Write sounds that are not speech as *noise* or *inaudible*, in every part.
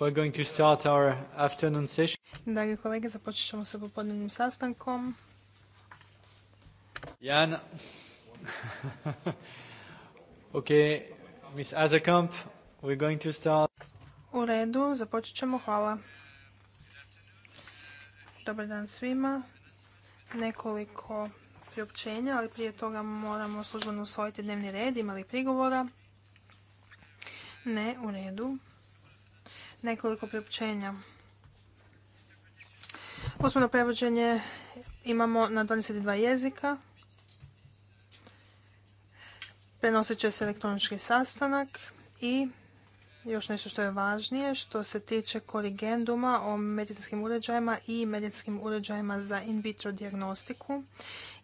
We're going to start Dragi kolege, započet ćemo sa popodnevnim sastankom. Jan. *laughs* ok, Miss Azekamp, we're going to start. U redu, započet ćemo, hvala. Dobar dan svima. Nekoliko priopćenja, ali prije toga moramo službeno usvojiti dnevni red. li prigovora? Ne, u redu. Nekoliko priopćenja. Osmano prevođenje imamo na 22 jezika. Prenosit će se elektronički sastanak i još nešto što je važnije što se tiče korigenduma o medicinskim uređajima i medicinskim uređajima za in vitro diagnostiku.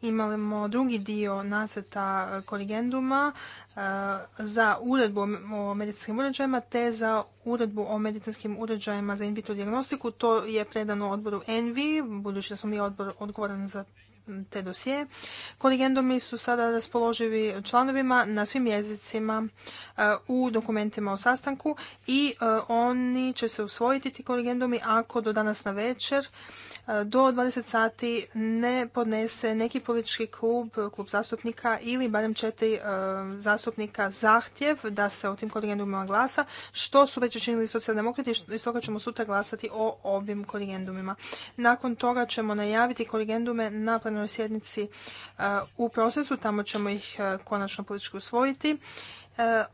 Imamo drugi dio nacrta korigenduma e, za uredbu o medicinskim uređajima te za uredbu o medicinskim uređajima za in vitro diagnostiku. To je predano odboru ENVI, budući da smo mi odbor odgovoran za te dosije. Koligendomi su sada raspoloživi članovima na svim jezicima e, u dokumentima o sastanku i e, oni će se usvojiti ti koligendomi ako do danas na večer do 20 sati ne podnese neki politički klub, klub zastupnika ili barem četiri e, zastupnika zahtjev da se o tim korigendumima glasa, što su već učinili socijaldemokrati i stoga ćemo sutra glasati o ovim korigendumima. Nakon toga ćemo najaviti korigendume na plenarnoj sjednici e, u procesu, tamo ćemo ih e, konačno politički usvojiti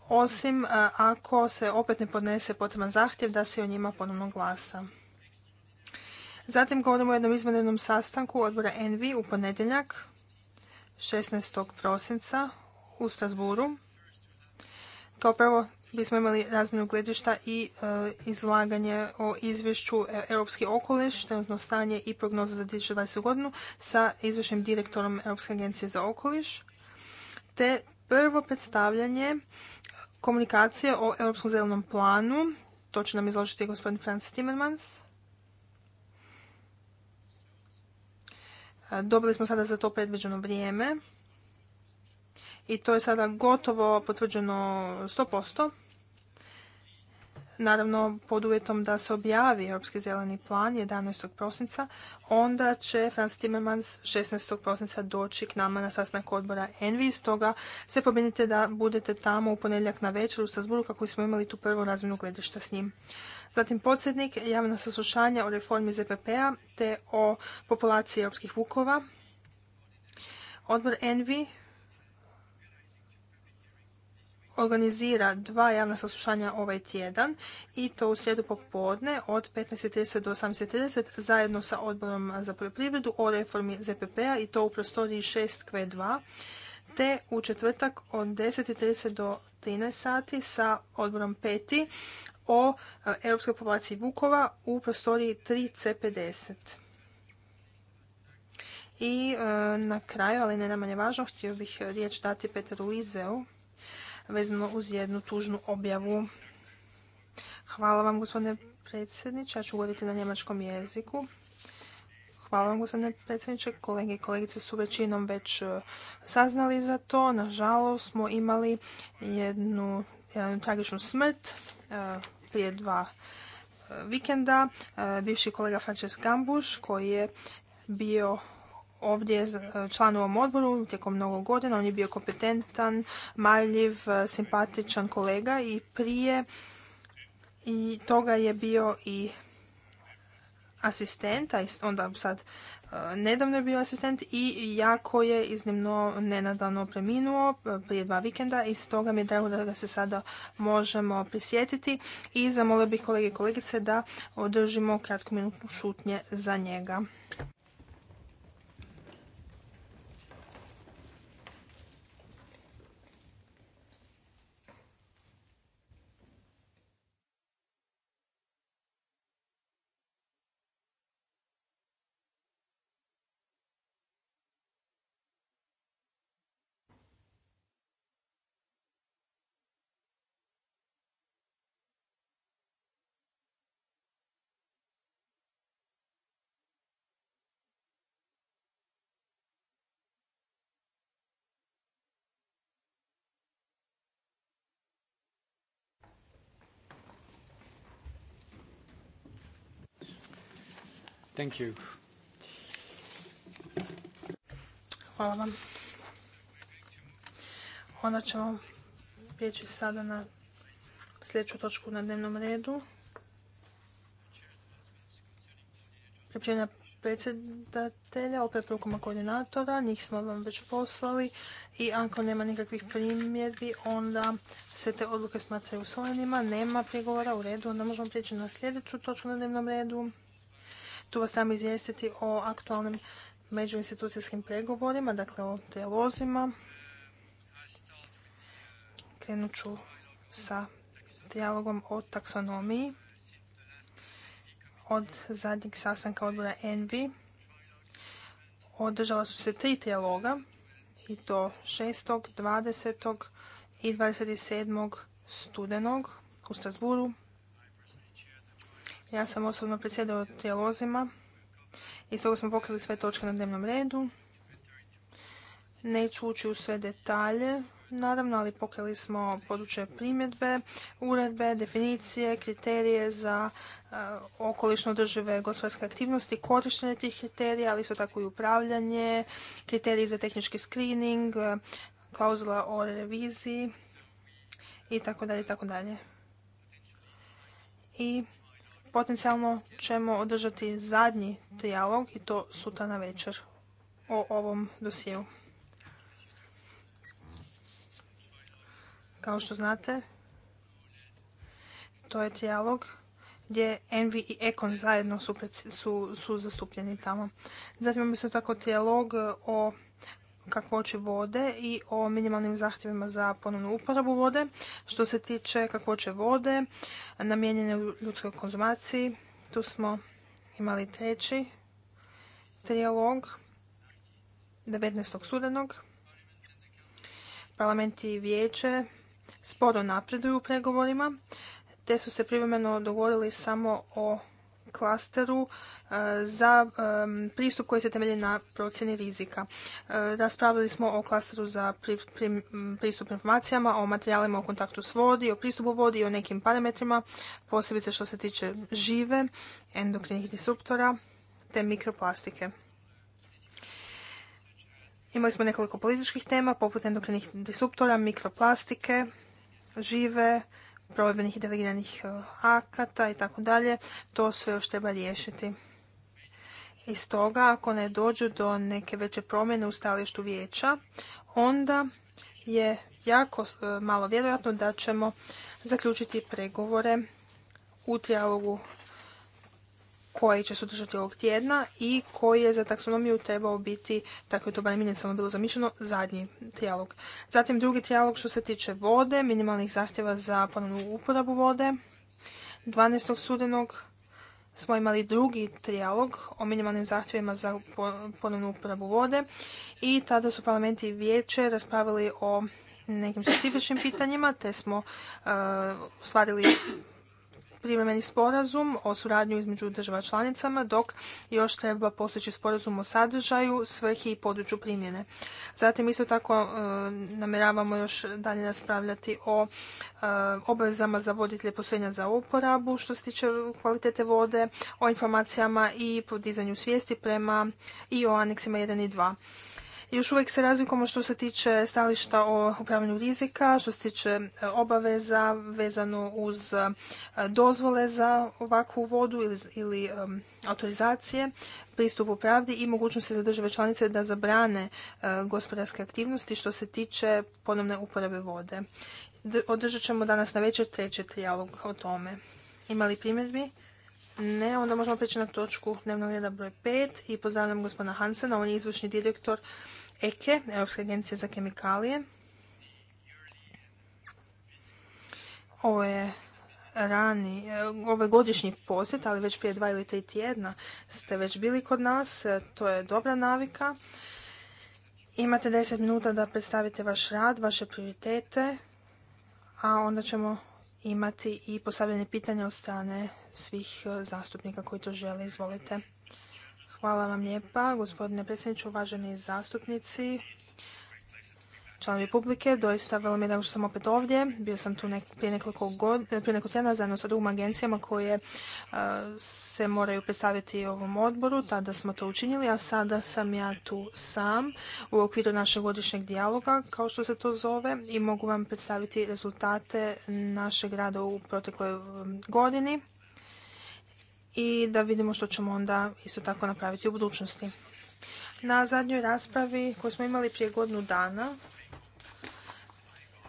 osim ako se opet ne podnese potreban zahtjev da se o njima ponovno glasa. Zatim govorimo o jednom izvanrednom sastanku odbora Envi u ponedjeljak 16. prosinca u Strasburu. Kao prvo bismo imali razmjenu gledišta i e, izlaganje o izvješću e, Europski okoliš, trenutno stanje i prognoza za 2020. godinu sa izvršnim direktorom Europske agencije za okoliš, te prvo predstavljanje komunikacije o Europskom zelenom planu, to će nam izložiti gospodin Franz Timmermans, Dobili smo sada za to predviđeno vrijeme i to je sada gotovo potvrđeno 100%. Naravno, pod uvjetom da se objavi Europski zeleni plan 11. prosinca, onda će Franz Timmermans 16. prosinca doći k nama na sastanak odbora Envi. Stoga se pobinite da budete tamo u ponedjeljak na večer u Strasburu kako smo imali tu prvu razminu gledišta s njim. Zatim podsjednik javna saslušanja o reformi ZPP-a te o populaciji europskih vukova. Odbor Envi organizira dva javna saslušanja ovaj tjedan i to u srijedu popodne od 15.30 do 18.30 zajedno sa odborom za poljoprivredu o reformi ZPP-a i to u prostoriji 6Q2 te u četvrtak od 10.30 do 13 sati sa odborom peti o e, europskoj populaciji vukova u prostoriji 3C50. I e, na kraju, ali ne najmanje važno, htio bih riječ dati Peteru Lizeu vezano uz jednu tužnu objavu. Hvala vam, gospodine predsjedniče. Ja ću govoriti na njemačkom jeziku. Hvala vam, gospodine predsjedniče. Kolege i kolegice su većinom već e, saznali za to. Nažalost smo imali jednu, jednu tragičnu smrt je dva e, vikenda e, bivši kolega Francesc Gambuš koji je bio ovdje e, član u ovom odboru tijekom mnogo godina. On je bio kompetentan, marljiv, simpatičan kolega i prije i toga je bio i asistenta, onda sad e, nedavno je bio asistent i jako je iznimno nenadano preminuo e, prije dva vikenda i stoga mi je drago da ga se sada možemo prisjetiti i zamolio bih kolege i kolegice da održimo kratku šutnje za njega. Hvala vam. Onda ćemo prijeći sada na sljedeću točku na dnevnom redu. Priopćenja predsjedatelja opet preporukama koordinatora, njih smo vam već poslali i ako nema nikakvih primjedbi, onda se te odluke smatraju usvojenima, nema prigovora u redu, onda možemo prijeći na sljedeću točku na dnevnom redu tu vas sam izvijestiti o aktualnim međuinstitucijskim pregovorima, dakle o dijalozima. Krenut ću sa dijalogom o taksonomiji od zadnjeg sastanka odbora ENVI održala su se tri dijaloga, i to 6., 20. i 27. studenog u Strasburu ja sam osobno predsjedao tijelozima i stoga smo pokrili sve točke na dnevnom redu. Neću ući u sve detalje, naravno, ali pokrili smo područje primjedbe, uredbe, definicije, kriterije za okolično e, okolišno održive gospodarske aktivnosti, korištenje tih kriterija, ali isto tako i upravljanje, kriteriji za tehnički screening, e, klauzula o reviziji i tako dalje i tako dalje. I Potencijalno ćemo održati zadnji trijalog i to sutra na večer o ovom dosiju. Kao što znate, to je trijalog gdje Envi i Ekon zajedno su, zastupljeni tamo. Zatim imamo isto tako trijalog o kakvoći vode i o minimalnim zahtjevima za ponovnu uporabu vode. Što se tiče kakvoće vode namijenjene ljudskoj konzumaciji, tu smo imali treći trijalog 19. studenog. Parlament i vijeće sporo napreduju u pregovorima, te su se privremeno dogovorili samo o klasteru e, za e, pristup koji se temelji na procjeni rizika. E, raspravili smo o klasteru za pristup informacijama, o materijalima u kontaktu s vodi, o pristupu vodi i o nekim parametrima, posebice što se tiče žive, endokrinih disruptora te mikroplastike. Imali smo nekoliko političkih tema poput endokrinih disruptora, mikroplastike, žive, provedbenih i delegiranih e, akata i tako dalje, to sve još treba riješiti. I stoga, ako ne dođu do neke veće promjene u stalištu vijeća, onda je jako e, malo vjerojatno da ćemo zaključiti pregovore u trijalogu koji će se održati ovog tjedna i koji je za taksonomiju trebao biti, tako je to barem inicijalno bilo zamišljeno, zadnji trijalog. Zatim drugi trijalog što se tiče vode, minimalnih zahtjeva za ponovnu uporabu vode. 12. studenog smo imali drugi trijalog o minimalnim zahtjevima za ponovnu uporabu vode i tada su parlamenti i vijeće raspravili o nekim specifičnim pitanjima te smo uh, privremeni sporazum o suradnju između država članicama, dok još treba postići sporazum o sadržaju, svrhi i području primjene. Zatim isto tako e, namjeravamo još dalje raspravljati o e, obvezama za voditelje posvojenja za uporabu što se tiče kvalitete vode, o informacijama i podizanju svijesti prema i o aneksima 1 i 2. Još uvijek se razlikujemo što se tiče stališta o upravljanju rizika, što se tiče e, obaveza vezano uz e, dozvole za ovakvu vodu ili, ili e, autorizacije, pristupu pravdi i mogućnosti za države članice da zabrane gospodarske aktivnosti što se tiče ponovne uporabe vode. Održat ćemo danas na večer treći trijalog o tome. Imali li primjedbi? Ne, onda možemo prići na točku dnevnog reda broj 5 i pozdravljam gospodina Hansena, on je izvršni direktor EKE, e, Europske agencije za kemikalije. Ovo je rani, eh, je godišnji posjet, ali već prije dva ili tri tjedna ste već bili kod nas, to je dobra navika. Imate 10 minuta da predstavite vaš rad, vaše prioritete, a onda ćemo imati i postavljene pitanja od strane svih e, zastupnika koji to žele. Izvolite. Hvala vam lijepa, gospodine predsjedniče, uvaženi zastupnici, članovi publike. Doista velo mi je da sam opet ovdje. Bio sam tu prije nekoliko god prije zajedno sa drugim agencijama koje e, se moraju predstaviti ovom odboru. Tada smo to učinili, a sada sam ja tu sam u okviru našeg godišnjeg dijaloga, kao što se to zove, i mogu vam predstaviti rezultate našeg rada u protekloj godini i da vidimo što ćemo onda isto tako napraviti u budućnosti. Na zadnjoj raspravi koju smo imali prije godinu dana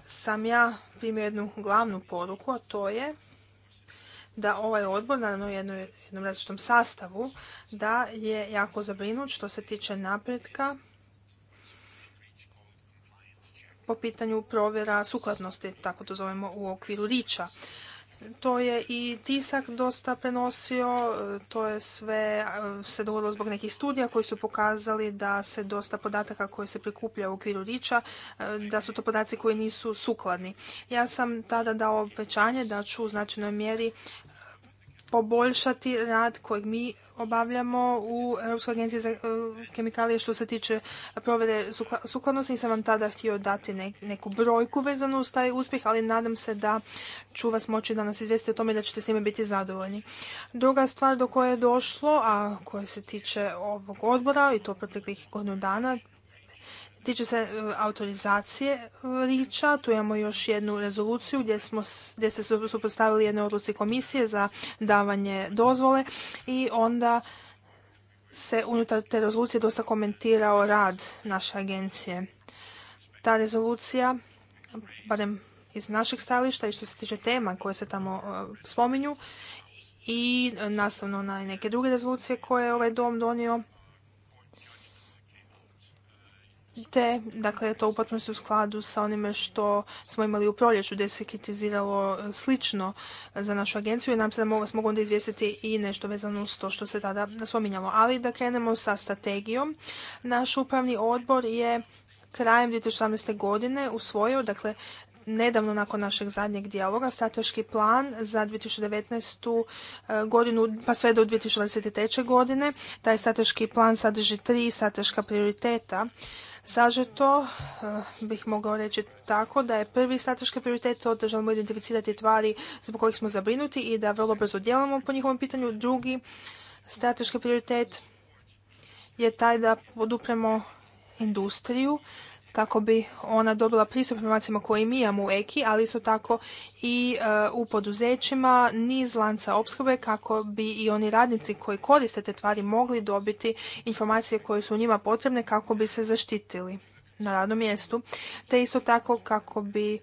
sam ja primio jednu glavnu poruku, a to je da ovaj odbor, naravno u jednom različitom sastavu, da je jako zabrinut što se tiče napretka po pitanju provjera sukladnosti, tako to zovemo u okviru riča to je i tisak dosta prenosio, to je sve se dogodilo zbog nekih studija koji su pokazali da se dosta podataka koje se prikuplja u okviru Riča, e, da su to podaci koji nisu sukladni. Ja sam tada dao obećanje da ću u značajnoj mjeri poboljšati rad kojeg mi obavljamo u Europskoj agenciji za e, kemikalije što se tiče provjere sukladnosti. Nisam vam tada htio dati neku brojku vezanu uz taj uspjeh, ali nadam se da ću vas moći nas izvijesti o tome da ćete s njime biti zadovoljni. Druga stvar do koje je došlo, a koja se tiče ovog odbora i to proteklih godinu dana, tiče se e, autorizacije riča, e, tu imamo još jednu rezoluciju gdje, smo, gdje ste se supostavili jednoj odluci komisije za davanje dozvole i onda se unutar te rezolucije dosta komentirao rad naše agencije. Ta rezolucija, barem iz našeg stajališta i što se tiče tema koje se tamo e, spominju i nastavno na neke druge rezolucije koje je ovaj dom donio, te, dakle, to u potpunosti u skladu sa onime što smo imali u proljeću gdje se e, slično za našu agenciju i nam se da vas mogu onda izvijestiti i nešto vezano s to što se tada spominjalo. Ali da krenemo sa strategijom. Naš upravni odbor je krajem 2018. godine usvojio, dakle, nedavno nakon našeg zadnjeg dijaloga strateški plan za 2019. E, godinu pa sve do 2023. godine. Taj strateški plan sadrži tri strateška prioriteta Sažeto eh, bih mogao reći tako da je prvi strateški prioritet to da želimo identificirati tvari zbog kojih smo zabrinuti i da vrlo brzo djelujemo po njihovom pitanju. Drugi strateški prioritet je taj da podupremo industriju kako bi ona dobila pristup informacijama koje mi imamo u EKI, ali isto tako i e, u poduzećima niz lanca opskrbe kako bi i oni radnici koji koriste te tvari mogli dobiti informacije koje su njima potrebne kako bi se zaštitili na radnom mjestu, te isto tako kako bi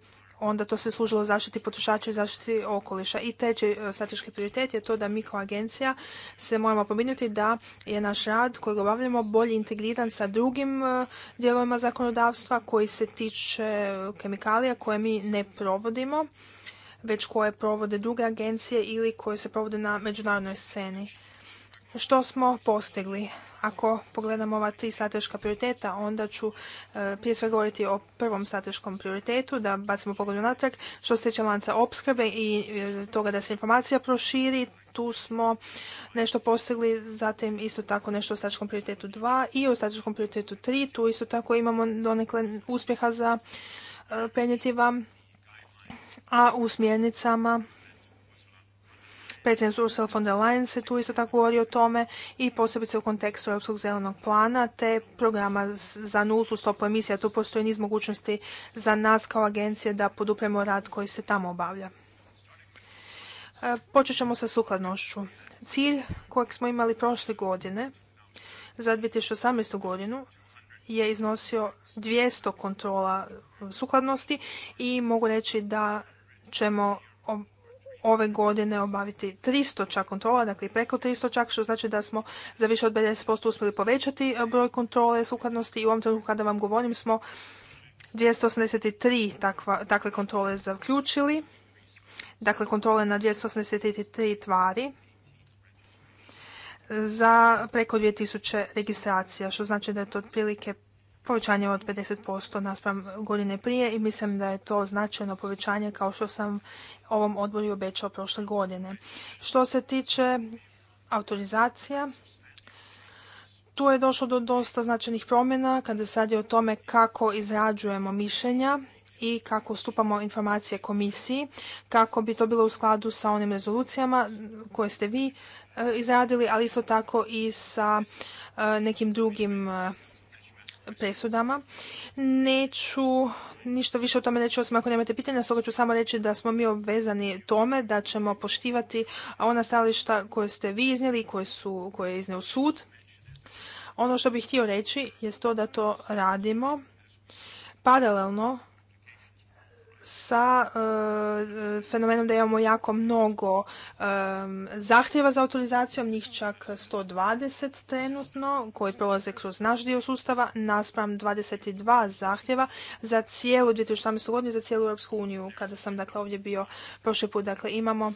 onda to se služilo zaštiti potrošača i zaštiti okoliša. I treći e, strateški prioritet je to da mi kao agencija se moramo pominuti da je naš rad koji obavljamo bolje integriran sa drugim e, dijelovima zakonodavstva koji se tiče e, kemikalija koje mi ne provodimo, već koje provode druge agencije ili koje se provode na međunarodnoj sceni. Što smo postigli? Ako pogledamo ova tri strateška prioriteta, onda ću e, prije sve govoriti o prvom strateškom prioritetu, da bacimo pogled natrag. Što se tiče lanca opskrbe i e, toga da se informacija proširi, tu smo nešto postigli, zatim isto tako nešto o strateškom prioritetu 2 i o strateškom prioritetu 3. Tu isto tako imamo donekle uspjeha za e, prenijeti vam, a u smjernicama Predsjednik Ursula von der Leyen se tu isto tako govori o tome i posebice u kontekstu Europskog zelenog plana te programa za nultu stopu emisija. Tu postoji niz mogućnosti za nas kao agencije da podupremo rad koji se tamo obavlja. E, počet ćemo sa sukladnošću. Cilj kojeg smo imali prošle godine za 2018. godinu je iznosio 200 kontrola sukladnosti i mogu reći da ćemo ove godine obaviti 300 čak kontrola, dakle preko 300 čak, što znači da smo za više od 50% uspjeli povećati e, broj kontrole sukladnosti i u ovom trenutku kada vam govorim smo 283 takva, takve kontrole zaključili, dakle kontrole na 283 tvari za preko 2000 registracija, što znači da je to otprilike povećanje od 50% naspram godine prije i mislim da je to značajno povećanje kao što sam ovom odboru i obećao prošle godine. Što se tiče autorizacija, tu je došlo do dosta značajnih promjena kada sad je o tome kako izrađujemo mišljenja i kako stupamo informacije komisiji, kako bi to bilo u skladu sa onim rezolucijama koje ste vi e, izradili, ali isto tako i sa e, nekim drugim e, presudama. Neću ništa više o tome reći osim ako nemate pitanja, stoga ću samo reći da smo mi obvezani tome da ćemo poštivati ona stajališta koje ste vi iznijeli i koje, koje je iznio sud. Ono što bih htio reći je to da to radimo paralelno sa e, fenomenom da imamo jako mnogo e, zahtjeva za autorizacijom, njih čak 120 trenutno, koji prolaze kroz naš dio sustava, naspram 22 zahtjeva za cijelu 2018. godinu, za cijelu Europsku uniju, kada sam dakle ovdje bio prošli put. Dakle, imamo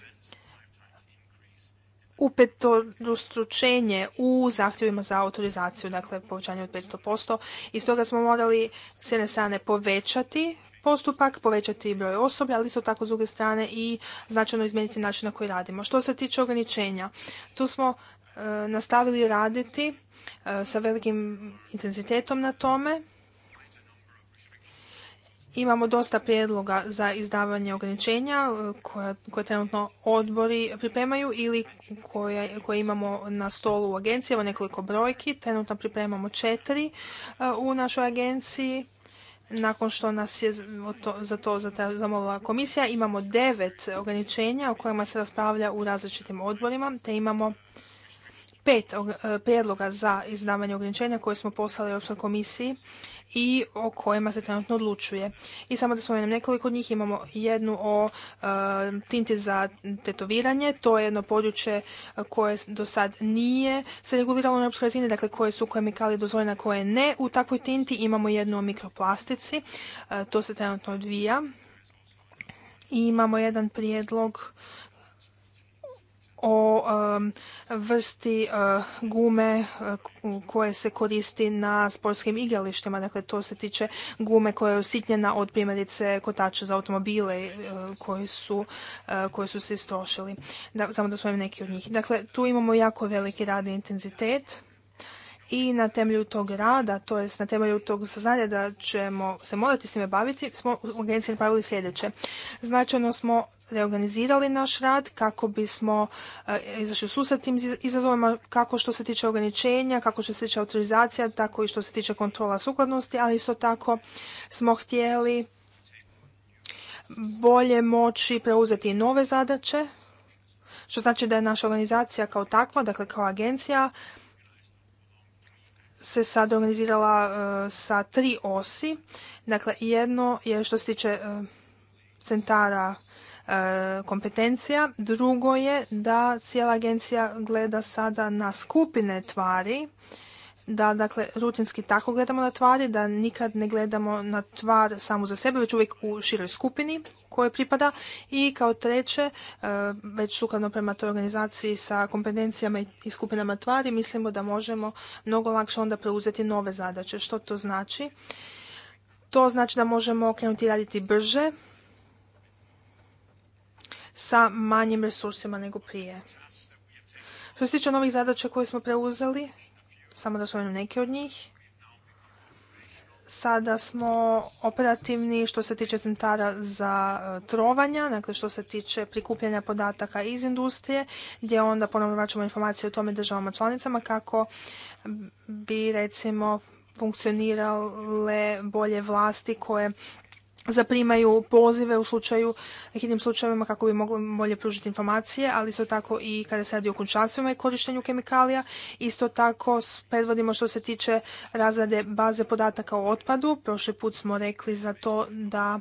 upetostručenje u zahtjevima za autorizaciju, dakle povećanje od 500%. I stoga smo morali s jedne strane povećati postupak, povećati broj osoblja, ali isto tako s druge strane i značajno izmijeniti način na koji radimo. Što se tiče ograničenja, tu smo e, nastavili raditi e, sa velikim intenzitetom na tome. Imamo dosta prijedloga za izdavanje ograničenja e, koje trenutno odbori pripremaju ili koje, koje imamo na stolu u agenciji. Evo nekoliko brojki. Trenutno pripremamo četiri u našoj agenciji nakon što nas je za to zamolila komisija, imamo devet ograničenja o kojima se raspravlja u različitim odborima, te imamo pet e, prijedloga za izdavanje ograničenja koje smo poslali Europskoj komisiji i o kojima se trenutno odlučuje. I samo da spomenem nekoliko od njih, imamo jednu o e, tinti za tetoviranje, to je jedno područje e, koje do sad nije se reguliralo na europskoj razini, dakle koje su kemikalije dozvoljene, koje ne u takvoj tinti, imamo jednu o mikroplastici, e, to se trenutno odvija. I imamo jedan prijedlog o vrsti eh, gume eh, koje se koristi na sportskim igralištima. Dakle, to se tiče gume koja je usitnjena od primjerice kotača za automobile eh, koji su, se istrošili. Da, samo da im neki od njih. Dakle, tu imamo jako veliki radni intenzitet i na temelju tog rada, to jest na temelju tog saznanja da ćemo se morati s time baviti, smo u agenciji napravili sljedeće. Značajno smo reorganizirali naš rad kako bismo eh, izašli susret tim izazovima kako što se tiče ograničenja, kako što se tiče autorizacija, tako i što se tiče kontrola sukladnosti, ali isto tako smo htjeli bolje moći preuzeti nove zadaće, što znači da je naša organizacija kao takva, dakle kao agencija, se sad organizirala eh, sa tri osi. Dakle, jedno je što se tiče eh, centara E, kompetencija. Drugo je da cijela agencija gleda sada na skupine tvari, da dakle rutinski tako gledamo na tvari, da nikad ne gledamo na tvar samu za sebe, već uvijek u široj skupini kojoj pripada. I kao treće, e, već sukladno prema toj organizaciji sa kompetencijama i skupinama tvari, mislimo da možemo mnogo lakše onda preuzeti nove zadaće. Što to znači? To znači da možemo krenuti raditi brže, sa manjim resursima nego prije. Što se tiče novih zadaća koje smo preuzeli, samo da spomenem neke od njih, sada smo operativni što se tiče centara za e, trovanja, dakle što se tiče prikupljanja podataka iz industrije, gdje onda ponovno vraćamo informacije o tome državama članicama kako bi recimo funkcionirale bolje vlasti koje zaprimaju pozive u slučaju, hitnim slučajevima kako bi mogli bolje pružiti informacije, ali isto tako i kada se radi o kućanstvima i korištenju kemikalija. Isto tako predvodimo što se tiče razrade baze podataka o otpadu. Prošli put smo rekli za to da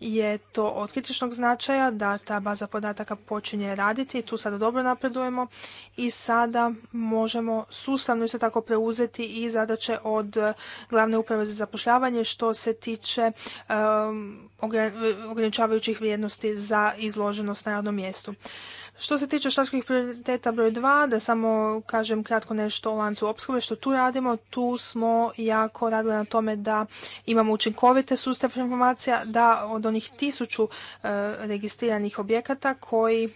je to od kritičnog značaja, da ta baza podataka počinje raditi i tu sada dobro napredujemo i sada možemo sustavno isto tako preuzeti i zadaće od glavne uprave za zapošljavanje što se tiče ograničavajućih vrijednosti za izloženost na radnom mjestu. Što se tiče štačkih prioriteta broj 2, da samo kažem kratko nešto o lancu opskrbe, što tu radimo, tu smo jako radili na tome da imamo učinkovite sustav informacija, da od onih tisuću e, registriranih objekata koji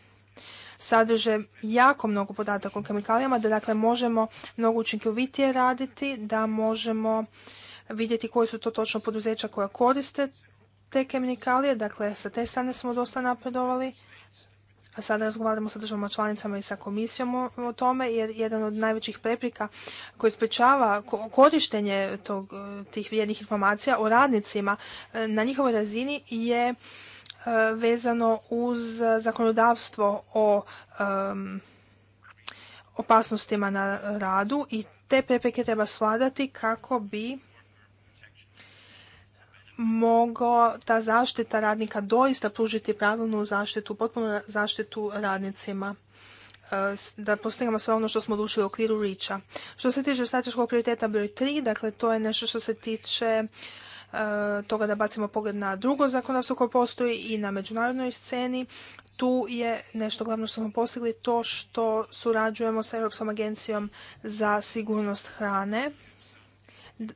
sadrže jako mnogo podataka o kemikalijama, da dakle možemo mnogo učinkovitije raditi, da možemo vidjeti koji su to točno poduzeća koja koriste te kemikalije, dakle sa te strane smo dosta napredovali, a sada razgovaramo sa državama članicama i sa komisijom o, tome, jer jedan od najvećih preprika koji sprečava korištenje tog, e, tih vrijednih informacija o radnicima e, na njihovoj razini je e, vezano uz zakonodavstvo o opasnostima na radu i te prepreke treba svladati kako bi mogao ta zaštita radnika doista pružiti pravilnu zaštitu, potpuno zaštitu radnicima e, da postignemo sve ono što smo odlučili u okviru riča. Što se tiče strateškog prioriteta broj 3, dakle to je nešto što se tiče e, toga da bacimo pogled na drugo zakonodavstvo koje postoji i na međunarodnoj sceni. Tu je nešto glavno što smo postigli to što surađujemo sa Europskom agencijom za sigurnost hrane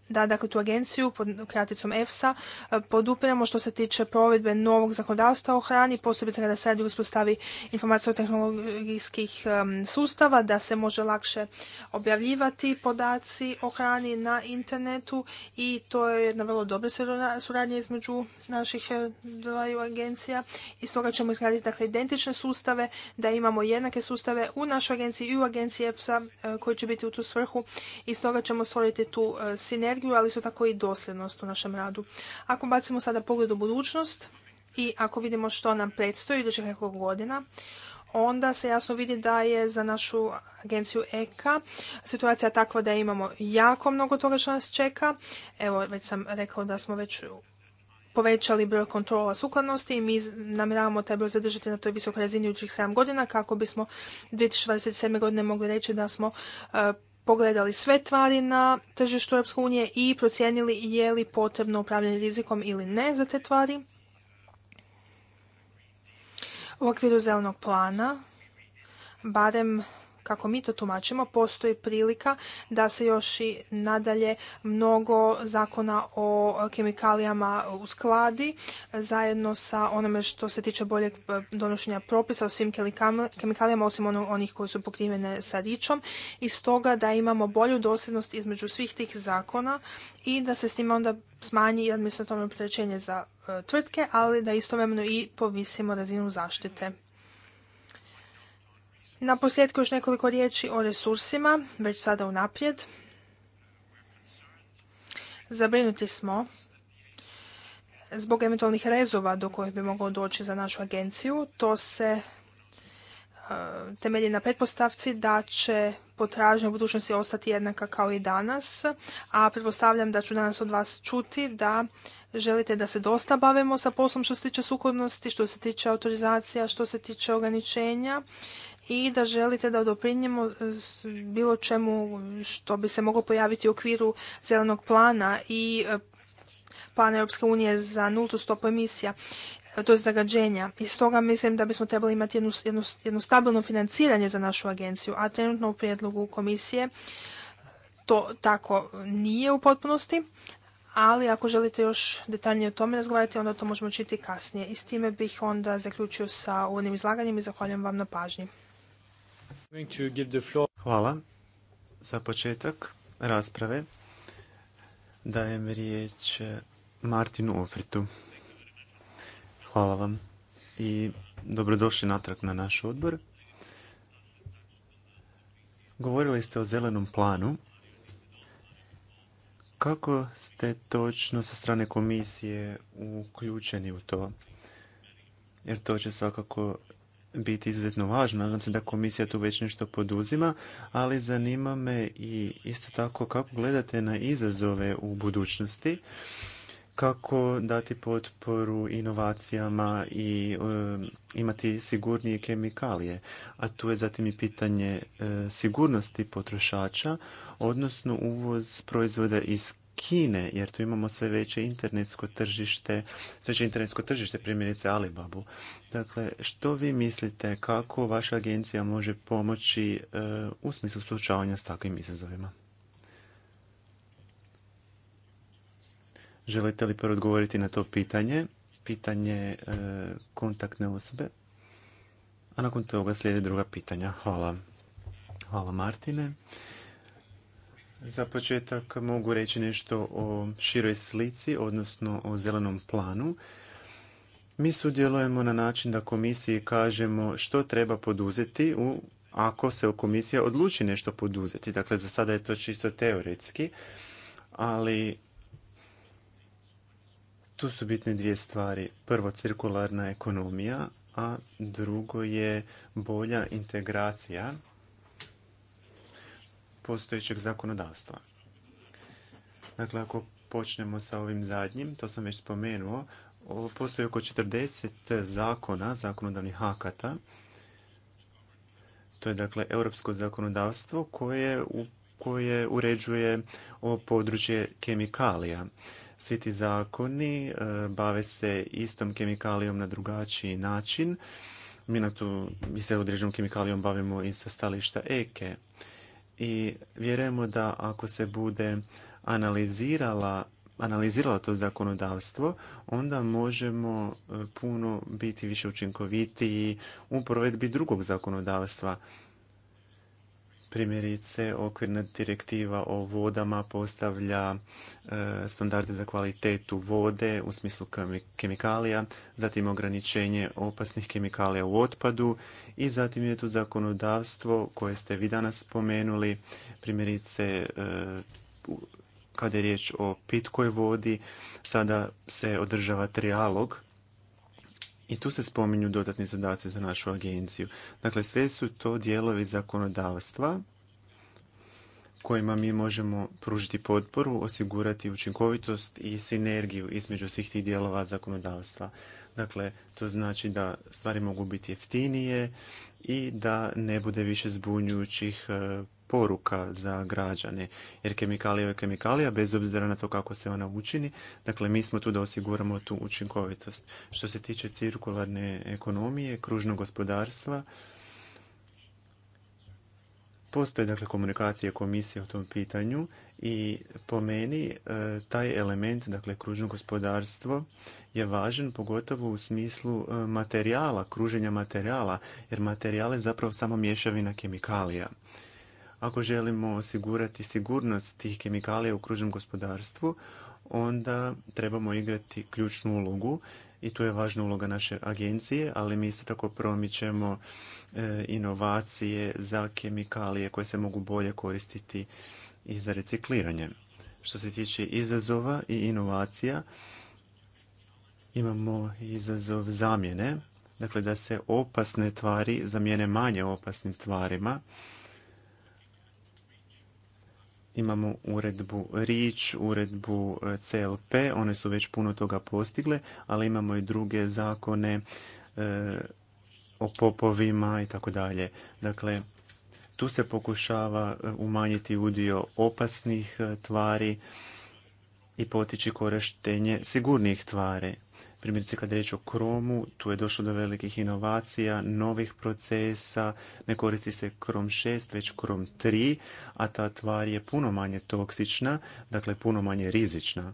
da dakle tu agenciju pod kraticom EFSA e, podupiramo što se tiče provedbe novog zakonodavstva o hrani, posebno kada se radi o uspostavi informacijotehnologijskih sustava, da se može lakše objavljivati podaci o hrani na internetu i to je jedna vrlo dobra suradnja između naših e, dvaju agencija i stoga ćemo izgraditi dakle identične sustave, da imamo jednake sustave u našoj agenciji i u agenciji EFSA e, koji će biti u tu svrhu i stoga ćemo stvoriti tu energiju, ali isto tako i dosljednost u našem radu. Ako bacimo sada pogled u budućnost i ako vidimo što nam predstoji idućih nekoliko godina, onda se jasno vidi da je za našu agenciju EKA situacija takva da imamo jako mnogo toga što nas čeka. Evo, već sam rekao da smo već povećali broj kontrola sukladnosti i mi namjeravamo taj broj zadržati na toj visokoj razini učih 7 godina kako bismo 2027. godine mogli reći da smo e, pogledali sve tvari na tržištu Europske unije i procijenili je li potrebno upravljanje rizikom ili ne za te tvari. U okviru zelenog plana, barem kako mi to tumačimo, postoji prilika da se još i nadalje mnogo zakona o kemikalijama uskladi zajedno sa onome što se tiče boljeg e, donošenja propisa o svim kemikalijama osim ono, onih koji su pokrivene sa ričom i stoga da imamo bolju dosljednost između svih tih zakona i da se s njima onda smanji administrativno opterećenje za e, tvrtke, ali da istovremeno i povisimo razinu zaštite. Na posljedku još nekoliko riječi o resursima, već sada unaprijed. Zabrinuti smo zbog eventualnih rezova do kojih bi mogao doći za našu agenciju. To se e, temelji na pretpostavci da će potražnja u budućnosti ostati jednaka kao i danas, a pretpostavljam da ću danas od vas čuti da želite da se dosta bavimo sa poslom što se tiče sukladnosti, što se tiče autorizacija, što se tiče ograničenja i da želite da doprinjemo e, bilo čemu što bi se moglo pojaviti u okviru zelenog plana i e, plana Europske unije za nultu stopu emisija e, to zagađenja. I stoga mislim da bismo trebali imati jedno, stabilno financiranje za našu agenciju, a trenutno u prijedlogu komisije to tako nije u potpunosti, ali ako želite još detaljnije o tome razgovarati, onda to možemo čiti kasnije. I s time bih onda zaključio sa uvodnim izlaganjem i zahvaljujem vam na pažnji. Hvala. Za početak rasprave dajem riječ Martinu Ofritu. Hvala vam i dobrodošli natrag na naš odbor. Govorili ste o zelenom planu. Kako ste točno sa strane komisije uključeni u to? Jer to će svakako biti izuzetno važno. Nadam se da komisija tu već nešto poduzima, ali zanima me i isto tako kako gledate na izazove u budućnosti, kako dati potporu inovacijama i um, imati sigurnije kemikalije. A tu je zatim i pitanje e, sigurnosti potrošača, odnosno uvoz proizvoda iz Kine, jer tu imamo sve veće internetsko tržište, sve veće internetsko tržište, primjerice Alibabu. Dakle, što vi mislite, kako vaša agencija može pomoći e, u smislu suočavanja s takvim izazovima? Želite li prvo odgovoriti na to pitanje? Pitanje e, kontaktne osobe. A nakon toga slijede druga pitanja. Hvala. Hvala Martine. Za početak mogu reći nešto o široj slici, odnosno o zelenom planu. Mi sudjelujemo na način da komisiji kažemo što treba poduzeti u ako se komisija odluči nešto poduzeti. Dakle, za sada je to čisto teoretski, ali tu su bitne dvije stvari. Prvo, cirkularna ekonomija, a drugo je bolja integracija postojećeg zakonodavstva. Dakle, ako počnemo sa ovim zadnjim, to sam već spomenuo, postoji oko 40 zakona, zakonodavnih akata. To je dakle europsko zakonodavstvo koje, koje uređuje ovo područje kemikalija. Svi ti zakoni e, bave se istom kemikalijom na drugačiji način. Mi, na tu, mi se određenom kemikalijom bavimo i sa stališta eke, i vjerujemo da ako se bude analizirala analizirala to zakonodavstvo, onda možemo e, puno biti više učinkovitiji u provedbi drugog zakonodavstva Primjerice, okvirna direktiva o vodama postavlja e, standarde za kvalitetu vode u smislu kemikalija, zatim ograničenje opasnih kemikalija u otpadu i zatim je tu zakonodavstvo koje ste vi danas spomenuli, primjerice e, kada je riječ o pitkoj vodi, sada se održava trijalog i tu se spominju dodatni zadaci za našu agenciju. Dakle, sve su to dijelovi zakonodavstva kojima mi možemo pružiti potporu, osigurati učinkovitost i sinergiju između svih tih dijelova zakonodavstva. Dakle, to znači da stvari mogu biti jeftinije i da ne bude više zbunjujućih e, poruka za građane. Jer kemikalija je kemikalija, bez obzira na to kako se ona učini. Dakle, mi smo tu da osiguramo tu učinkovitost. Što se tiče cirkularne ekonomije, kružnog gospodarstva, Postoje dakle komunikacije komisije o tom pitanju i po meni e, taj element, dakle kružno gospodarstvo je važan pogotovo u smislu e, materijala, kruženja materijala, jer materijal je zapravo samo mješavina kemikalija. Ako želimo osigurati sigurnost tih kemikalija u kružnom gospodarstvu, onda trebamo igrati ključnu ulogu i tu je važna uloga naše agencije, ali mi isto tako promičemo e, inovacije za kemikalije koje se mogu bolje koristiti i za recikliranje. Što se tiče izazova i inovacija, imamo izazov zamjene, dakle da se opasne tvari zamijene manje opasnim tvarima imamo uredbu REACH, uredbu e, CLP, one su već puno toga postigle, ali imamo i druge zakone e, o popovima i tako dalje. Dakle, tu se pokušava e, umanjiti udio opasnih tvari i potići korištenje sigurnih tvari. Primjerice kad je riječ o kromu, tu je došlo do velikih inovacija, novih procesa, ne koristi se krom 6, već krom 3, a ta tvar je puno manje toksična, dakle puno manje rizična.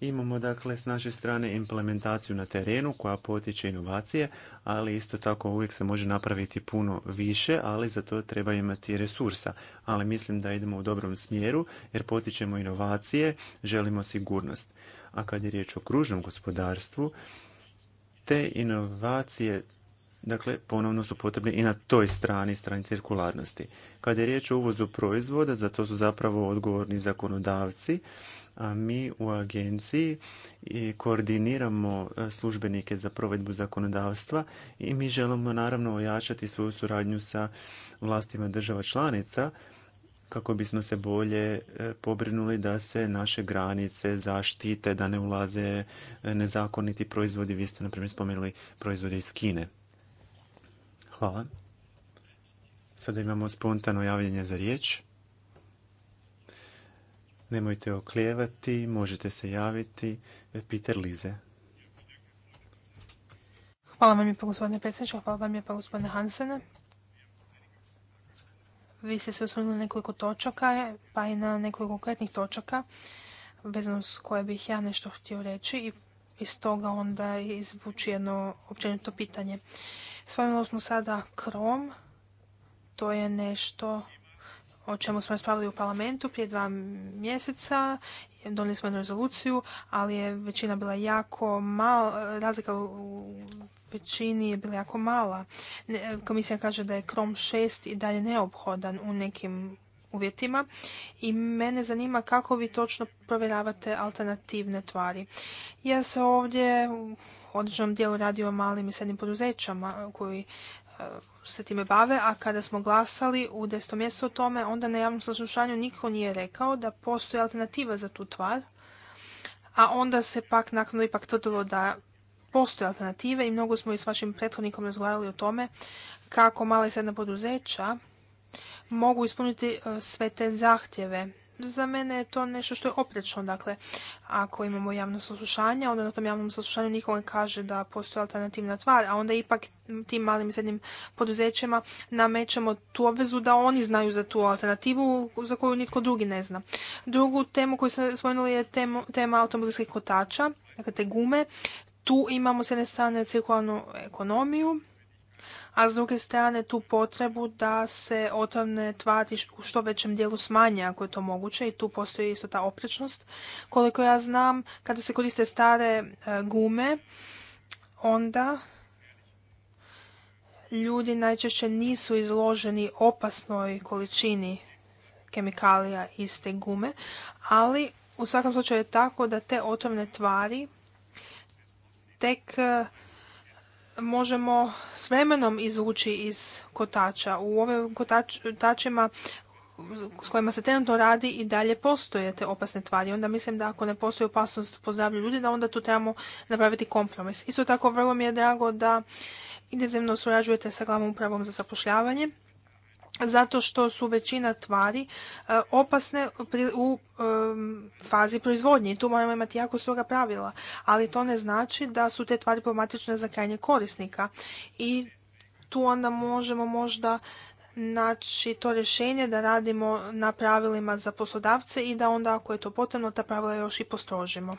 Imamo dakle s naše strane implementaciju na terenu koja potiče inovacije, ali isto tako uvijek se može napraviti puno više, ali za to treba imati resursa. Ali mislim da idemo u dobrom smjeru jer potičemo inovacije, želimo sigurnost a kad je riječ o kružnom gospodarstvu, te inovacije Dakle, ponovno su potrebne i na toj strani, strani cirkularnosti. Kada je riječ o uvozu proizvoda, za to su zapravo odgovorni zakonodavci, a mi u agenciji e, koordiniramo e, službenike za provedbu zakonodavstva i mi želimo naravno ojačati svoju suradnju sa vlastima država članica kako bismo se bolje e, pobrinuli da se naše granice zaštite, da ne ulaze e, nezakoniti proizvodi. Vi ste, na primjer, spomenuli proizvode iz Kine. Hvala. Sada imamo spontano javljanje za riječ. Nemojte oklijevati, možete se javiti. E, Peter Lize. Hvala vam pa gospodine predsjedniče, hvala vam pa gospodine Hansene. Vi ste se osvrnuli na nekoliko točaka, pa i na nekoliko konkretnih točaka, vezano s koje bih ja nešto htio reći i iz toga onda izvući jedno općenito pitanje. Spomenuli smo sada Krom, to je nešto o čemu smo raspravili u parlamentu prije dva mjeseca donijeli smo jednu rezoluciju, ali je većina bila jako malo, razlika u većini je bila jako mala. Komisija kaže da je Krom 6 i dalje neophodan u nekim uvjetima i mene zanima kako vi točno provjeravate alternativne tvari. Ja se ovdje u određenom dijelu radi o malim i srednjim poduzećama koji E, se time bave, a kada smo glasali u desetom mjesecu o tome, onda na javnom saslušanju niko nije rekao da postoji alternativa za tu tvar, a onda se pak naknadno ipak tvrdilo da postoje alternative i mnogo smo i s vašim prethodnikom razgovarali o tome kako mala i sredna poduzeća mogu ispuniti e, sve te zahtjeve za mene je to nešto što je oprečno. Dakle, ako imamo javno saslušanje, onda na tom javnom saslušanju nikome ne kaže da postoji alternativna tvar, a onda ipak tim malim i srednjim poduzećima namećemo tu obvezu da oni znaju za tu alternativu za koju nitko drugi ne zna. Drugu temu koju sam spomenuli je tema, tema automobilskih kotača, dakle te gume. Tu imamo s jedne strane cirkularnu ekonomiju, a s druge strane tu potrebu da se otrovne tvari u što većem dijelu smanje ako je to moguće i tu postoji isto ta oprečnost. Koliko ja znam, kada se koriste stare e, gume, onda ljudi najčešće nisu izloženi opasnoj količini kemikalija iz te gume, ali u svakom slučaju je tako da te otrovne tvari tek možemo s vremenom izvući iz kotača. U ovim kotačima s kojima se trenutno radi i dalje postoje te opasne tvari. Onda mislim da ako ne postoji opasnost po zdravlju ljudi, da onda tu trebamo napraviti kompromis. Isto tako vrlo mi je drago da intenzivno surađujete sa glavnom upravom za zapošljavanje zato što su većina tvari e, opasne u e, fazi proizvodnje i tu moramo imati jako stroga pravila, ali to ne znači da su te tvari problematične za krajnje korisnika i tu onda možemo možda naći to rješenje da radimo na pravilima za poslodavce i da onda ako je to potrebno ta pravila još i postrožimo.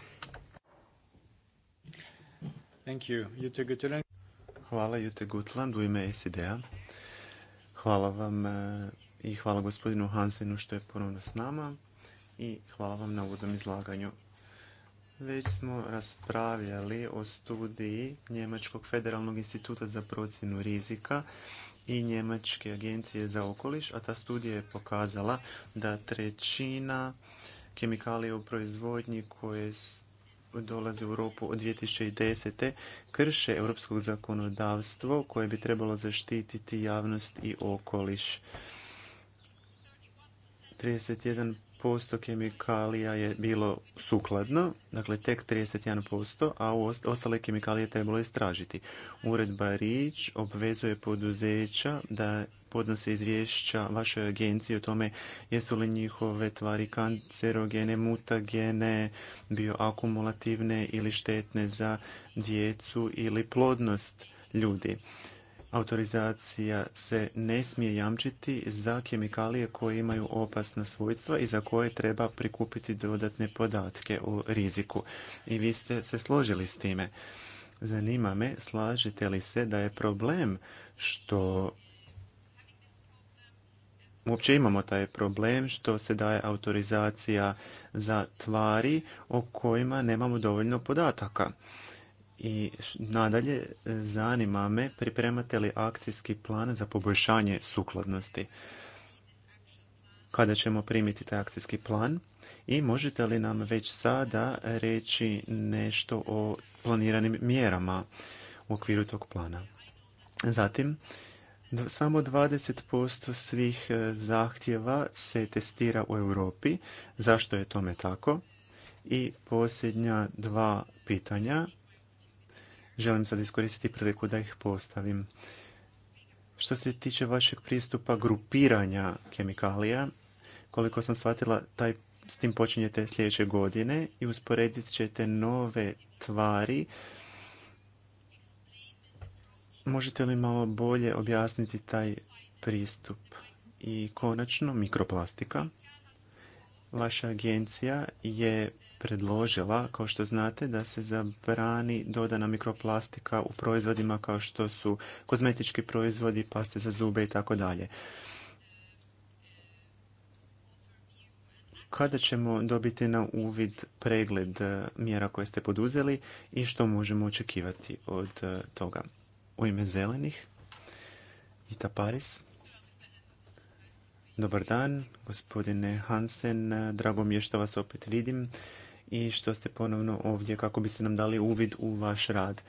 Hvala Jute u ime Hvala vam e, i hvala gospodinu Hansenu što je ponovno s nama i hvala vam na uvodnom izlaganju. Već smo raspravljali o studiji Njemačkog federalnog instituta za procjenu rizika i Njemačke agencije za okoliš, a ta studija je pokazala da trećina kemikalija u proizvodnji koje dolaze u Europu od 2010. krše europskog zakonodavstvo koje bi trebalo zaštititi javnost i okoliš. 31% posto kemikalija je bilo sukladno, dakle tek 31%, a ostale kemikalije trebalo istražiti. Uredba Rič obvezuje poduzeća da podnose izvješća vašoj agenciji o tome jesu li njihove tvari kancerogene, mutagene, bioakumulativne ili štetne za djecu ili plodnost ljudi. Autorizacija se ne smije jamčiti za kemikalije koje imaju opasna svojstva i za koje treba prikupiti dodatne podatke o riziku. I vi ste se složili s time. Zanima me, slažete li se da je problem što uopće imamo taj problem što se daje autorizacija za tvari o kojima nemamo dovoljno podataka. I nadalje, e, zanima me, pripremate li akcijski plan za poboljšanje sukladnosti? Kada ćemo primiti taj akcijski plan? I možete li nam već sada reći nešto o planiranim mjerama u okviru tog plana? Zatim, samo 20% svih e, zahtjeva se testira u Europi. Zašto je tome tako? I posljednja dva pitanja Želim sad iskoristiti priliku da ih postavim. Što se tiče vašeg pristupa grupiranja kemikalija, koliko sam shvatila, taj, s tim počinjete sljedeće godine i usporedit ćete nove tvari. Možete li malo bolje objasniti taj pristup? I konačno, mikroplastika. Vaša agencija je predložila, kao što znate, da se zabrani dodana mikroplastika u proizvodima kao što su kozmetički proizvodi, paste za zube i tako dalje. Kada ćemo dobiti na uvid pregled e, mjera koje ste poduzeli i što možemo očekivati od e, toga? U ime zelenih, Ita Paris. Dobar dan, gospodine Hansen. E, drago mi je što vas opet vidim i što ste ponovno ovdje kako biste nam dali uvid u vaš rad.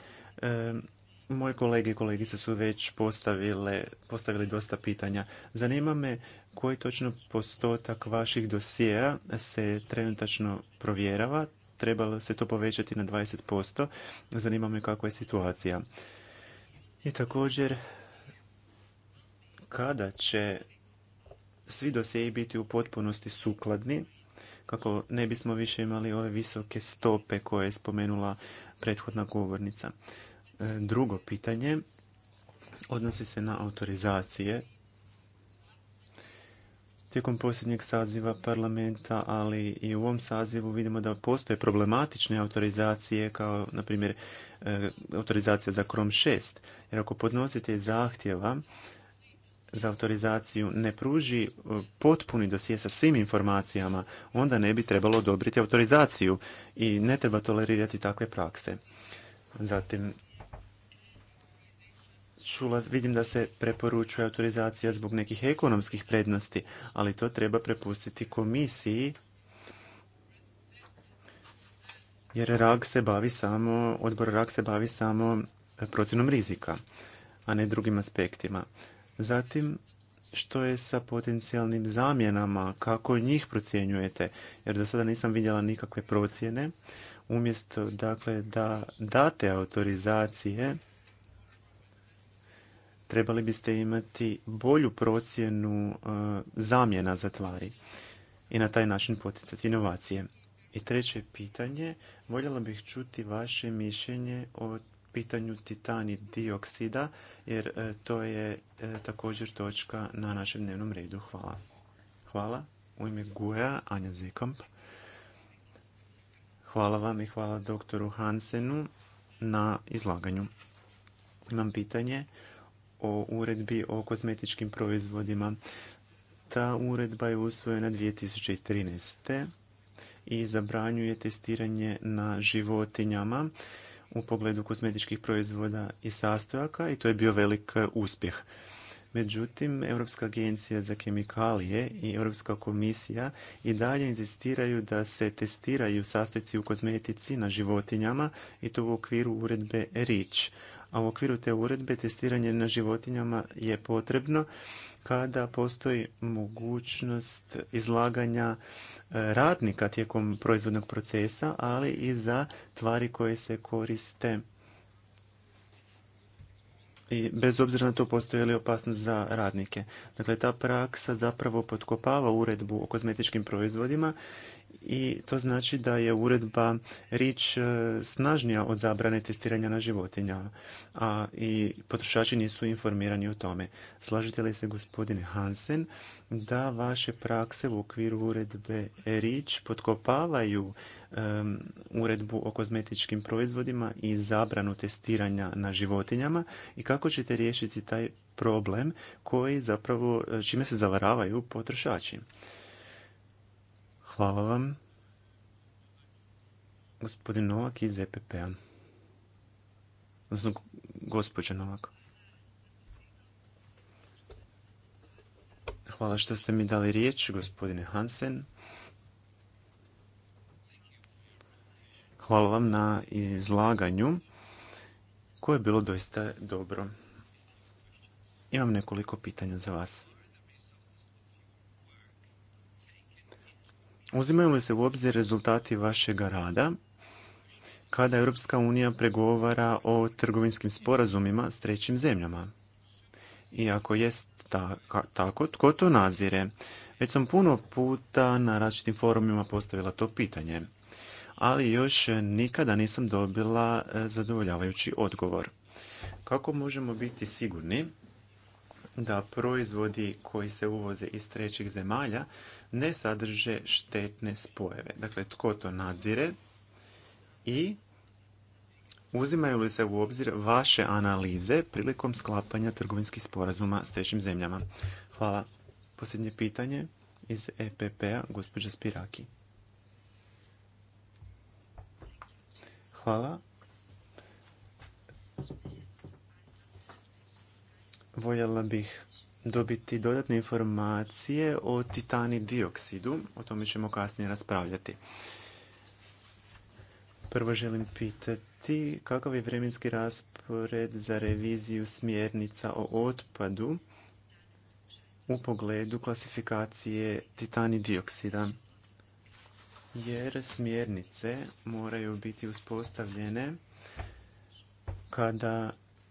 E, moje kolege i kolegice su već postavile, postavili dosta pitanja. Zanima me koji točno postotak vaših dosijeja se trenutačno provjerava. Trebalo se to povećati na 20%. Zanima me kakva je situacija. I također, kada će svi dosjeji biti u potpunosti sukladni kako ne bismo više imali ove visoke stope koje je spomenula prethodna govornica. E, drugo pitanje odnosi se na autorizacije. Tijekom posljednjeg saziva parlamenta, ali i u ovom sazivu vidimo da postoje problematične autorizacije kao, na primjer, e, autorizacija za Krom 6. Jer ako podnosite zahtjeva za autorizaciju ne pruži e, potpuni dosije sa svim informacijama, onda ne bi trebalo odobriti autorizaciju i ne treba tolerirati takve prakse. Zatim, čula, vidim da se preporučuje autorizacija zbog nekih ekonomskih prednosti, ali to treba prepustiti komisiji jer RAG se bavi samo, odbor rak se bavi samo procjenom rizika, a ne drugim aspektima. Zatim, što je sa potencijalnim zamjenama, kako njih procjenjujete, jer do sada nisam vidjela nikakve procjene. Umjesto dakle, da date autorizacije, trebali biste imati bolju procjenu e, zamjena za tvari i na taj način poticati inovacije. I treće pitanje, voljela bih čuti vaše mišljenje o pitanju titani dioksida, jer e, to je e, također točka na našem dnevnom redu. Hvala. Hvala. U ime Guja, Anja Zikamp. Hvala vam i hvala doktoru Hansenu na izlaganju. Imam pitanje o uredbi o kozmetičkim proizvodima. Ta uredba je usvojena 2013. i zabranjuje testiranje na životinjama u pogledu kozmetičkih proizvoda i sastojaka i to je bio velik e, uspjeh. Međutim, Europska agencija za kemikalije i Europska komisija i dalje inzistiraju da se testiraju sastojci u kozmetici na životinjama i to u okviru uredbe REACH. A u okviru te uredbe testiranje na životinjama je potrebno kada postoji mogućnost izlaganja radnika tijekom proizvodnog procesa, ali i za tvari koje se koriste i bez obzira na to postoji li opasnost za radnike. Dakle, ta praksa zapravo potkopava uredbu o kozmetičkim proizvodima i to znači da je uredba rič e, snažnija od zabrane testiranja na životinja, a i potrošači nisu informirani o tome. Slažete li se, gospodine Hansen, da vaše prakse u okviru uredbe rič potkopavaju e, uredbu o kozmetičkim proizvodima i zabranu testiranja na životinjama i kako ćete riješiti taj problem koji zapravo, e, čime se zavaravaju potrošači? Hvala vam. Gospodin Novak iz EPP-a. Odnosno, gospođa Novak. Hvala što ste mi dali riječ, gospodine Hansen. Hvala vam na izlaganju koje je bilo doista dobro. Imam nekoliko pitanja za vas. Uzimaju li se u obzir rezultati vašeg rada kada Europska unija pregovara o trgovinskim sporazumima s trećim zemljama? I ako jest tako, tko to nadzire? Već sam puno puta na različitim forumima postavila to pitanje, ali još nikada nisam dobila e, zadovoljavajući odgovor. Kako možemo biti sigurni da proizvodi koji se uvoze iz trećih zemalja ne sadrže štetne spojeve. Dakle, tko to nadzire i uzimaju li se u obzir vaše analize prilikom sklapanja trgovinskih sporazuma s trećim zemljama? Hvala. Posljednje pitanje iz EPP-a, gospođa Spiraki. Hvala voljela bih dobiti dodatne informacije o titani dioksidu. O tome ćemo kasnije raspravljati. Prvo želim pitati kakav je vremenski raspored za reviziju smjernica o otpadu u pogledu klasifikacije titani dioksida. Jer smjernice moraju biti uspostavljene kada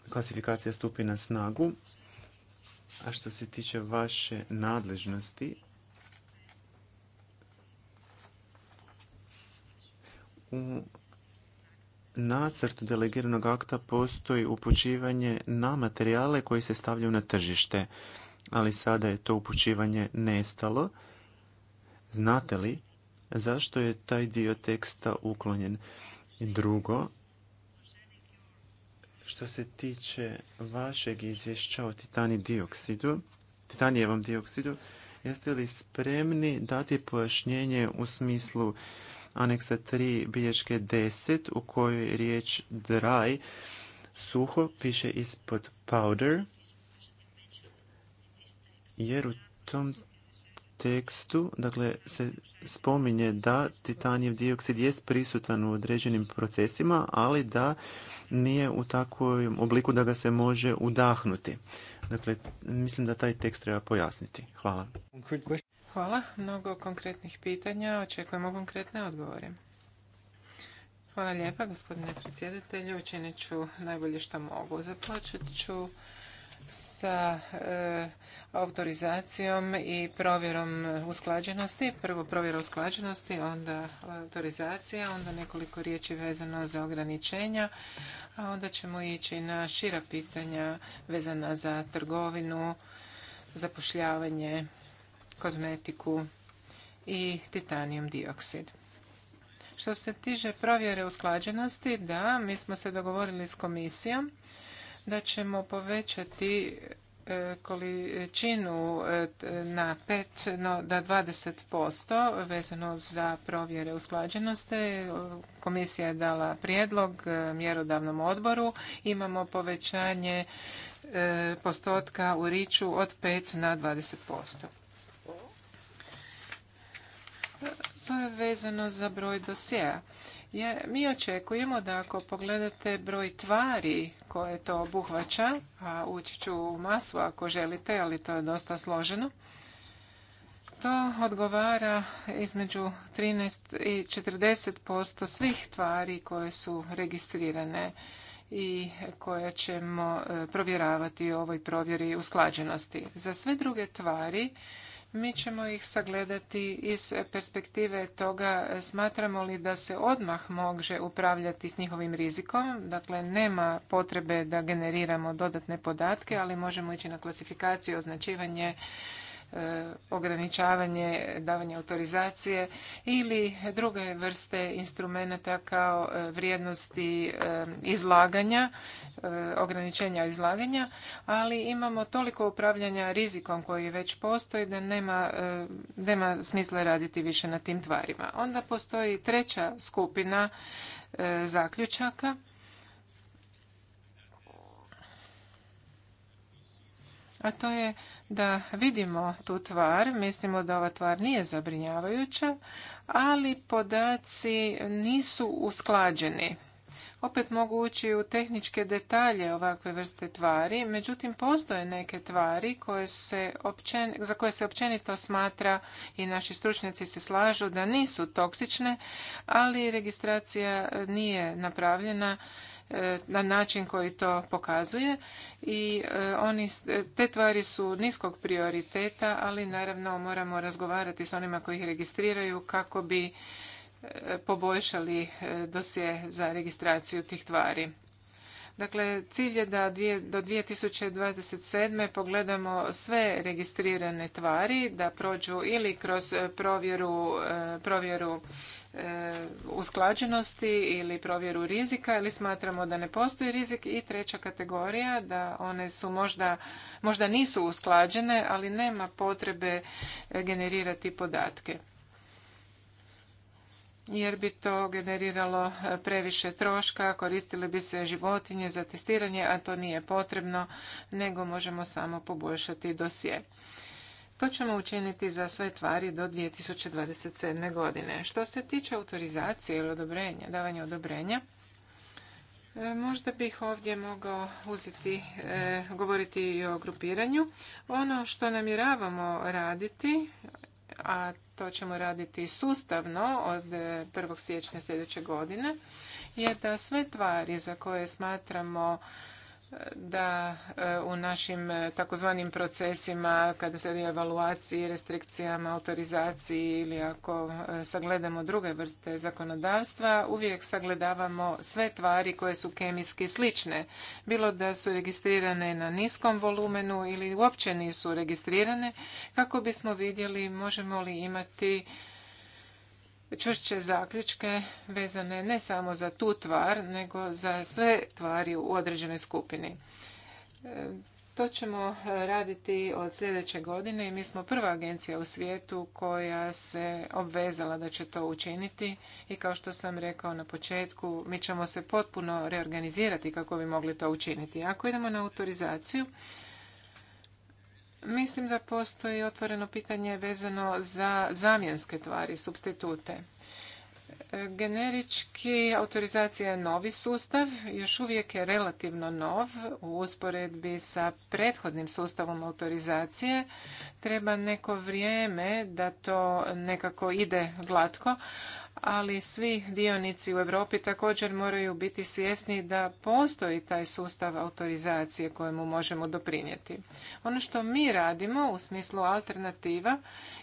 klasifikacija stupi na snagu, a što se tiče vaše nadležnosti, u nacrtu delegiranog akta postoji upućivanje na materijale koji se stavljaju na tržište, ali sada je to upućivanje nestalo. Znate li zašto je taj dio teksta uklonjen? Drugo, što se tiče vašeg izvješća o titani dioksidu, titanijevom dioksidu, jeste li spremni dati pojašnjenje u smislu aneksa 3 bilječke 10 u kojoj riječ dry suho piše ispod powder jer u tom tekstu dakle se spominje da titanijev dioksid jest prisutan u određenim procesima, ali da nije u takvom obliku da ga se može udahnuti. Dakle, mislim da taj tekst treba pojasniti. Hvala. Hvala. Mnogo konkretnih pitanja. Očekujemo konkretne odgovore. Hvala lijepa, gospodine predsjedatelju. Učinit ću najbolje što mogu. Započet ću sa e, autorizacijom i provjerom usklađenosti. Prvo provjera usklađenosti, onda autorizacija, onda nekoliko riječi vezano za ograničenja, a onda ćemo ići na šira pitanja vezana za trgovinu, zapošljavanje, kozmetiku i titanijum dioksid. Što se tiče provjere usklađenosti, da, mi smo se dogovorili s komisijom da ćemo povećati e, količinu e, na 5, no da 20% vezano za provjere usklađenosti. Komisija je dala prijedlog e, mjerodavnom odboru. Imamo povećanje postotka u riču od 5 na 20%. To je vezano za broj dosjeja je, mi očekujemo da ako pogledate broj tvari koje to obuhvaća, a ući ću u masu ako želite, ali to je dosta složeno, to odgovara između 13 i 40% svih tvari koje su registrirane i koje ćemo e, provjeravati u ovoj provjeri usklađenosti. Za sve druge tvari mi ćemo ih sagledati iz perspektive toga smatramo li da se odmah može upravljati s njihovim rizikom. Dakle, nema potrebe da generiramo dodatne podatke, ali možemo ići na klasifikaciju, označivanje E, ograničavanje davanja autorizacije ili druge vrste instrumenata kao e, vrijednosti e, izlaganja, ograničenja izlaganja, ali imamo toliko upravljanja rizikom koji već postoji da nema, nema smisla raditi više na tim tvarima. Onda postoji treća skupina zaključaka a to je da vidimo tu tvar, mislimo da ova tvar nije zabrinjavajuća, ali podaci nisu usklađeni. Opet mogu ući u tehničke detalje ovakve vrste tvari, međutim postoje neke tvari koje se općen, za koje se općenito smatra i naši stručnjaci se slažu da nisu toksične, ali registracija nije napravljena E, na način koji to pokazuje i e, oni, e, te tvari su niskog prioriteta, ali naravno moramo razgovarati s onima koji ih registriraju kako bi poboljšali dosje za registraciju tih tvari. Dakle, cilj je da do 2027. pogledamo sve registrirane tvari, da prođu ili kroz provjeru, provjeru E, usklađenosti ili provjeru rizika ili smatramo da ne postoji rizik i treća kategorija da one su možda, možda nisu usklađene ali nema potrebe e, generirati podatke jer bi to generiralo e, previše troška, koristile bi se životinje za testiranje, a to nije potrebno, nego možemo samo poboljšati dosje. To ćemo učiniti za sve tvari do 2027. godine. Što se tiče autorizacije ili odobrenja, davanja odobrenja, e, Možda bih ovdje mogao uzeti, e, govoriti i o grupiranju. Ono što namjeravamo raditi, a to ćemo raditi sustavno od 1. E, siječnja sljedeće godine, je da sve tvari za koje smatramo da eh, u našim eh, takozvanim procesima kada se radi o evaluaciji, restrikcijama, autorizaciji ili ako eh, sagledamo druge vrste zakonodavstva, uvijek sagledavamo sve tvari koje su kemijski slične. Bilo da su registrirane na niskom volumenu ili uopće nisu registrirane, kako bismo vidjeli možemo li imati čvršće zaključke vezane ne samo za tu tvar, nego za sve tvari u određenoj skupini. E, to ćemo raditi od sljedeće godine i mi smo prva agencija u svijetu koja se obvezala da će to učiniti i kao što sam rekao na početku, mi ćemo se potpuno reorganizirati kako bi mogli to učiniti. Ako idemo na autorizaciju, Mislim da postoji otvoreno pitanje vezano za zamjenske tvari, substitute. E, generički autorizacija je novi sustav, još uvijek je relativno nov u usporedbi sa prethodnim sustavom autorizacije. Treba neko vrijeme da to nekako ide glatko, ali svi dionici u Europi također moraju biti svjesni da postoji taj sustav autorizacije kojemu možemo doprinijeti. Ono što mi radimo u smislu alternativa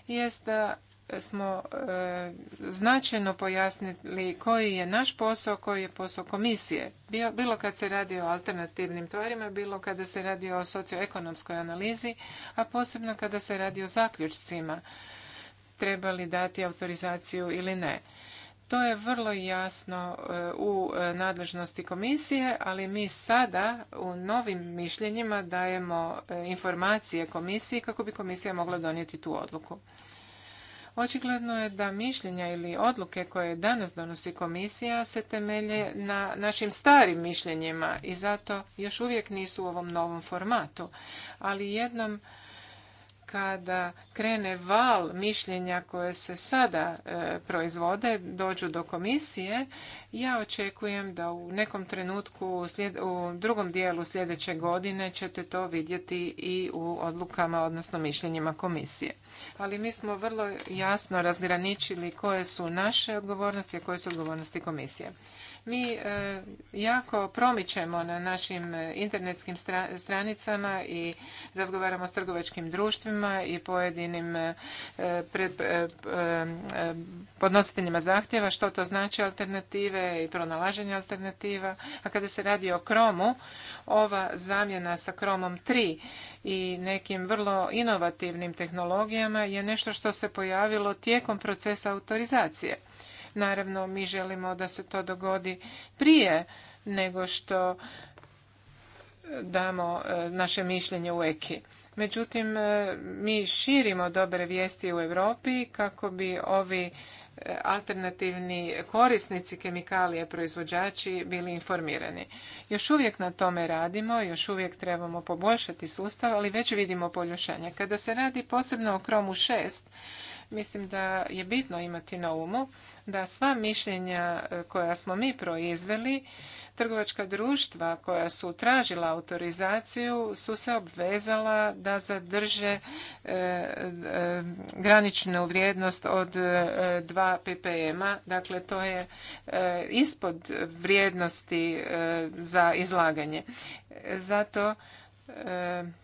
jest da smo e, značajno pojasnili koji je naš posao, koji je posao komisije. Bilo kad se radi o alternativnim tvarima, bilo kada se radi o socioekonomskoj analizi, a posebno kada se radi o zaključcima treba li dati autorizaciju ili ne. To je vrlo jasno e, u e, nadležnosti komisije, ali mi sada u novim mišljenjima dajemo e, informacije komisiji kako bi komisija mogla donijeti tu odluku. Očigledno je da mišljenja ili odluke koje danas donosi komisija se temelje na našim starim mišljenjima i zato još uvijek nisu u ovom novom formatu. Ali jednom kada krene val mišljenja koje se sada e, proizvode, dođu do komisije, ja očekujem da u nekom trenutku u drugom dijelu sljedeće godine ćete to vidjeti i u odlukama, odnosno mišljenjima komisije. Ali mi smo vrlo jasno razgraničili koje su naše odgovornosti, a koje su odgovornosti komisije. Mi e, jako promičemo na našim e, internetskim stranicama i razgovaramo s trgovačkim društvima i pojedinim e, podnositeljima zahtjeva što to znači alternative i pronalaženje alternativa. A kada se radi o kromu, ova zamjena sa kromom 3 i nekim vrlo inovativnim tehnologijama je nešto što se pojavilo tijekom procesa autorizacije. Naravno, mi želimo da se to dogodi prije nego što damo e, naše mišljenje u EKI. Međutim, e, mi širimo dobre vijesti u Europi kako bi ovi e, alternativni korisnici kemikalije proizvođači bili informirani. Još uvijek na tome radimo, još uvijek trebamo poboljšati sustav, ali već vidimo poboljšanje. Kada se radi posebno o kromu 6, Mislim da je bitno imati na umu da sva mišljenja e, koja smo mi proizveli, trgovačka društva koja su tražila autorizaciju su se obvezala da zadrže e, e, graničnu vrijednost od 2 ppm-a. Dakle, to je ispod vrijednosti za izlaganje. Zato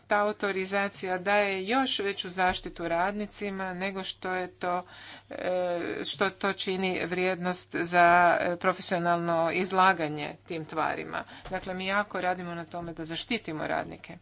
ta autorizacija daje još veću zaštitu radnicima nego što je to e, što to čini vrijednost za profesionalno izlaganje tim tvarima. Dakle mi jako radimo na tome da zaštitimo radnike.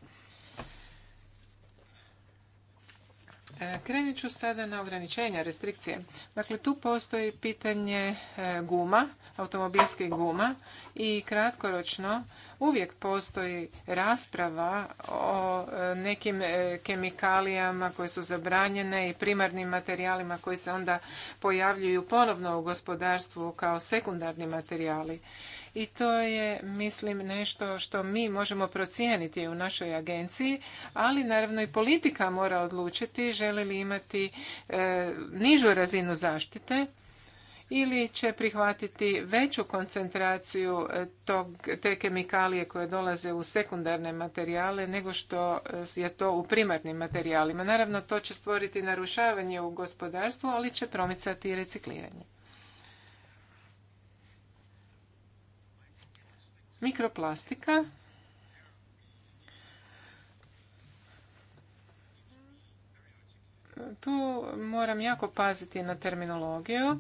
E, krenit ću sada na ograničenja, restrikcije. Dakle, tu postoji pitanje e, guma, automobilskih guma i kratkoročno uvijek postoji rasprava o e, nekim kemikalijama koje su zabranjene i primarnim materijalima koji se onda pojavljuju ponovno u gospodarstvu kao sekundarni materijali i to je, mislim, nešto što mi možemo procijeniti u našoj agenciji, ali naravno i politika mora odlučiti želi li imati e, nižu razinu zaštite ili će prihvatiti veću koncentraciju e, tog, te kemikalije koje dolaze u sekundarne materijale nego što e, je to u primarnim materijalima. Naravno, to će stvoriti narušavanje u gospodarstvu, ali će promicati i recikliranje. mikroplastika tu moram jako paziti na terminologiju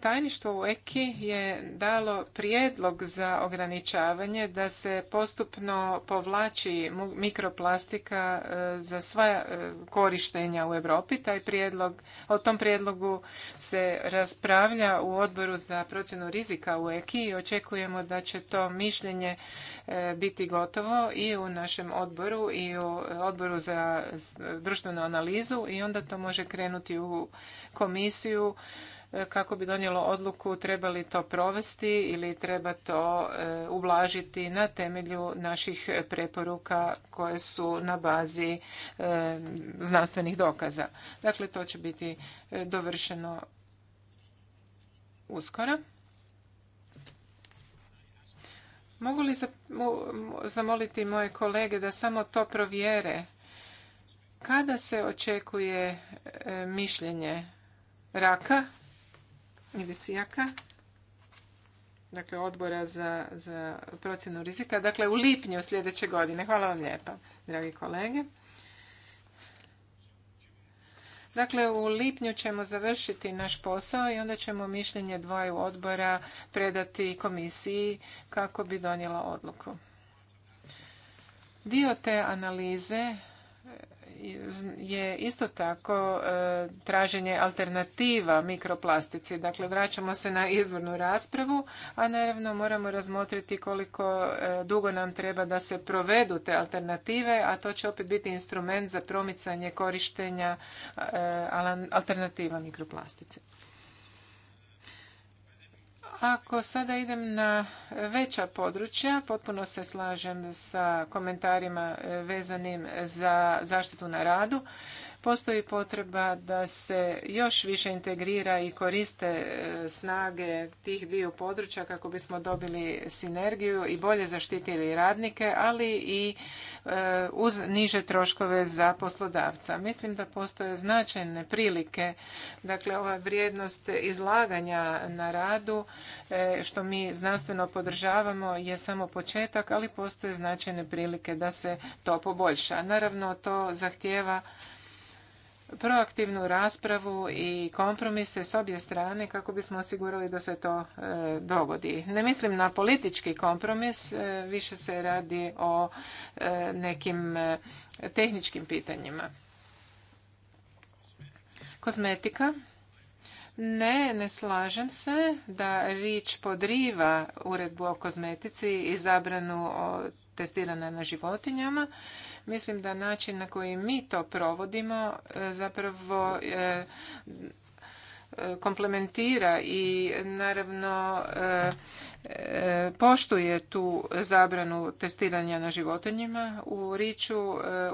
tajništvo u EKI je dalo prijedlog za ograničavanje da se postupno povlači mikroplastika e, za sva e, korištenja u Europi. Taj prijedlog, o tom prijedlogu se raspravlja u odboru za procjenu rizika u EKI i očekujemo da će to mišljenje e, biti gotovo i u našem odboru i u odboru za društvenu analizu i onda to može krenuti u komisiju E, kako bi donijelo odluku treba li to provesti ili treba to e, ublažiti na temelju naših preporuka koje su na bazi e, znanstvenih dokaza. Dakle, to će biti dovršeno uskoro. Mogu li zamoliti moje kolege da samo to provjere? Kada se očekuje mišljenje raka? Indicijaka, dakle odbora za, procjenu rizika, dakle u lipnju sljedeće godine. Hvala vam lijepa, dragi kolege. Dakle, u lipnju ćemo završiti naš posao i onda ćemo mišljenje dvoju odbora predati komisiji kako bi donijela odluku. Dio te analize je isto tako e, traženje alternativa mikroplastici. Dakle, vraćamo se na izvornu raspravu, a naravno moramo razmotriti koliko e, dugo nam treba da se provedu te alternative, a to će opet biti instrument za promicanje korištenja e, alternativa mikroplastici. Ako sada idem na veća područja, potpuno se slažem sa komentarima vezanim za zaštitu na radu postoji potreba da se još više integrira i koriste e, snage tih dviju područja kako bismo dobili sinergiju i bolje zaštitili radnike, ali i e, uz niže troškove za poslodavca. Mislim da postoje značajne prilike, dakle ova vrijednost izlaganja na radu, e, što mi znanstveno podržavamo, je samo početak, ali postoje značajne prilike da se to poboljša. Naravno, to zahtjeva proaktivnu raspravu i kompromise s obje strane kako bismo osigurali da se to e, dogodi. Ne mislim na politički kompromis, e, više se radi o e, nekim tehničkim pitanjima. Kozmetika. Ne, ne slažem se da rič podriva uredbu o kozmetici i zabranu testirana na životinjama. Mislim da način na koji mi to provodimo e, zapravo e, e, komplementira i naravno poštuje tu zabranu testiranja na životinjima. U Riču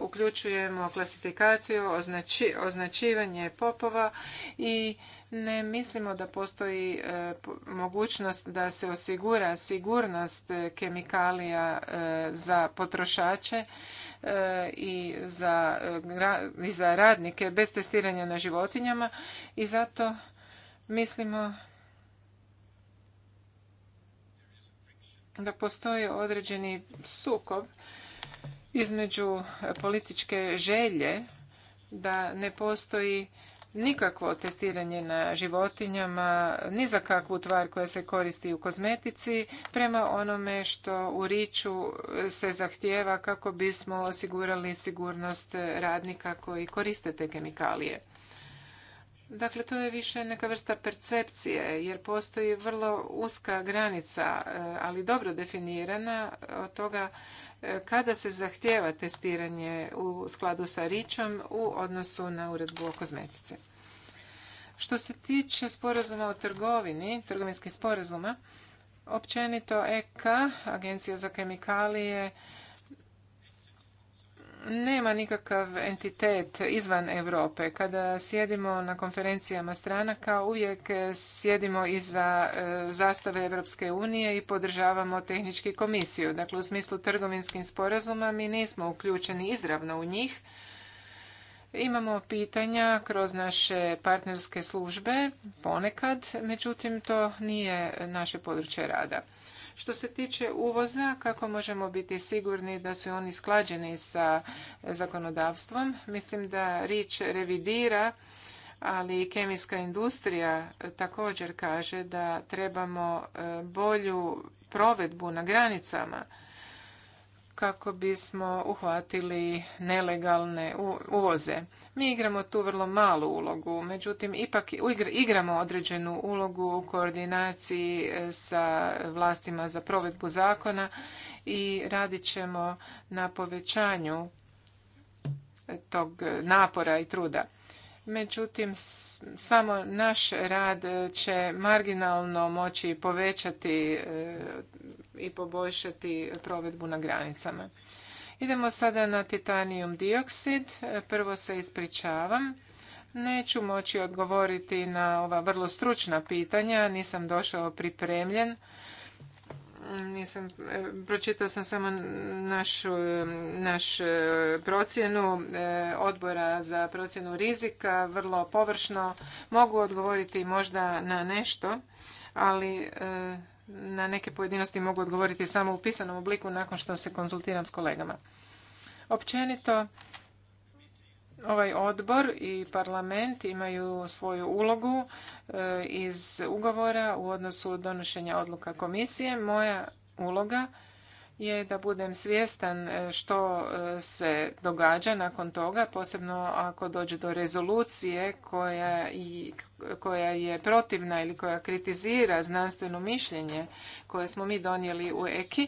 uključujemo klasifikaciju, označivanje popova i ne mislimo da postoji mogućnost da se osigura sigurnost kemikalija za potrošače E, i za, e, i za radnike bez testiranja na životinjama i zato mislimo da postoji određeni sukob između političke želje da ne postoji nikakvo testiranje na životinjama, ni za kakvu tvar koja se koristi u kozmetici, prema onome što u riču se zahtjeva kako bismo osigurali sigurnost radnika koji koriste te kemikalije. Dakle, to je više neka vrsta percepcije, jer postoji vrlo uska granica, e, ali dobro definirana od toga kada se zahtjeva testiranje u skladu sa ričom u odnosu na uredbu o kozmetici. Što se tiče sporazuma o trgovini, trgovinskih sporazuma, općenito EK, Agencija za kemikalije, nema nikakav entitet izvan Europe. Kada sjedimo na konferencijama stranaka, uvijek sjedimo iza e, zastave Europske unije i podržavamo tehnički komisiju. Dakle, u smislu trgovinskih sporazuma mi nismo uključeni izravno u njih. Imamo pitanja kroz naše partnerske službe ponekad, međutim to nije naše područje rada. Što se tiče uvoza, kako možemo biti sigurni da su oni sklađeni sa zakonodavstvom? Mislim da Rič revidira ali i kemijska industrija također kaže da trebamo e, bolju provedbu na granicama kako bismo uhvatili nelegalne uvoze. Mi igramo tu vrlo malu ulogu, međutim ipak igramo određenu ulogu u koordinaciji e, sa vlastima za provedbu zakona i radit ćemo na povećanju e, tog napora i truda. Međutim, samo naš rad e, će marginalno moći povećati i poboljšati provedbu na granicama. Idemo sada na titanijum dioksid. Prvo se ispričavam. Neću moći odgovoriti na ova vrlo stručna pitanja, nisam došao pripremljen. Nisam, e, pročitao sam samo e, naš e, procjenu odbora za procjenu rizika, vrlo površno. Mogu odgovoriti možda na nešto, ali na neke pojedinosti mogu odgovoriti samo u pisanom obliku nakon što se konzultiram s kolegama. Općenito, ovaj odbor i parlament imaju svoju ulogu e, iz ugovora u odnosu donošenja odluka komisije. Moja uloga je da budem svjestan e, što e, se događa nakon toga, posebno ako dođe do rezolucije koja, i, koja je protivna ili koja kritizira znanstveno mišljenje koje smo mi donijeli u EKI.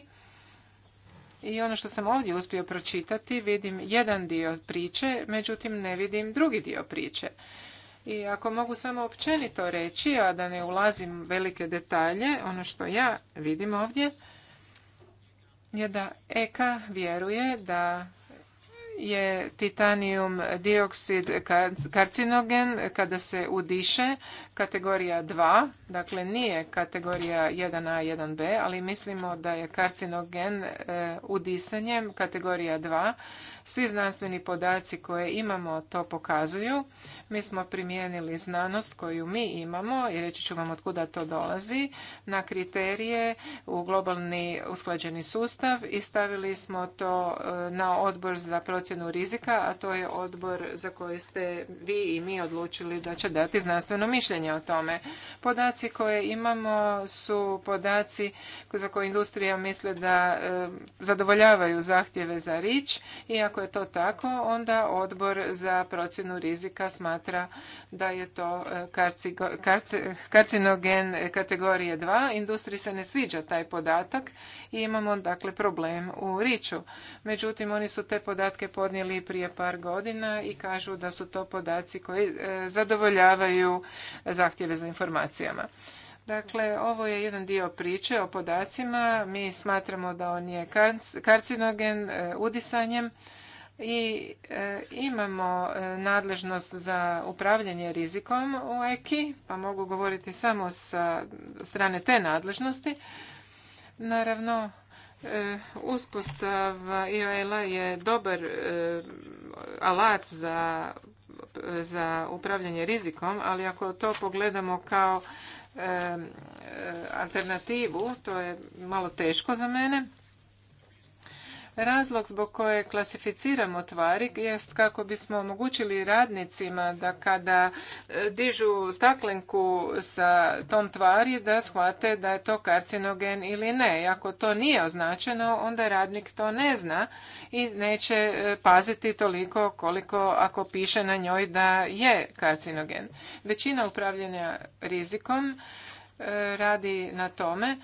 I ono što sam ovdje uspio pročitati, vidim jedan dio priče, međutim ne vidim drugi dio priče. I ako mogu samo općenito reći, a da ne ulazim velike detalje, ono što ja vidim ovdje, je da EKA vjeruje da je titanium dioksid karcinogen kada se udiše kategorija 2, dakle nije kategorija 1A, 1B, ali mislimo da je karcinogen e, udisanjem kategorija 2. Svi znanstveni podaci koje imamo to pokazuju. Mi smo primijenili znanost koju mi imamo i reći ću vam od kuda to dolazi na kriterije u globalni usklađeni sustav i stavili smo to e, na odbor za procjenu rizika, a to je odbor za koji ste vi i mi odlučili da će dati znanstveno mišljenje o tome. Podaci koje imamo su podaci za koje industrija misle da e, zadovoljavaju zahtjeve za rič i ako je to tako, onda odbor za procjenu rizika smatra smatra da je to e, karcinogen kategorije 2. Industriji se ne sviđa taj podatak i imamo dakle problem u riču. Međutim, oni su te podatke podnijeli prije par godina i kažu da su to podaci koji e, zadovoljavaju zahtjeve za informacijama. Dakle, ovo je jedan dio priče o podacima. Mi smatramo da on je karcinogen e, udisanjem i e, imamo e, nadležnost za upravljanje rizikom u EKI, pa mogu govoriti samo sa strane te nadležnosti. Naravno, e, uspostava IOL-a je dobar alat za, za upravljanje rizikom, ali ako to pogledamo kao alternativu, to je malo teško za mene. Razlog zbog koje klasificiramo tvari jest kako bismo omogućili radnicima da kada e, dižu staklenku sa tom tvari da shvate da je to karcinogen ili ne. I ako to nije označeno, onda radnik to ne zna i neće e, paziti toliko koliko ako piše na njoj da je karcinogen. Većina upravljanja rizikom e, radi na tome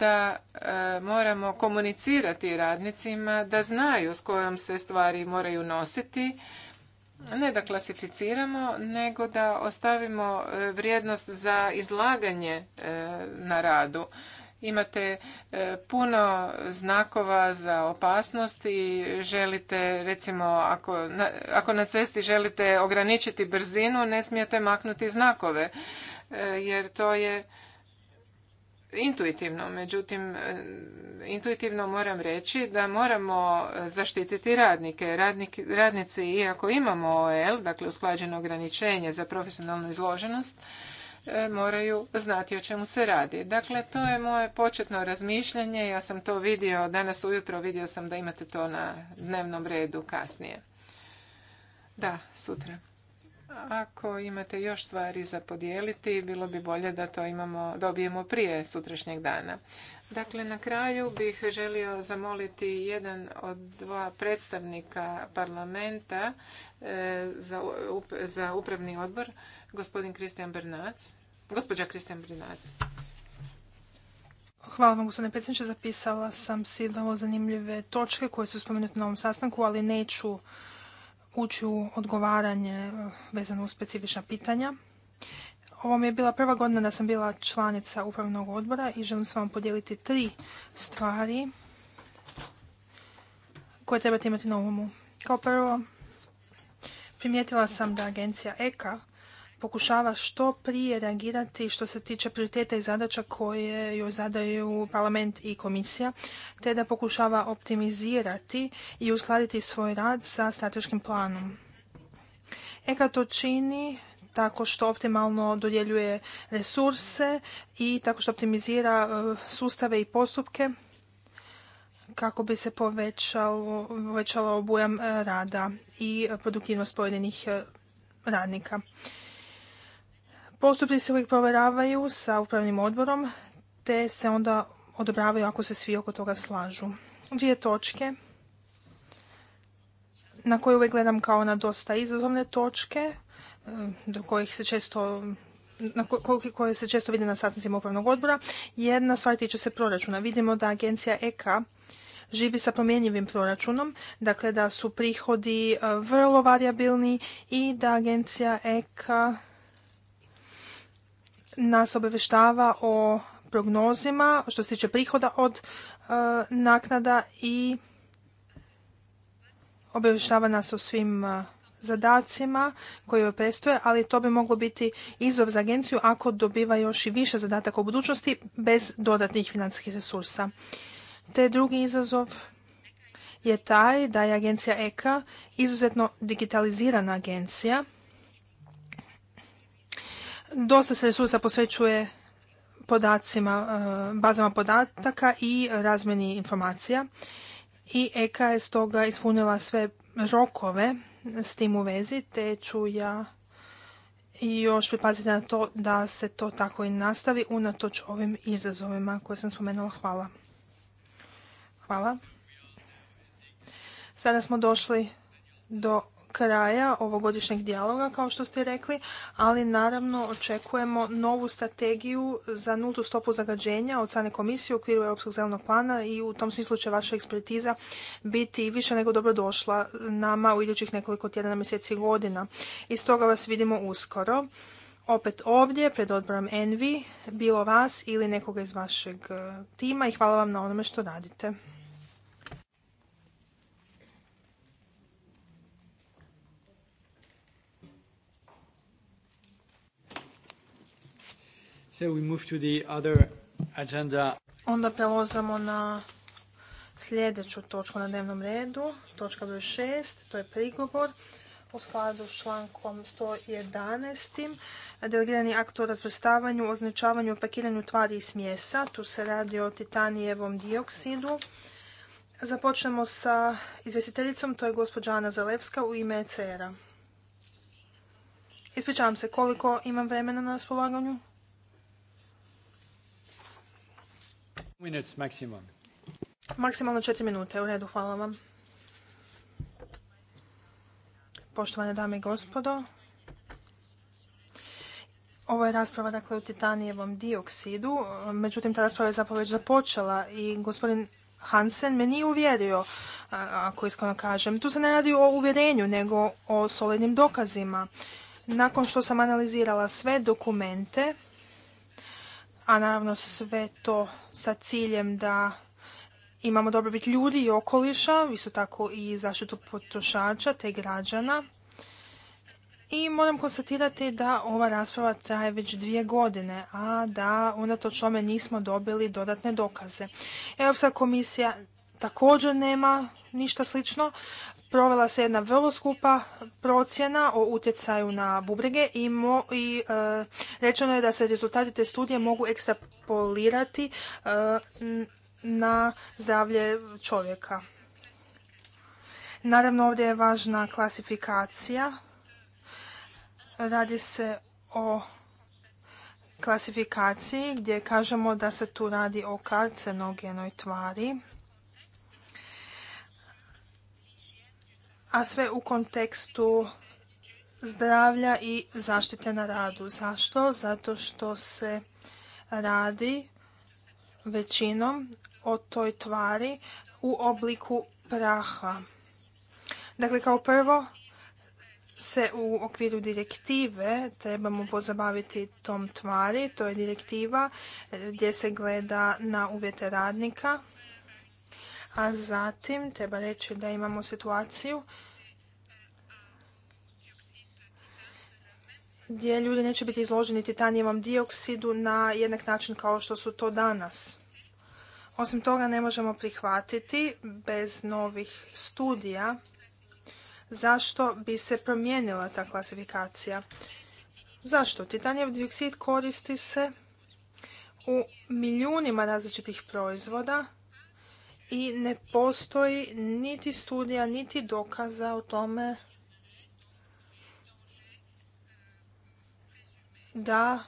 da e, moramo komunicirati radnicima da znaju s kojom se stvari moraju nositi ne da klasificiramo nego da ostavimo e, vrijednost za izlaganje e, na radu imate puno znakova za opasnost i želite recimo ako na, ako na cesti želite ograničiti brzinu ne smijete maknuti znakove jer to je intuitivno, međutim e, intuitivno moram reći da moramo zaštititi radnike. Radnik, radnici, iako imamo OL, dakle usklađeno ograničenje za profesionalnu izloženost, e, moraju znati o čemu se radi. Dakle, to je moje početno razmišljanje. Ja sam to vidio danas ujutro, vidio sam da imate to na dnevnom redu kasnije. Da, sutra. Ako imate još stvari za podijeliti, bilo bi bolje da to imamo, dobijemo prije sutrašnjeg dana. Dakle, na kraju bih želio zamoliti jedan od dva predstavnika parlamenta e, za upravni odbor, gospodin Kristijan Bernac, gospođa Kristijan Bernac. Hvala vam, gospodine predsjedniče. Zapisala sam si vrlo zanimljive točke koje su spomenute na ovom sastanku, ali neću ući odgovaranje e, vezano u specifična pitanja. Ovo mi je bila prva godina da sam bila članica upravnog odbora i želim s vam podijeliti tri stvari koje trebate imati na umu. Kao prvo, primijetila sam da agencija EKA pokušava što prije reagirati što se tiče prioriteta i zadaća koje joj zadaju parlament i komisija, te da pokušava optimizirati i uskladiti svoj rad sa strateškim planom. EKA to čini tako što optimalno dodjeljuje resurse i tako što optimizira e, sustave i postupke kako bi se povećalo, povećalo obujam e, rada i produktivnost pojedinih e, radnika. Postupci se uvijek provjeravaju sa upravnim odborom, te se onda odobravaju ako se svi oko toga slažu. Dvije točke na koje uvijek gledam kao na dosta izazovne točke, e, do kojih se često koje se često vide na satnicima upravnog odbora. Jedna stvar tiče se proračuna. Vidimo da agencija EK živi sa promjenjivim proračunom, dakle da su prihodi e, vrlo variabilni i da agencija EK nas obavještava o prognozima što se tiče prihoda od e, naknada i obavještava nas o svim e, zadacima koji joj prestoje, ali to bi moglo biti izov za agenciju ako dobiva još i više zadataka u budućnosti bez dodatnih financijskih resursa. Te drugi izazov je taj da je agencija EKA izuzetno digitalizirana agencija Dosta se resursa posvećuje podacima, e, bazama podataka i razmeni informacija i EKA je stoga ispunila sve rokove s tim u vezi, te ću ja još pripaziti na to da se to tako i nastavi unatoč ovim izazovima koje sam spomenula. Hvala. Hvala. Sada smo došli do kraja ovogodišnjeg dijaloga, kao što ste rekli, ali naravno očekujemo novu strategiju za nultu stopu zagađenja od strane komisije u okviru Europskog zelenog plana i u tom smislu će vaša ekspertiza biti više nego dobrodošla nama u idućih nekoliko tjedana, mjeseci i godina. I stoga vas vidimo uskoro. Opet ovdje, pred odborom Envi, bilo vas ili nekoga iz vašeg eh, tima i hvala vam na onome što radite. Onda prelazimo na sljedeću točku na dnevnom redu, točka broj 6, to je prigovor u skladu s člankom 111. Delegirani akt o razvrstavanju, označavanju i pakiranju tvari i smjesa. Tu se radi o titanijevom dioksidu. Započnemo sa izvjestiteljicom, to je gospođa Ana Zalevska u ime ECR-a. Ispričavam se, koliko imam vremena na raspolaganju? Maksimalno četiri minute, u redu, hvala vam. Poštovane dame i gospodo, ovo je rasprava dakle, o titanijevom dioksidu, međutim ta rasprava je zapravo već započela i gospodin Hansen me nije uvjerio, ako iskreno kažem. Tu se ne radi o uvjerenju, nego o solidnim dokazima. Nakon što sam analizirala sve dokumente a naravno sve to sa ciljem da imamo dobrobit ljudi i okoliša, isto tako i zaštitu potrošača te građana. I moram konstatirati da ova rasprava traje već dvije godine, a da unatoč tome nismo dobili dodatne dokaze. Europska komisija također nema ništa slično provela se jedna vrlo skupa procjena o utjecaju na bubrege i, i e, rečeno je da se rezultati te studije mogu ekstrapolirati e, na zdravlje čovjeka. Naravno ovdje je važna klasifikacija. Radi se o klasifikaciji gdje kažemo da se tu radi o karcenogenoj tvari a sve u kontekstu zdravlja i zaštite na radu. Zašto? Zato što se radi većinom o toj tvari u obliku praha. Dakle, kao prvo se u okviru direktive trebamo pozabaviti tom tvari. To je direktiva gdje se gleda na uvjete radnika a zatim treba reći da imamo situaciju gdje ljudi neće biti izloženi titanijevom dioksidu na jednak način kao što su to danas. Osim toga ne možemo prihvatiti bez novih studija zašto bi se promijenila ta klasifikacija. Zašto? Titanijev dioksid koristi se u milijunima različitih proizvoda i ne postoji niti studija, niti dokaza o tome da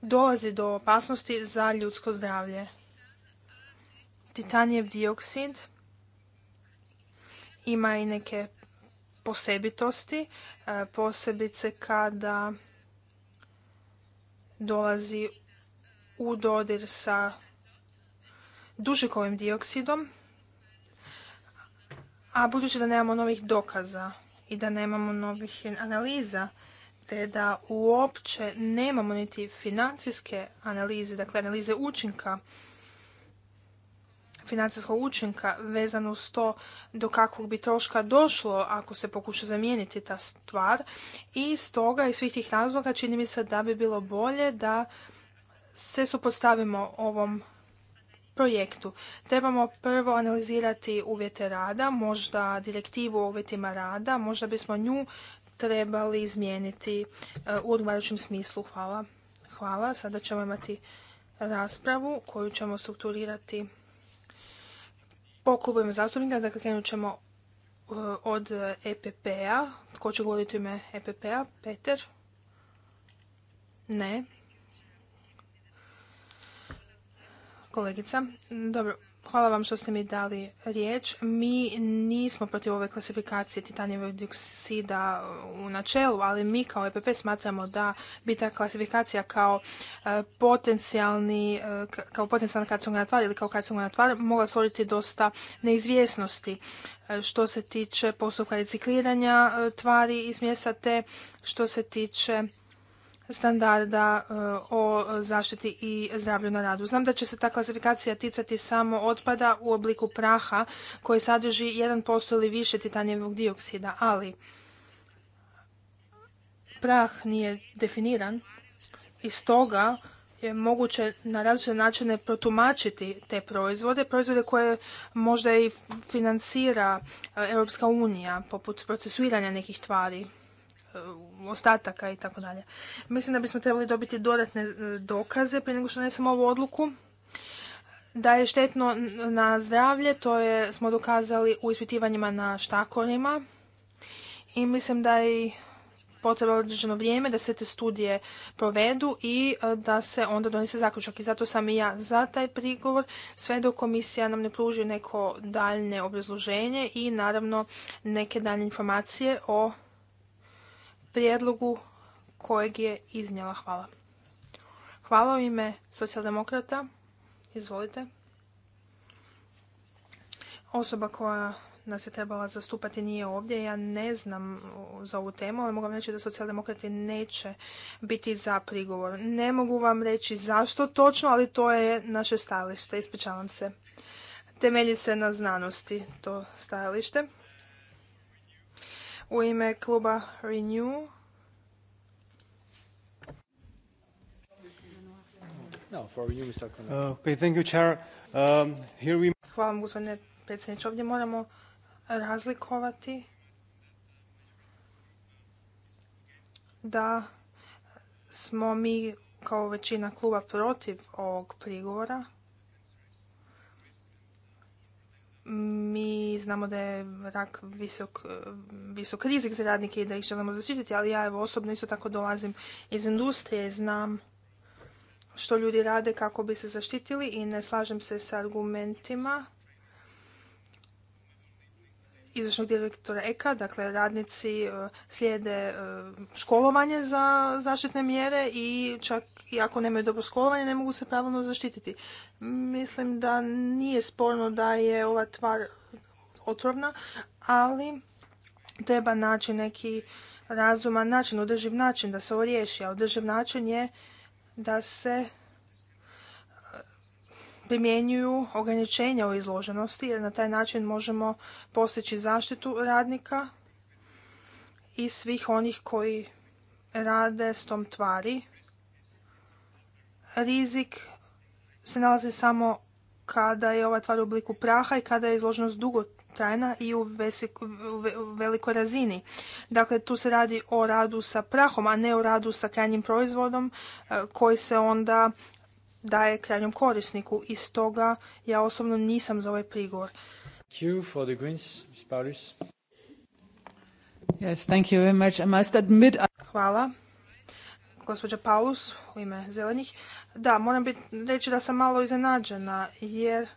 dolazi do opasnosti za ljudsko zdravlje. Titanijev dioksid ima i neke posebitosti, e, posebice kada dolazi u dodir sa dužikovim dioksidom, a budući da nemamo novih dokaza i da nemamo novih analiza, te da uopće nemamo niti financijske analize, dakle analize učinka, financijskog učinka vezano uz to do kakvog bi troška došlo ako se pokuša zamijeniti ta stvar. I stoga i svih tih razloga čini mi se da bi bilo bolje da se supostavimo ovom projektu. Trebamo prvo analizirati uvjete rada, možda direktivu o uvjetima rada, možda bismo nju trebali izmijeniti e, u odgovarajućem smislu. Hvala. Hvala. Sada ćemo imati raspravu koju ćemo strukturirati po klubovima zastupnika. Dakle, krenut ćemo e, od EPP-a. Tko će govoriti u ime EPP-a? Peter? Ne. Kolegica, dobro, hvala vam što ste mi dali riječ. Mi nismo protiv ove klasifikacije titanijevog dioksida u načelu, ali mi kao EPP smatramo da bi ta klasifikacija kao e, potencijalni, e, kao potencijalna karcinogena tvar ili kao karcinogena tvar mogla stvoriti dosta neizvjesnosti e, što se tiče postupka recikliranja tvari iz mjesta te što se tiče standarda e, o zaštiti i zdravlju na radu. Znam da će se ta klasifikacija ticati samo otpada u obliku praha koji sadrži 1% ili više titanijevog dioksida, ali prah nije definiran i stoga je moguće na različite načine protumačiti te proizvode, proizvode koje možda i financira e, Europska unija, poput procesuiranja nekih tvari. E, ostataka i tako dalje. Mislim da bismo trebali dobiti dodatne e, dokaze prije nego što samo ovu odluku. Da je štetno na zdravlje, to je, smo dokazali u ispitivanjima na štakorima i mislim da je potrebno određeno vrijeme da se te studije provedu i e, da se onda donese zaključak. I zato sam i ja za taj prigovor, sve dok komisija nam ne pruži neko daljne obrazloženje i naravno neke daljne informacije o prijedlogu kojeg je iznijela. Hvala. Hvala u ime socijaldemokrata. Izvolite. Osoba koja nas je trebala zastupati nije ovdje. Ja ne znam za ovu temu, ali mogu vam reći da socijaldemokrati neće biti za prigovor. Ne mogu vam reći zašto točno, ali to je naše stajalište. Ispričavam se. Temelji se na znanosti to stajalište u ime kluba Renew. Hvala vam gospodine predsjedniče. Ovdje moramo razlikovati da smo mi kao većina kluba protiv ovog prigovora mi znamo da je rak visok, eh, visok rizik za radnike i da ih želimo zaštititi, ali ja evo osobno isto tako dolazim iz industrije, znam što ljudi rade kako bi se zaštitili i ne slažem se sa argumentima izvršnog direktora EKA, dakle radnici e, slijede e, školovanje za zaštitne mjere i čak i ako nemaju dobro školovanje ne mogu se pravilno zaštititi. Mislim da nije sporno da je ova tvar otrovna, ali treba naći neki razuman način, održiv način da se ovo riješi, a održiv način je da se primjenjuju ograničenja o izloženosti jer na taj način možemo postići zaštitu radnika i svih onih koji rade s tom tvari. Rizik se nalazi samo kada je ova tvar u obliku praha i kada je izloženost dugotrajna i u velikoj razini. Dakle, tu se radi o radu sa prahom, a ne o radu sa krajnjim proizvodom e, koji se onda daje krajnjom korisniku i stoga ja osobno nisam za ovaj prigovor. Hvala. Gospođa Paulus u ime zelenih. Da, moram bit, reći da sam malo iznenađena jer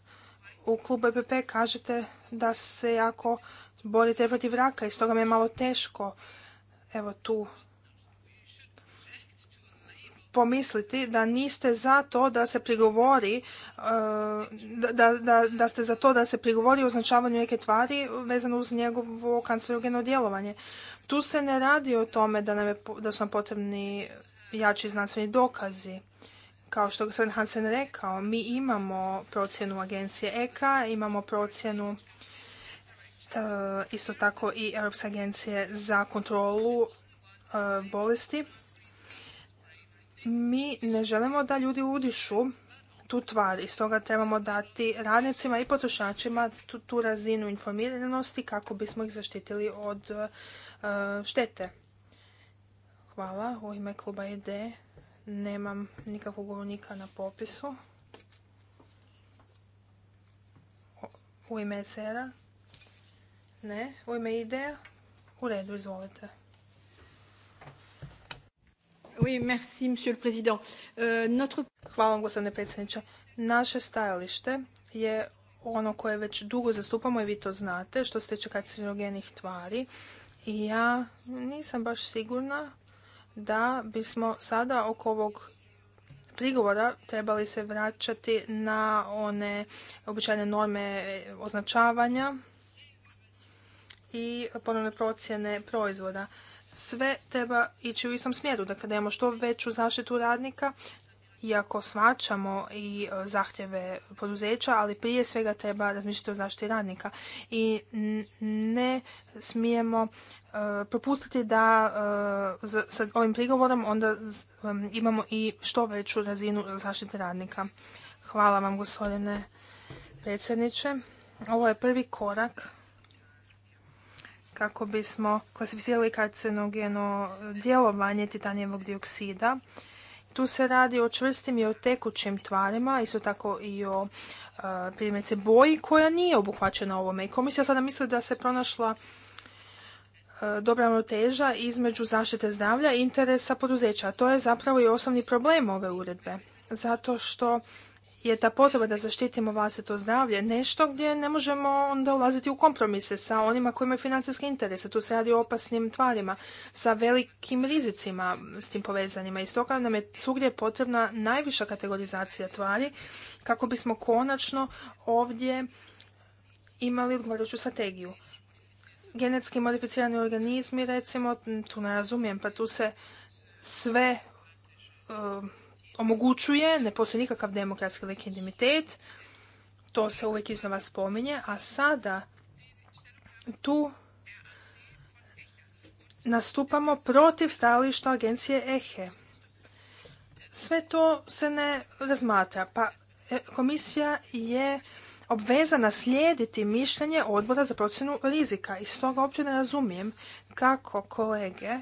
u klubu EPP kažete da se jako borite protiv raka i stoga mi je malo teško evo tu pomisliti da niste za to da se prigovori, e, da, da, da ste za to da se prigovori označavanju neke tvari vezano uz njegovo kancerogeno djelovanje. Tu se ne radi o tome da, nam je, da su nam potrebni jači znanstveni dokazi. Kao što gospodin Hansen rekao, mi imamo procjenu agencije EKA, imamo procjenu e, isto tako i Europske agencije za kontrolu e, bolesti mi ne želimo da ljudi udišu tu tvar i stoga trebamo dati radnicima i potrošačima tu, razinu informiranosti kako bismo ih zaštitili od e, štete. Hvala. U ime kluba ID e nemam nikakvog govornika na popisu. U ime ECR-a? Ne. U ime ID-a? U redu, izvolite. Euh, Hvala gospodine predsjedniče. Naše stajalište je ono koje već dugo zastupamo i vi to znate, što se tiče karcinogenih tvari. I ja nisam baš sigurna da bismo sada oko ovog prigovora trebali se vraćati na one običajne norme označavanja i ponovne procjene proizvoda sve treba ići u istom smjeru, dakle da imamo što veću zaštitu radnika, iako svačamo i e, zahtjeve poduzeća, ali prije svega treba razmišljati o zaštiti radnika. I ne smijemo e, propustiti da e, sa ovim prigovorom onda imamo i što veću razinu zaštite radnika. Hvala vam gospodine predsjedniče. Ovo je prvi korak kako bismo klasificirali karcinogeno djelovanje titanijevog dioksida. Tu se radi o čvrstim i o tekućim tvarima, isto tako i o e, primjerice boji koja nije obuhvaćena ovome. I komisija sada misli da se pronašla e, dobra ravnoteža između zaštite zdravlja i interesa poduzeća. to je zapravo i osnovni problem ove uredbe. Zato što je ta potreba da zaštitimo vlastito zdravlje nešto gdje ne možemo onda ulaziti u kompromise sa onima koji imaju financijske interese. Tu se radi o opasnim tvarima, sa velikim rizicima s tim povezanima. I stoga nam je svugdje potrebna najviša kategorizacija tvari kako bismo konačno ovdje imali odgovarajuću strategiju. Genetski modificirani organizmi, recimo, tu ne razumijem, pa tu se sve omogućuje, ne postoji nikakav demokratski legitimitet, to se uvijek iznova spominje, a sada tu nastupamo protiv stajališta agencije EHE. Sve to se ne razmatra, pa e, komisija je obvezana slijediti mišljenje odbora za procjenu rizika i stoga uopće ne razumijem kako kolege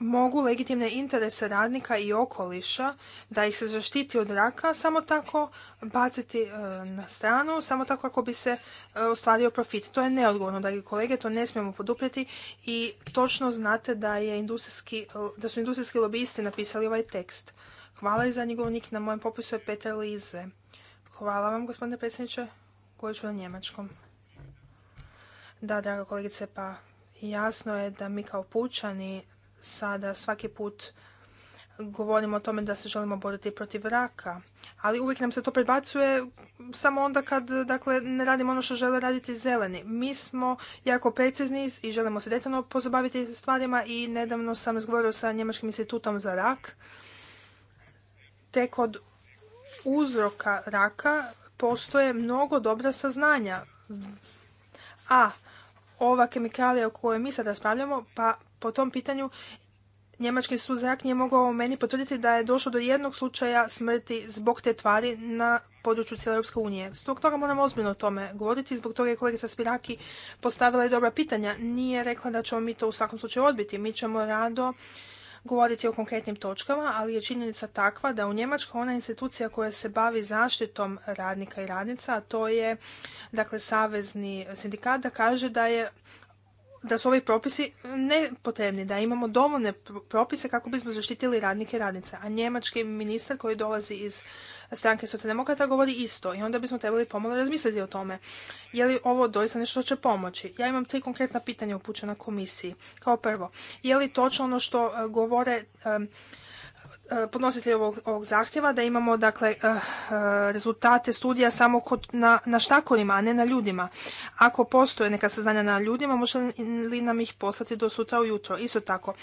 mogu legitimne interese radnika i okoliša da ih se zaštiti od raka samo tako baciti e, na stranu, samo tako ako bi se e, ostvario profit. To je neodgovorno, dragi kolege, to ne smijemo poduprijeti i točno znate da, je da su industrijski lobisti napisali ovaj tekst. Hvala i za govornik na mojem popisu je Peter Lize. Hvala vam, gospodine predsjedniče. Govorit ću na njemačkom. Da, draga kolegice, pa jasno je da mi kao pučani sada svaki put govorimo o tome da se želimo boriti protiv raka, ali uvijek nam se to prebacuje samo onda kad dakle, ne radimo ono što žele raditi zeleni. Mi smo jako precizni i želimo se detaljno pozabaviti stvarima i nedavno sam razgovarao sa Njemačkim institutom za rak. Tek od uzroka raka postoje mnogo dobra saznanja. A ova kemikalija o kojoj mi sad raspravljamo, pa po tom pitanju njemački sud nije mogao meni potvrditi da je došlo do jednog slučaja smrti zbog te tvari na području cijele Europske unije. Zbog toga moramo ozbiljno o tome govoriti, zbog toga je kolegica Spiraki postavila i dobra pitanja. Nije rekla da ćemo mi to u svakom slučaju odbiti. Mi ćemo rado govoriti o konkretnim točkama, ali je činjenica takva da u Njemačkoj ona institucija koja se bavi zaštitom radnika i radnica, a to je dakle savezni sindikat, da kaže da je da su ovi propisi nepotrebni, da imamo dovoljne propise kako bismo zaštitili radnike i radnice. A njemački ministar koji dolazi iz stranke socijaldemokrata govori isto i onda bismo trebali pomalo razmisliti o tome. Je li ovo doista nešto će pomoći? Ja imam tri konkretna pitanja upućena komisiji. Kao prvo, je li točno ono što e, govore Eh, podnositelj ovog, ovog zahtjeva da imamo dakle eh, eh, rezultate studija samo kod, na, na štakorima, a ne na ljudima. Ako postoje neka saznanja na ljudima, može li nam ih poslati do sutra ujutro? Isto tako,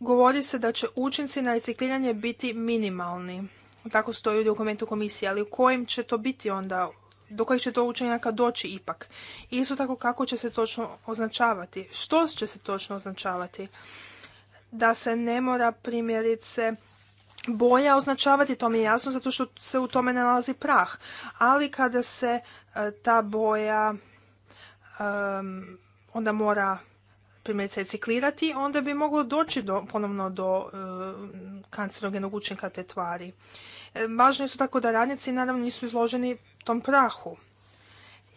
govori se da će učinci na recikliranje biti minimalni. Tako stoji u dokumentu komisije, ali u kojim će to biti onda do kojih će to učenjaka doći ipak. Isto tako kako će se točno označavati, što će se točno označavati da se ne mora primjerice boja označavati, to mi je jasno, zato što se u tome nalazi prah. Ali kada se e, ta boja onda mora primjerice reciklirati, onda bi moglo doći do, ponovno do e, kancerogenog učinka te tvari. E, važno je su tako da radnici naravno nisu izloženi tom prahu.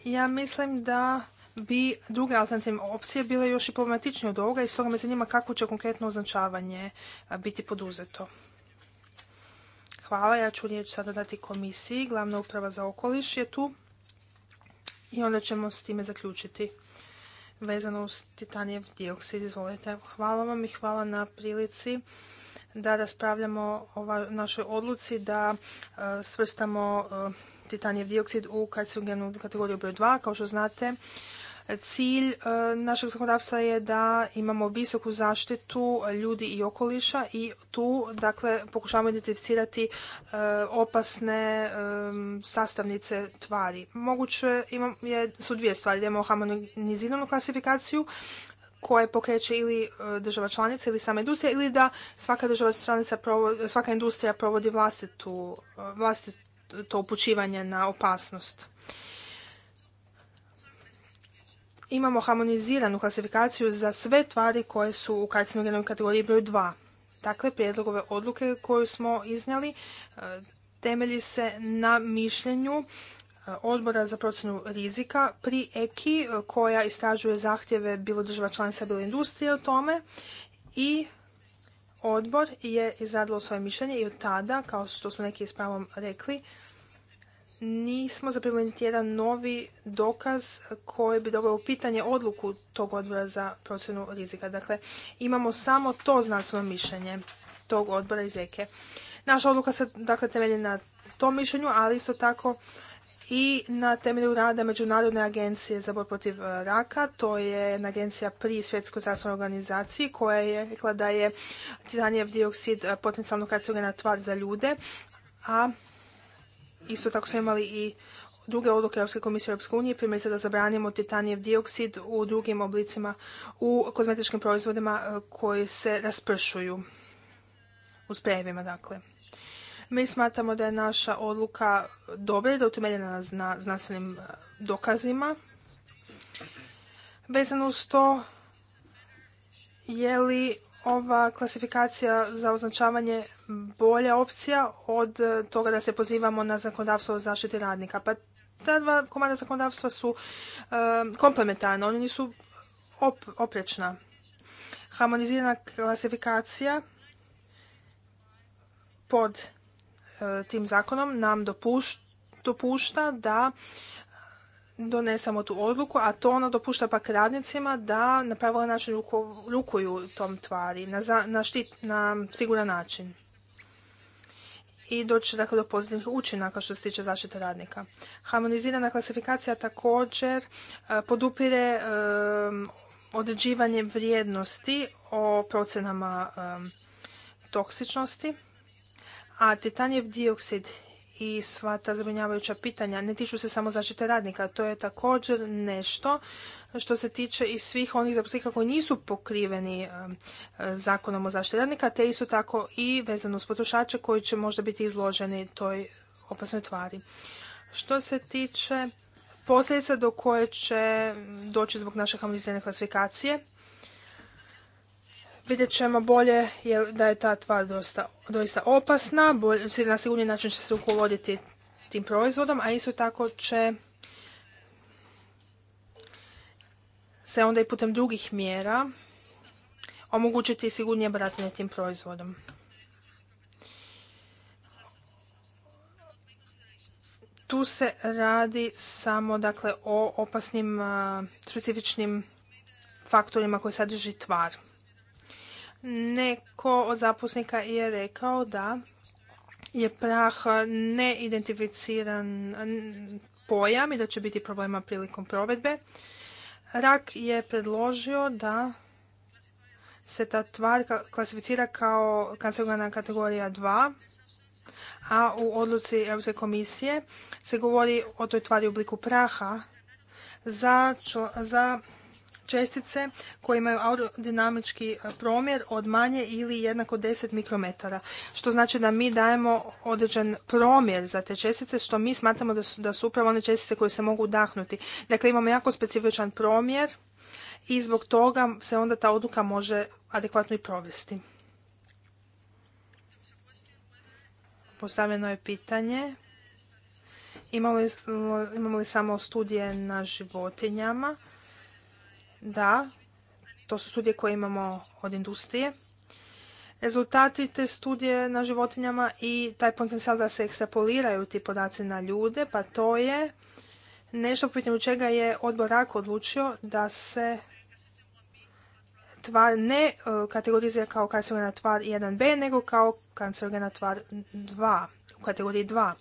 Ja mislim da bi druge alternativne opcije bile još i problematičnije od ovoga i stoga me zanima kako će konkretno označavanje biti poduzeto. Hvala, ja ću riječ sada dati komisiji. Glavna uprava za okoliš je tu i onda ćemo s time zaključiti. Vezano uz titanijev dioksid, izvolite. Hvala vam i hvala na prilici da raspravljamo o našoj odluci da svrstamo titanijev dioksid u karcinogenu kategoriju broj 2. Kao što znate, Cilj e, našeg zakonodavstva je da imamo visoku zaštitu ljudi i okoliša i tu dakle pokušavamo identificirati e, opasne e, sastavnice tvari. Moguće su dvije stvari, da imamo harmoniziranu klasifikaciju koje pokreće ili država članica ili sama industrija ili da svaka država članica, svaka industrija provodi vlastitu, vlastito upućivanje na opasnost. imamo harmoniziranu klasifikaciju za sve tvari koje su u karcinogenoj kategoriji broj 2. Dakle, prijedlogove odluke koju smo iznijeli e, temelji se na mišljenju e, odbora za procjenu rizika pri EKI e, koja istražuje zahtjeve bilo država članica, bilo industrije o tome i odbor je izradilo svoje mišljenje i od tada, kao što su neki s pravom rekli, nismo zaprimili niti jedan novi dokaz koji bi doveo u pitanje odluku tog odbora za procjenu rizika. Dakle, imamo samo to znanstveno mišljenje tog odbora iz EKE. E. Naša odluka se dakle temelji na tom mišljenju, ali isto tako i na temelju rada Međunarodne agencije za borbu protiv e, raka. To je agencija pri Svjetskoj zdravstvenoj organizaciji koja je rekla da je titanijev dioksid e, potencijalno karcinogena tvar za ljude, a Isto tako smo imali i druge odluke Europske komisije Europske unije, primjerice da zabranimo titanijev dioksid u drugim oblicima u kozmetičkim proizvodima e, koji se raspršuju u sprejevima, dakle. Mi smatramo da je naša odluka dobra i da je utemeljena na znanstvenim e, dokazima. Vezano uz to je li ova klasifikacija za označavanje bolja opcija od e, toga da se pozivamo na zakonodavstvo o zaštiti radnika. Pa ta dva komada zakonodavstva su e, komplementarna, oni nisu oprečna. Harmonizirana klasifikacija pod e, tim zakonom nam dopušta da donesemo tu odluku, a to ono dopušta pak radnicima da na pravilan način rukuju tom tvari, na, štit, na siguran način. I doći dakle, do pozitivnih učinaka što se tiče zaštite radnika. Harmonizirana klasifikacija također e, podupire e, određivanje vrijednosti o procenama e, toksičnosti, a titanjev dioksid i sva ta zabrinjavajuća pitanja ne tiču se samo zaštite radnika. To je također nešto što se tiče i svih onih zaposlenika koji nisu pokriveni e, zakonom o zaštiti radnika, te isto tako i vezano uz potrošače koji će možda biti izloženi toj opasnoj tvari. Što se tiče posljedica do koje će doći zbog naše harmonizirane klasifikacije, vidjet ćemo bolje da je ta tvar doista opasna, na sigurniji način će se rukovoditi tim proizvodom, a isto tako će se onda i putem drugih mjera omogućiti sigurnije baratanje tim proizvodom. Tu se radi samo dakle o opasnim specifičnim faktorima koji sadrži tvar. Neko od zaposlenika je rekao da je prah neidentificiran pojam i da će biti problema prilikom provedbe. Rak je predložio da se ta tvar klasificira kao kancerogena kategorija 2, a u odluci Europske komisije se govori o toj tvari u obliku praha za, za čestice koje imaju aerodinamički e, promjer od manje ili jednako 10 mikrometara. Što znači da mi dajemo određen promjer za te čestice što mi smatramo da su, da upravo one čestice koje se mogu udahnuti. Dakle, imamo jako specifičan promjer i zbog toga se onda ta odluka može adekvatno i provesti. Postavljeno je pitanje imamo li samo studije na životinjama da, to su studije koje imamo od industrije. Rezultati te studije na životinjama i taj potencijal da se ekstrapoliraju ti podaci na ljude, pa to je nešto pitanju čega je odbor RAK odlučio da se tvar ne e, kategorizira kao kancerogena tvar 1b, nego kao kancerogena tvar 2, u kategoriji 2.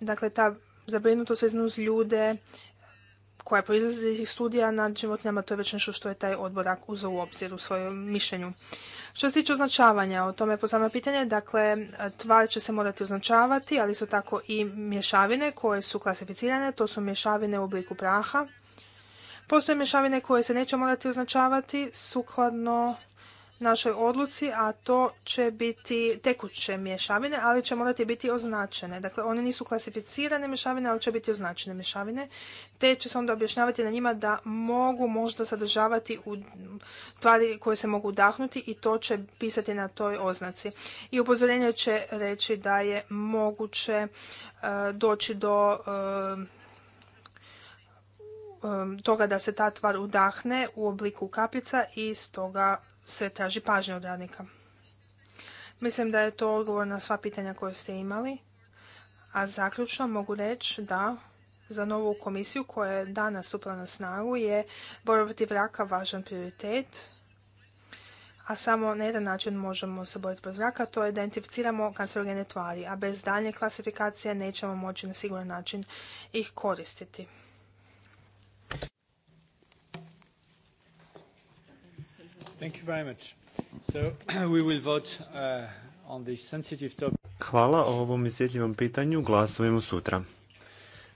Dakle, ta zabrinutost vezana uz ljude, koja proizlazi iz studija nad životinjama, to je već nešto što je taj odborak uzao u obzir u svojem mišljenju. Što se tiče označavanja, o tome je poznano pitanje, dakle, tvar će se morati označavati, ali su tako i mješavine koje su klasificirane, to su mješavine u obliku praha. Postoje mješavine koje se neće morati označavati sukladno našoj odluci, a to će biti tekuće mješavine, ali će morati biti označene. Dakle, one nisu klasificirane mješavine, ali će biti označene mješavine, te će se onda objašnjavati na njima da mogu možda sadržavati u tvari koje se mogu udahnuti i to će pisati na toj oznaci. I upozorenje će reći da je moguće e, doći do e, e, toga da se ta tvar udahne u obliku kapica i stoga se traži pažnja od radnika. Mislim da je to odgovor na sva pitanja koje ste imali, a zaključno mogu reći da za novu komisiju koja je danas stupila na snagu je borba protiv raka važan prioritet, a samo na jedan način možemo se boriti protiv raka, to je da identificiramo kancerogene tvari, a bez daljnje klasifikacije nećemo moći na siguran način ih koristiti. Hvala o ovom osjetljivom pitanju. Glasujemo sutra.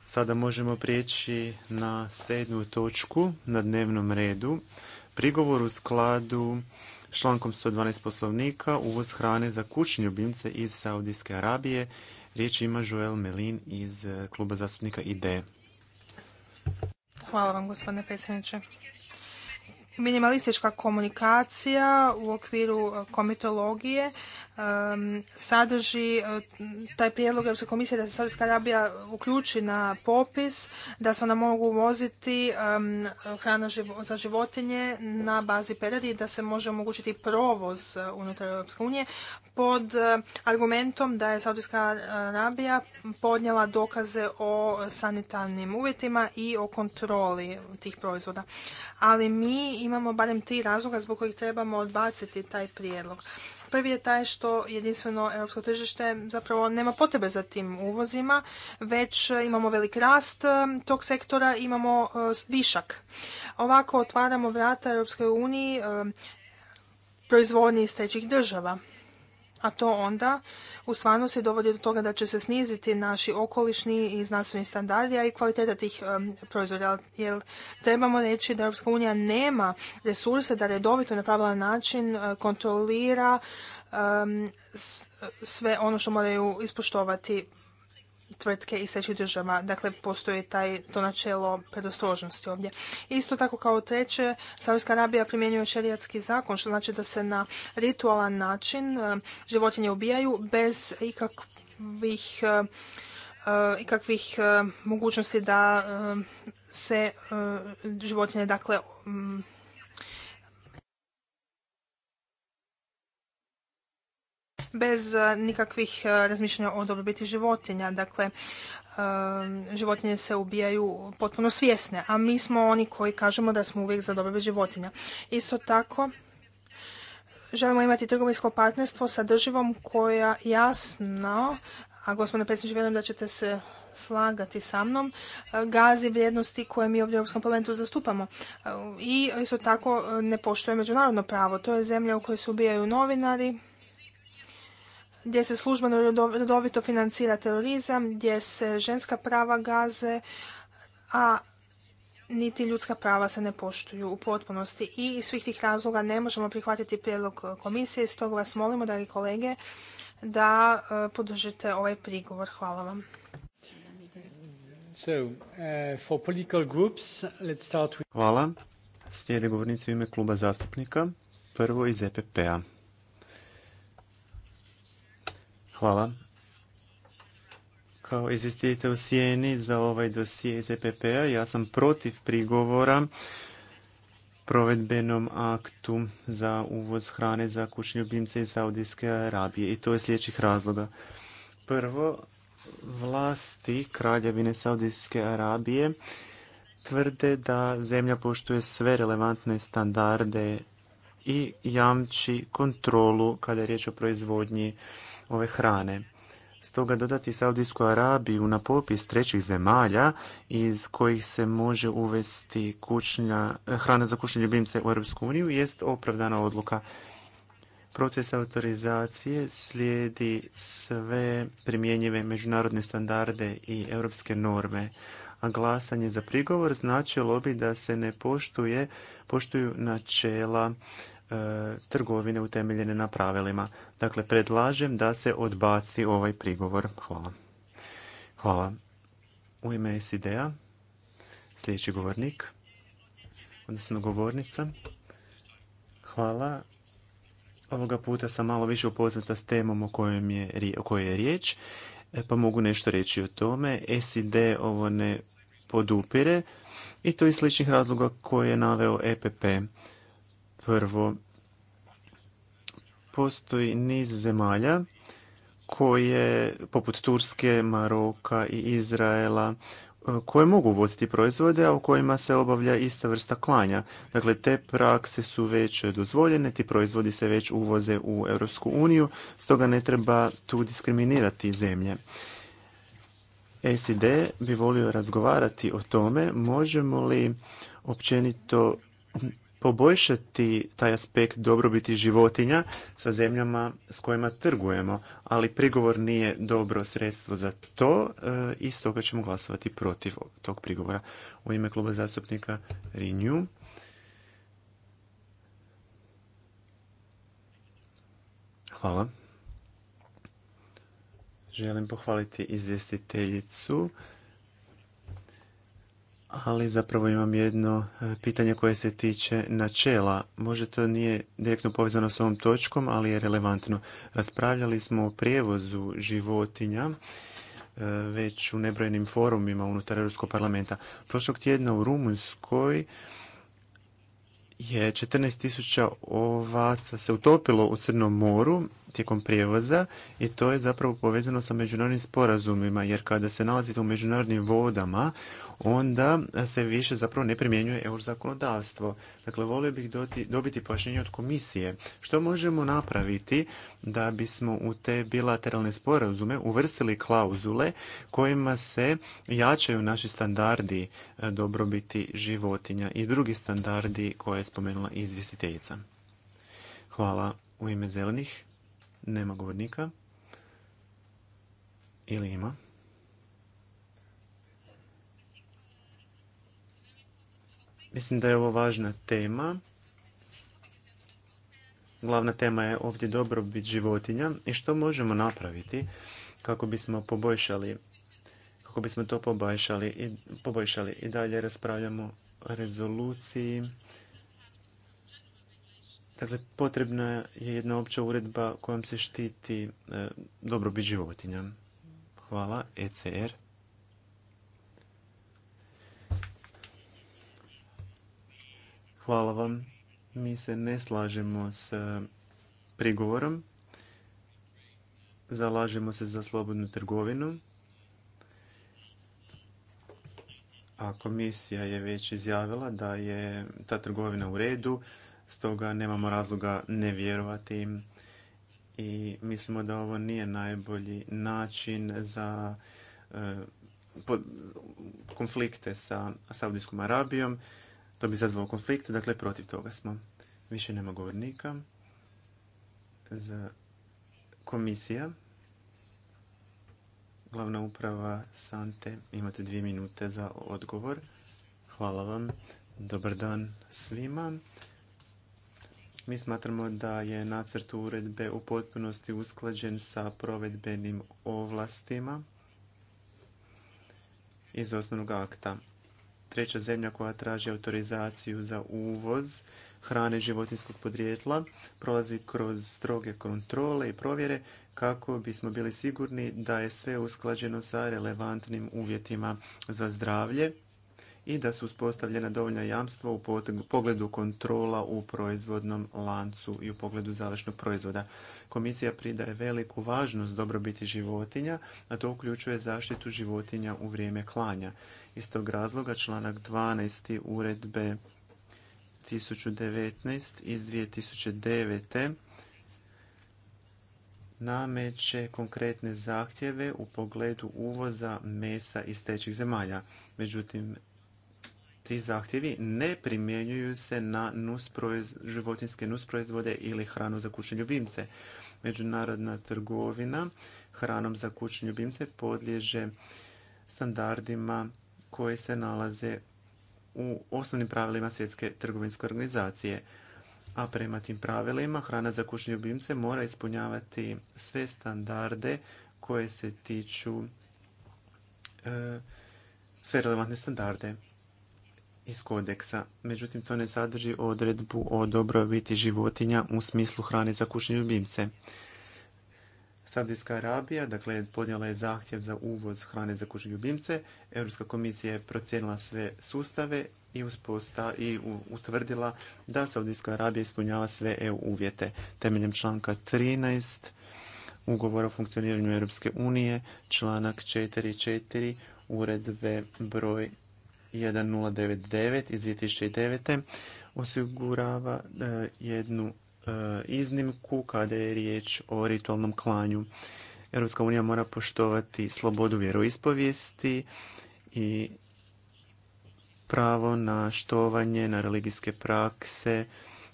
Sada možemo prijeći na sedmu točku na dnevnom redu. Prigovor u skladu s člankom 112 poslovnika uvoz hrane za kućne ljubimce iz Saudijske Arabije. Riječ ima Joel Melin iz kluba zastupnika IDE. Hvala vam gospodine predsjedniče minimalistička komunikacija u okviru e, komitologije Um, sadrži uh, taj prijedlog Europske komisije da se Saudijska Arabija uključi na popis, da se ona mogu uvoziti um, hrana za životinje na bazi peradi i da se može omogućiti provoz uh, unutar Europske unije pod uh, argumentom da je Saudijska Arabija podnijela dokaze o sanitarnim uvjetima i o kontroli tih proizvoda. Ali mi imamo barem tri razloga zbog kojih trebamo odbaciti taj prijedlog. Prvi je taj što jedinstveno europsko tržište zapravo nema potrebe za tim uvozima, već e, imamo velik rast e, tog sektora, imamo e, višak. Ovako otvaramo vrata Europskoj uniji proizvodnji iz trećih država a to onda u stvarnosti dovodi do toga da će se sniziti naši okolišni i znanstveni standardi, a i kvaliteta tih proizvoda. Jer trebamo reći da Europska unija nema resurse da redovito na pravilan način e, kontrolira sve ono što moraju ispoštovati tvrtke i trećih država. Dakle, postoji taj, to načelo predostrožnosti ovdje. Isto tako kao treće, Saudijska Arabija primjenjuje šerijatski zakon, što znači da se na ritualan način e, životinje ubijaju bez ikakvih e, e, ikakvih mogućnosti da se životinje dakle bez e, nikakvih e, razmišljanja o dobrobiti životinja. Dakle, e, životinje se ubijaju potpuno svjesne, a mi smo oni koji kažemo da smo uvijek za dobrobit životinja. Isto tako, želimo imati trgovinsko partnerstvo sa državom koja jasno, a gospodine predsjedniče, vjerujem da ćete se slagati sa mnom, gazi vrijednosti koje mi ovdje u Europskom parlamentu zastupamo. I isto tako ne poštuje međunarodno pravo. To je zemlja u kojoj se ubijaju novinari, gdje se službeno redovito financira terorizam, gdje se ženska prava gaze, a niti ljudska prava se ne poštuju u potpunosti. I iz svih tih razloga ne možemo prihvatiti prijedlog komisije stoga vas molimo, dragi kolege, da e, podržite ovaj prigovor. Hvala vam. So, uh, Hvala. Slijede govornici u ime kluba zastupnika, prvo iz EPP-a. Hvala. Kao izvjestitelj u Sijeni za ovaj dosije iz EPP-a, ja sam protiv prigovora provedbenom aktu za uvoz hrane za kućne ljubimce iz Saudijske Arabije i to je sljedećih razloga. Prvo, vlasti kraljevine Saudijske Arabije tvrde da zemlja poštuje sve relevantne standarde i jamči kontrolu kada je riječ o proizvodnji ove hrane. Stoga dodati Saudijsku Arabiju na popis trećih zemalja iz kojih se može uvesti kućnja, hrana za kućne ljubimce u Europsku uniju jest opravdana odluka. Proces autorizacije slijedi sve primjenjive međunarodne standarde i europske norme, a glasanje za prigovor značilo bi da se ne poštuje, poštuju načela E, trgovine utemeljene na pravilima. Dakle, predlažem da se odbaci ovaj prigovor. Hvala. Hvala. U ime SID-a sljedeći govornik, odnosno govornica. Hvala. Ovoga puta sam malo više upoznata s temom o kojoj je, o kojoj je riječ, e, pa mogu nešto reći o tome. SID ovo ne podupire i to iz sličnih razloga koje je naveo EPP. Prvo, postoji niz zemalja koje, poput Turske, Maroka i Izraela, e, koje mogu uvoziti proizvode, a u kojima se obavlja ista vrsta klanja. Dakle, te prakse su već dozvoljene, ti proizvodi se već uvoze u Europsku uniju, stoga ne treba tu diskriminirati zemlje. SID bi volio razgovarati o tome možemo li općenito poboljšati taj aspekt dobrobiti životinja sa zemljama s kojima trgujemo, ali prigovor nije dobro sredstvo za to e, i stoga ćemo glasovati protiv tog prigovora. U ime kluba zastupnika Renew. Hvala. Želim pohvaliti izvjestiteljicu ali zapravo imam jedno e, pitanje koje se tiče načela. Možda to nije direktno povezano s ovom točkom, ali je relevantno. Raspravljali smo o prijevozu životinja e, već u nebrojenim forumima unutar Europskog parlamenta. Prošlog tjedna u Rumunjskoj je 14.000 ovaca se utopilo u Crnom moru tijekom prijevoza i to je zapravo povezano sa međunarodnim sporazumima jer kada se nalazite u međunarodnim vodama onda se više zapravo ne primjenjuje EU zakonodavstvo. Dakle, volio bih doti, dobiti pojašnjenje od komisije. Što možemo napraviti da bismo u te bilateralne sporazume uvrstili klauzule kojima se jačaju naši standardi e, dobrobiti životinja i drugi standardi koje je spomenula izvjestiteljica. Hvala u ime zelenih. Nema govornika. Ili ima? Mislim da je ovo važna tema. Glavna tema je ovdje dobrobit životinja i što možemo napraviti kako bismo poboljšali kako bismo to poboljšali i, poboljšali. I dalje raspravljamo o rezoluciji Dakle, potrebna je jedna opća uredba kojom se štiti e, dobrobit životinja. Hvala, ECR. Hvala vam. Mi se ne slažemo s prigovorom. Zalažemo se za slobodnu trgovinu. A komisija je već izjavila da je ta trgovina u redu stoga nemamo razloga ne vjerovati im i mislimo da ovo nije najbolji način za e, konflikte sa Saudijskom Arabijom. To bi zazvao konflikte, dakle protiv toga smo. Više nema govornika. Za komisija, glavna uprava Sante, imate dvije minute za odgovor. Hvala vam. Dobar dan svima. Mi smatramo da je nacrt uredbe u potpunosti usklađen sa provedbenim ovlastima iz osnovnog akta. Treća zemlja koja traži autorizaciju za uvoz hrane životinskog podrijetla prolazi kroz stroge kontrole i provjere kako bismo bili sigurni da je sve usklađeno sa relevantnim uvjetima za zdravlje i da su uspostavljena dovoljna jamstva u pogledu kontrola u proizvodnom lancu i u pogledu završnog proizvoda. Komisija pridaje veliku važnost dobrobiti životinja, a to uključuje zaštitu životinja u vrijeme klanja. Iz tog razloga članak 12. uredbe 1019 iz 2009 nameće konkretne zahtjeve u pogledu uvoza mesa iz trećih zemalja. Međutim, ti zahtjevi ne primjenjuju se na nus životinske nusproizvode ili hranu za kućne ljubimce. Međunarodna trgovina hranom za kućne ljubimce podliježe standardima koji se nalaze u osnovnim pravilima Svjetske trgovinske organizacije. A prema tim pravilima hrana za kućne ljubimce mora ispunjavati sve standarde koje se tiču e, sve relevantne standarde iz kodeksa. Međutim, to ne sadrži odredbu o dobrobiti životinja u smislu hrane za kućne ljubimce. Saudijska Arabija, dakle, podnijela je zahtjev za uvoz hrane za kućne ljubimce. Europska komisija je procijenila sve sustave i, i utvrdila da Saudijska Arabija ispunjava sve EU uvjete. Temeljem članka 13 ugovora o funkcioniranju Europske unije, članak 4.4 uredbe broj 1099 iz 2009. osigurava e, jednu e, iznimku kada je riječ o ritualnom klanju. Europska unija mora poštovati slobodu vjeroispovijesti i pravo na štovanje, na religijske prakse,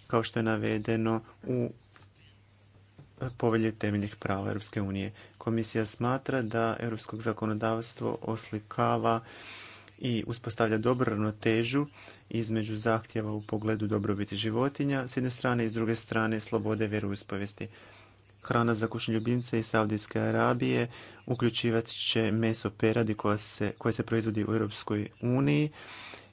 kao što je navedeno u povelje temeljnih prava Europske unije. Komisija smatra da europskog zakonodavstvo oslikava i uspostavlja dobru ravnotežu između zahtjeva u pogledu dobrobiti životinja s jedne strane i s druge strane slobode vjeroispovijesti. Hrana za ljubimce iz Saudijske Arabije uključivat će meso peradi koja se, koje se proizvodi u Europskoj uniji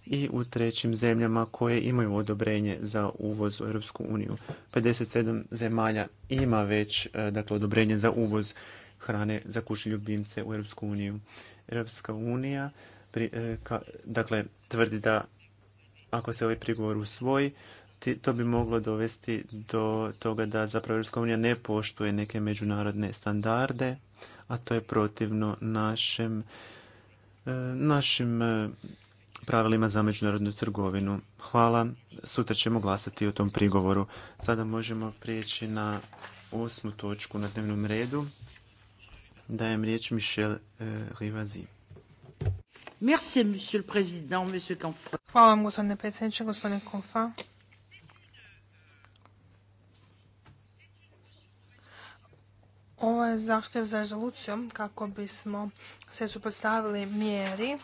i u trećim zemljama koje imaju odobrenje za uvoz u Europsku uniju. 57 zemalja ima već e, dakle, odobrenje za uvoz hrane za kućne ljubimce u Europsku uniju. Europska unija E, dakle, tvrdi da ako se ovaj prigovor usvoji, to bi moglo dovesti do toga da zapravo Europska unija ne poštuje neke međunarodne standarde, a to je protivno našem, e, našim e, pravilima za međunarodnu trgovinu. Hvala. Sutra ćemo glasati o tom prigovoru. Sada možemo prijeći na osmu točku na dnevnom redu. Dajem riječ Michel Rivazi. Merci, Hvala vam, gospodine predsjedniče, gospodine Ovo je zahtjev za rezolucijom kako bismo se suprotstavili mjeri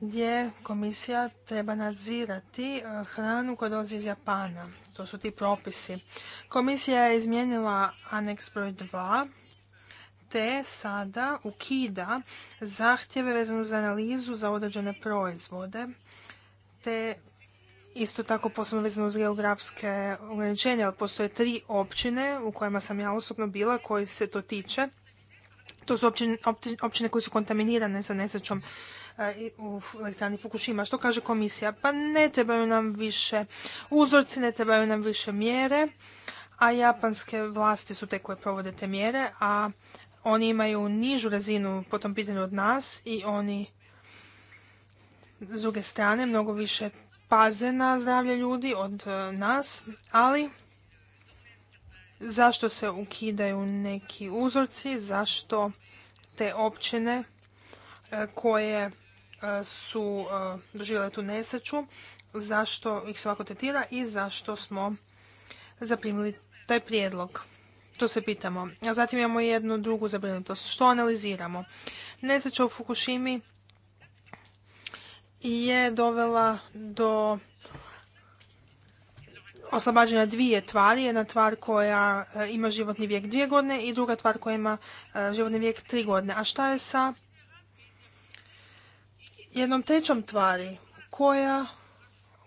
gdje komisija treba nadzirati eh, hranu koja dolazi iz Japana. To su ti propisi. Komisija je izmijenila aneks broj 2 te sada ukida zahtjeve vezano za analizu za određene proizvode, te isto tako posebno vezano uz geografske ograničenja, ali postoje tri općine u kojima sam ja osobno bila koji se to tiče. To su općine, općine koje su kontaminirane sa nesrećom e, u elektrani Fukushima. Što kaže komisija? Pa ne trebaju nam više uzorci, ne trebaju nam više mjere, a japanske vlasti su te koje provode te mjere, a oni imaju nižu razinu po tom pitanju od nas i oni s druge strane mnogo više paze na zdravlje ljudi od e, nas, ali zašto se ukidaju neki uzorci, zašto te općine e, koje e, su doživjele tu nesreću, zašto ih svako tetira i zašto smo zaprimili taj prijedlog. To se pitamo. A zatim imamo jednu drugu zabrinutost. Što analiziramo? Nesreća u Fukushimi je dovela do oslobađanja dvije tvari. Jedna tvar koja e, ima životni vijek dvije godine i druga tvar koja ima e, životni vijek tri godine. A šta je sa jednom trećom tvari koja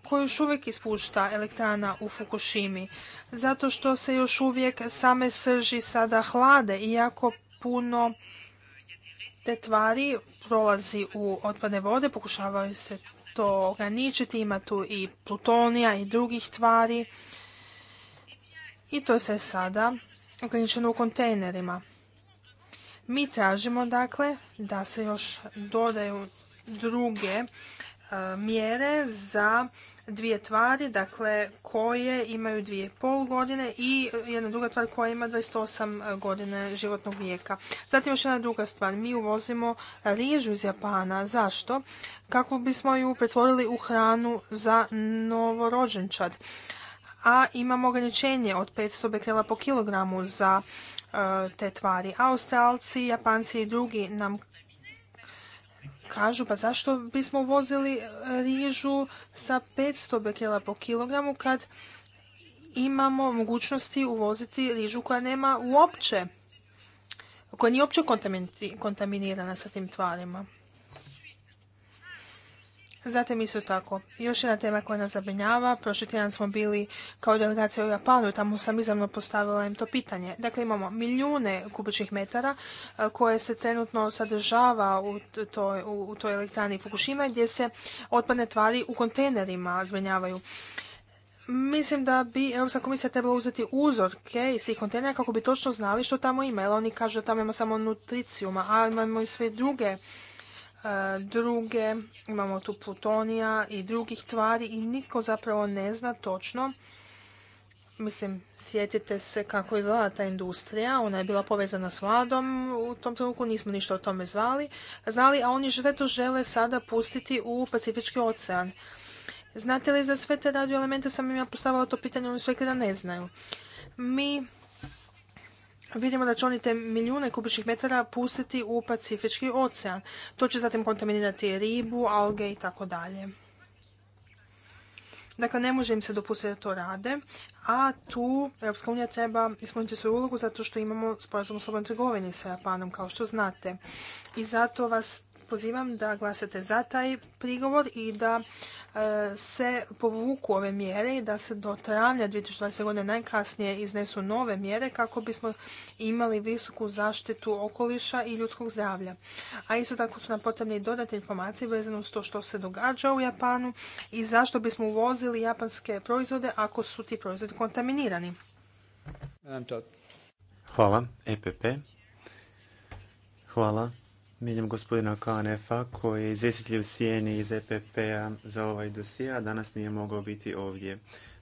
koju još uvijek ispušta elektrana u Fukushimi zato što se još uvijek same srži sada hlade, iako puno te tvari prolazi u otpadne vode, pokušavaju se to ograničiti, ima tu i plutonija i drugih tvari i to se sada ograničeno u kontejnerima. Mi tražimo dakle da se još dodaju druge E, mjere za dvije tvari, dakle koje imaju dvije pol godine i jedna druga tvar koja ima 28 godine životnog vijeka. Zatim još jedna druga stvar, mi uvozimo rižu iz Japana. Zašto? Kako bismo ju pretvorili u hranu za novorođenčad. A imamo ograničenje od 500 bekrela po kilogramu za e, te tvari. Australci, Japanci i drugi nam kažu pa zašto bismo uvozili e, rižu sa 500 bekela po kilogramu kad imamo mogućnosti uvoziti rižu koja nema uopće, koja nije uopće kontaminirana sa tim tvarima. Zatim isto tako, još jedna tema koja nas zabrinjava, prošli tjedan smo bili kao delegacija u Japanu tamo sam izravno postavila im to pitanje. Dakle, imamo milijune kubičnih metara e, koje se trenutno sadržava u toj, u, toj elektrani Fukushima gdje se otpadne tvari u kontejnerima zbrinjavaju. Mislim da bi Europska komisija trebala uzeti uzorke iz tih kontejnera kako bi točno znali što tamo ima. Jer oni kažu da tamo ima samo nutricijuma, a imamo i sve druge E, druge, imamo tu plutonija i drugih tvari i niko zapravo ne zna točno. Mislim, sjetite se kako je ta industrija, ona je bila povezana s vladom, u tom trenutku nismo ništa o tome zvali, znali, a oni žele to žele sada pustiti u Pacifički ocean. Znate li za sve te radioelemente, sam im ja postavila to pitanje, oni su rekli da ne znaju. Mi vidimo da će oni te milijune kubičnih metara pustiti u Pacifički ocean. To će zatim kontaminirati ribu, alge i tako dalje. Dakle, ne može im se dopustiti da to rade, a tu Europska unija treba ispuniti svoju ulogu zato što imamo sporazum o slobodnoj trgovini sa Japanom, kao što znate. I zato vas pozivam da glasate za taj prigovor i da e, se povuku ove mjere i da se do travnja 2020. godine najkasnije iznesu nove mjere kako bismo imali visoku zaštitu okoliša i ljudskog zdravlja. A isto tako su nam potrebne i dodatne informacije vezano uz to što se događa u Japanu i zašto bismo uvozili japanske proizvode ako su ti proizvodi kontaminirani. Hvala, EPP. Hvala Mijenjam gospodina Kanefa koji je izvjestitelj u Sijeni iz EPP-a za ovaj dosija, a danas nije mogao biti ovdje.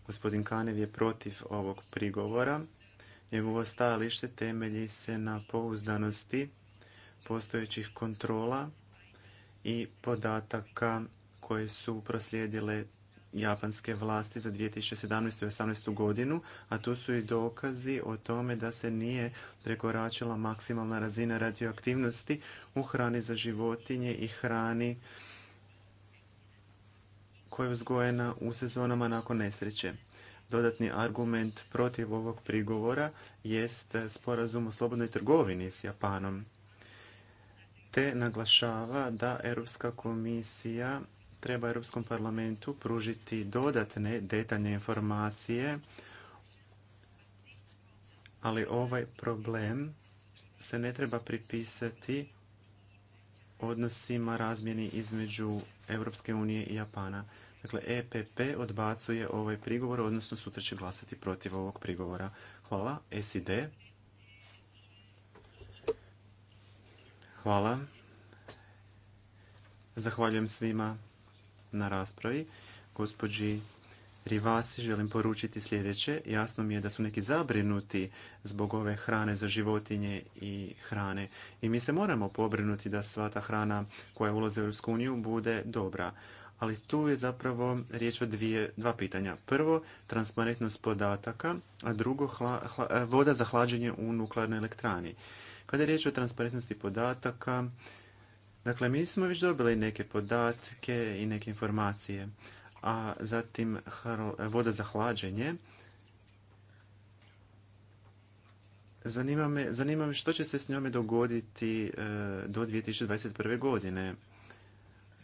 Gospodin Kanev je protiv ovog prigovora. Njegovo stajalište temelji se na pouzdanosti postojećih kontrola i podataka koje su proslijedile japanske vlasti za 2017. i 2018. godinu, a tu su i dokazi o tome da se nije prekoračila maksimalna razina radioaktivnosti u hrani za životinje i hrani koja je uzgojena u sezonama nakon nesreće. Dodatni argument protiv ovog prigovora jest sporazum o slobodnoj trgovini s Japanom te naglašava da Europska komisija treba Europskom parlamentu pružiti dodatne detaljne informacije, ali ovaj problem se ne treba pripisati odnosima razmjeni između Europske unije i Japana. Dakle, EPP odbacuje ovaj prigovor, odnosno sutra će glasati protiv ovog prigovora. Hvala. SID. Hvala. Zahvaljujem svima na raspravi. Gospođi Rivasi želim poručiti sljedeće. Jasno mi je da su neki zabrinuti zbog ove hrane za životinje i hrane. I mi se moramo pobrinuti da sva ta hrana koja ulazi u Europsku uniju bude dobra. Ali tu je zapravo riječ o dvije, dva pitanja. Prvo, transparentnost podataka, a drugo, e, voda za hlađenje u nuklearnoj elektrani. Kada je riječ o transparentnosti podataka, Dakle, mi smo već dobili neke podatke i neke informacije, a zatim voda za hlađenje. Zanima me, što će se s njome dogoditi e, do 2021. godine.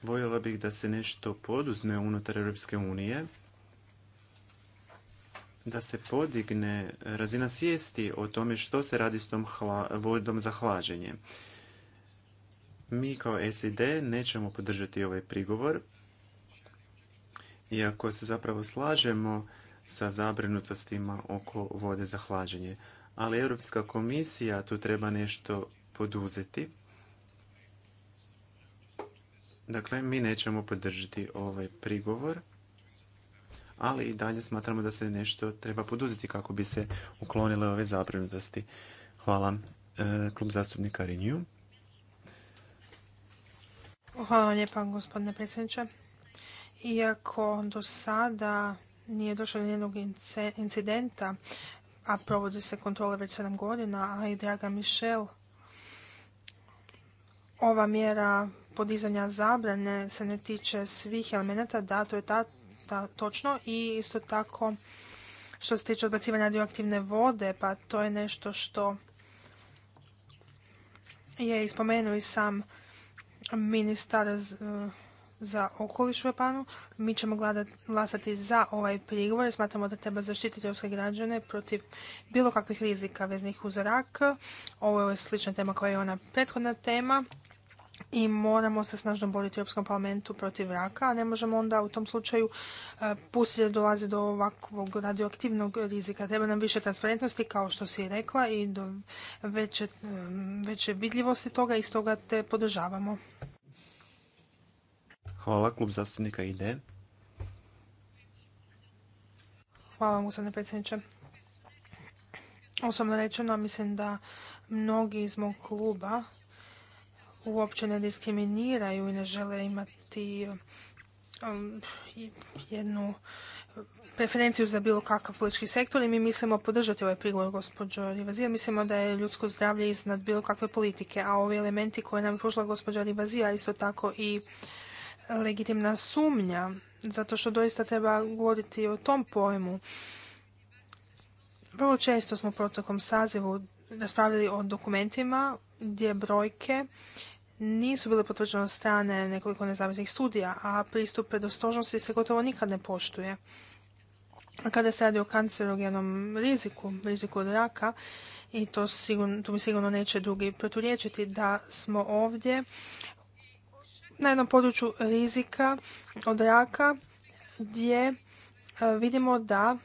Voljela bih da se nešto poduzme unutar Europske unije, da se podigne razina svijesti o tome što se radi s tom vodom za hlađenje. Mi kao SID nećemo podržati ovaj prigovor, iako se zapravo slažemo sa zabrinutostima oko vode za hlađenje. Ali Europska komisija tu treba nešto poduzeti. Dakle, mi nećemo podržati ovaj prigovor, ali i dalje smatramo da se nešto treba poduzeti kako bi se uklonile ove zabrinutosti. Hvala. E, Klub zastupnika Renew. Hvala vam lijepa, gospodine predsjedniče. Iako do sada nije došlo do jednog incidenta, a provode se kontrole već 7 godina, a i draga Mišel, ova mjera podizanja zabrane se ne tiče svih elemenata, da, to je ta, ta, točno i isto tako što se tiče odbacivanja radioaktivne vode, pa to je nešto što je ispomenuo i sam ministar e, za okoliš u Japanu. Mi ćemo glasati za ovaj prigovor smatramo da treba zaštititi europske građane protiv bilo kakvih rizika veznih uz rak. Ovo je slična tema koja je ona prethodna tema i moramo se snažno boriti u Europskom parlamentu protiv raka, a ne možemo onda u tom slučaju e, pustiti da dolazi do ovakvog radioaktivnog rizika. Treba nam više transparentnosti, kao što si rekla, i do veće, e, veće vidljivosti toga i stoga te podržavamo. Hvala, klub zastupnika IDE. Hvala vam, gospodine predsjedniče. Osobno rečeno, mislim da mnogi iz mog kluba uopće ne diskriminiraju i ne žele imati um, jednu preferenciju za bilo kakav politički sektor i mi mislimo podržati ovaj prigovor gospođo Rivazija. Mislimo da je ljudsko zdravlje iznad bilo kakve politike, a ovi elementi koje nam je pružila gospođa Rivazija isto tako i legitimna sumnja, zato što doista treba govoriti o tom pojmu. Vrlo često smo u protokom sazivu raspravljali o dokumentima gdje brojke nisu bile potvrđene od strane nekoliko nezavisnih studija, a pristup predostožnosti se gotovo nikad ne poštuje. A kada se radi o kancerogenom riziku, riziku od raka, i to, sigurno, tu mi sigurno neće drugi proturječiti, da smo ovdje na jednom području rizika od raka gdje e, vidimo da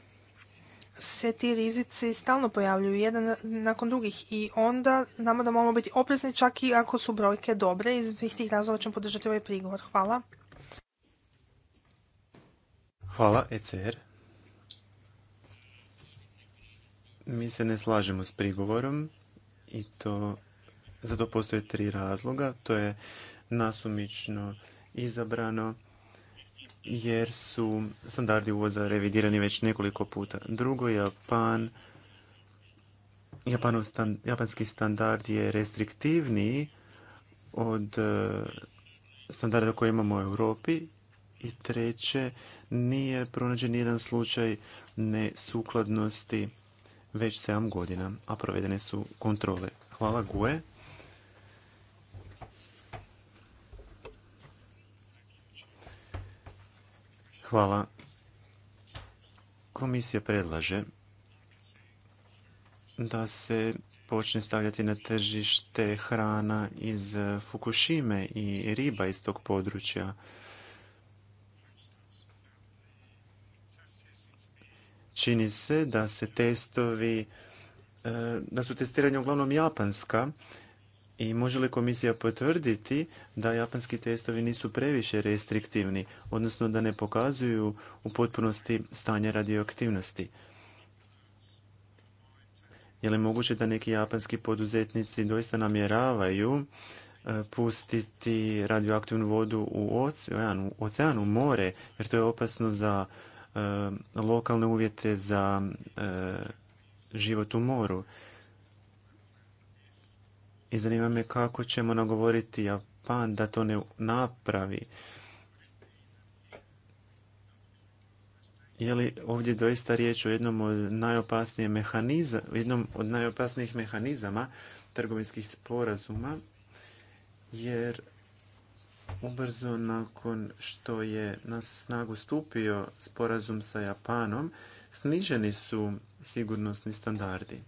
se ti rizici stalno pojavljuju jedan nakon drugih i onda znamo da moramo biti oprezni čak i ako su brojke dobre. Iz svih tih razloga ćemo podržati ovaj prigovor. Hvala. Hvala, ECR. Mi se ne slažemo s prigovorom i to za to postoje tri razloga. To je nasumično izabrano jer su standardi uvoza revidirani već nekoliko puta. Drugo, Japan, japanski standard je restriktivniji od e, standarda koje imamo u Europi. I treće, nije pronađen nijedan slučaj nesukladnosti već 7 godina, a provedene su kontrole. Hvala Gue. Hvala. Komisija predlaže da se počne stavljati na tržište hrana iz Fukushime i riba iz tog područja. Čini se da se testovi, eh, da su testiranja uglavnom japanska i može li komisija potvrditi da japanski testovi nisu previše restriktivni, odnosno da ne pokazuju u potpunosti stanje radioaktivnosti? Je li moguće da neki japanski poduzetnici doista namjeravaju e, pustiti radioaktivnu vodu u ocean, u more, jer to je opasno za e, lokalne uvjete za e, život u moru. I zanima me kako ćemo nagovoriti Japan da to ne napravi. Je li ovdje doista riječ o jednom od, najopasnije jednom od najopasnijih mehanizama trgovinskih sporazuma? Jer ubrzo nakon što je na snagu stupio sporazum sa Japanom, sniženi su sigurnosni standardi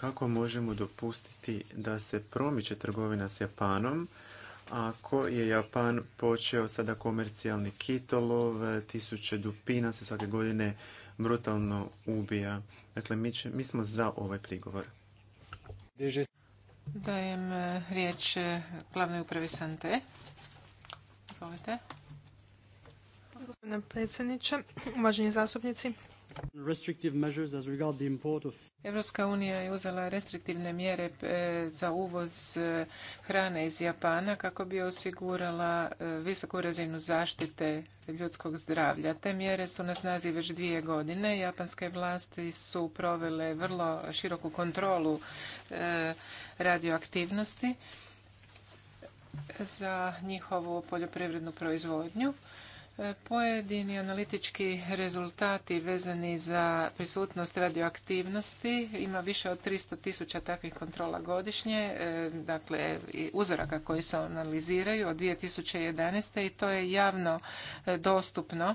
kako možemo dopustiti da se promiče trgovina s Japanom ako je Japan počeo sada komercijalni kitolov, tisuće dupina se svake godine brutalno ubija. Dakle, mi, će, mi smo za ovaj prigovor. Dajem e, riječ e, glavnoj upravi Sante. Izvolite. Gospodine predsjedniče, uvaženi zastupnici, Evropska unija je uzela restriktivne mjere e, za uvoz e, hrane iz Japana kako bi osigurala e, visoku razinu zaštite ljudskog zdravlja. Te mjere su na snazi već dvije godine. Japanske vlasti su provele vrlo široku kontrolu radioaktivnosti za njihovu poljoprivrednu proizvodnju Pojedini analitički rezultati vezani za prisutnost radioaktivnosti, ima više od 300 tisuća takvih kontrola godišnje, e, dakle uzoraka koji se analiziraju od 2011. i to je javno e, dostupno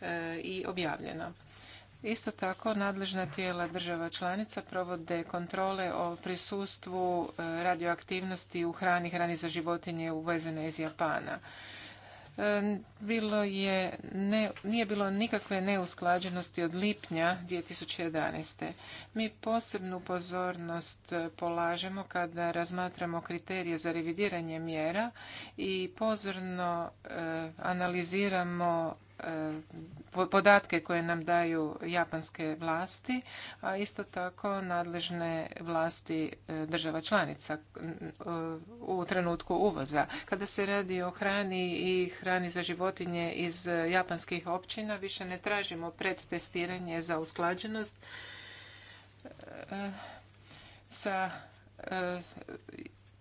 e, i objavljeno. Isto tako, nadležna tijela država članica provode kontrole o prisustvu radioaktivnosti u hrani, hrani za životinje uvezene iz Japana bilo je, ne, nije bilo nikakve neusklađenosti od lipnja 2011. Mi posebnu pozornost polažemo kada razmatramo kriterije za revidiranje mjera i pozorno eh, analiziramo podatke koje nam daju japanske vlasti, a isto tako nadležne vlasti e, država članica u trenutku uvoza. Kada se radi o hrani i hrani za životinje iz japanskih općina, više ne tražimo predtestiranje za usklađenost e, sa e,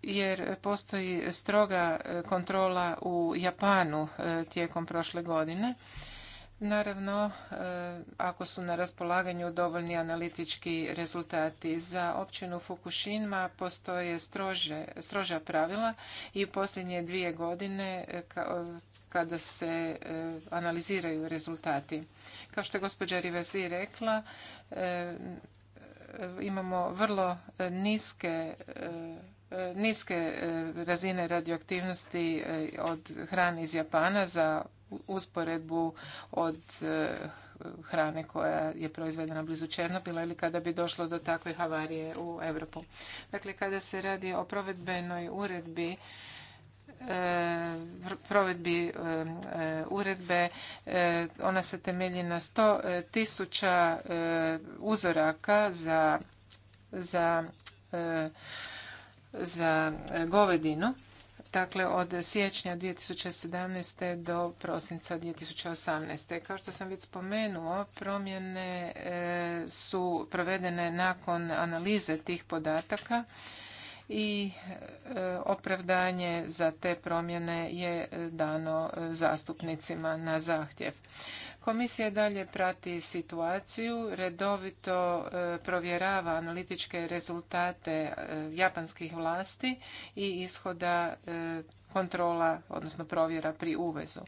jer postoji stroga e, kontrola u Japanu e, tijekom prošle godine. Naravno, e, ako su na raspolaganju dovoljni analitički rezultati za općinu Fukushima, postoje strože, stroža pravila i u posljednje dvije godine kada se analiziraju rezultati. Kao što je gospođa Rivesi rekla, imamo vrlo niske E, niske e, razine radioaktivnosti e, od hrane iz Japana za usporedbu od hrane koja je proizvedena blizu Černobila ili kada bi došlo do takve havarije u Europu. Dakle, kada se radi o provedbenoj uredbi provedbi uredbe. Ona se temelji na 100 tisuća uzoraka za, za za e, govedinu, dakle od siječnja 2017. do prosinca 2018. Kao što sam već spomenuo, promjene e, su provedene nakon analize tih podataka i e, opravdanje za te promjene je dano e, zastupnicima na zahtjev. Komisija dalje prati situaciju, redovito e, provjerava analitičke rezultate japanskih vlasti i ishoda kontrola, odnosno provjera pri uvezu.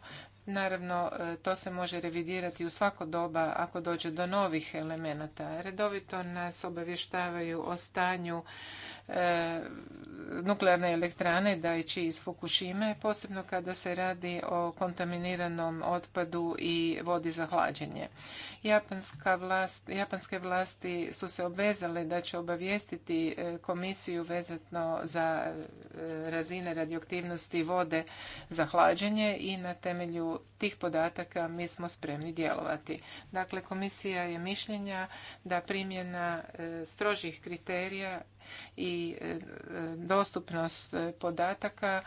Naravno, to se može revidirati u svako doba ako dođe do novih elemenata. Redovito nas obavještavaju o stanju E, nuklearne elektrane Daiichi iz Fukushime, posebno kada se radi o kontaminiranom otpadu i vodi za hlađenje. japanske vlasti su se obvezale da će obavijestiti e, komisiju vezatno za e, razine radioaktivnosti vode za hlađenje i na temelju tih podataka mi smo spremni djelovati. Dakle, komisija je mišljenja da primjena strožih kriterija i e, dostupnost podataka e,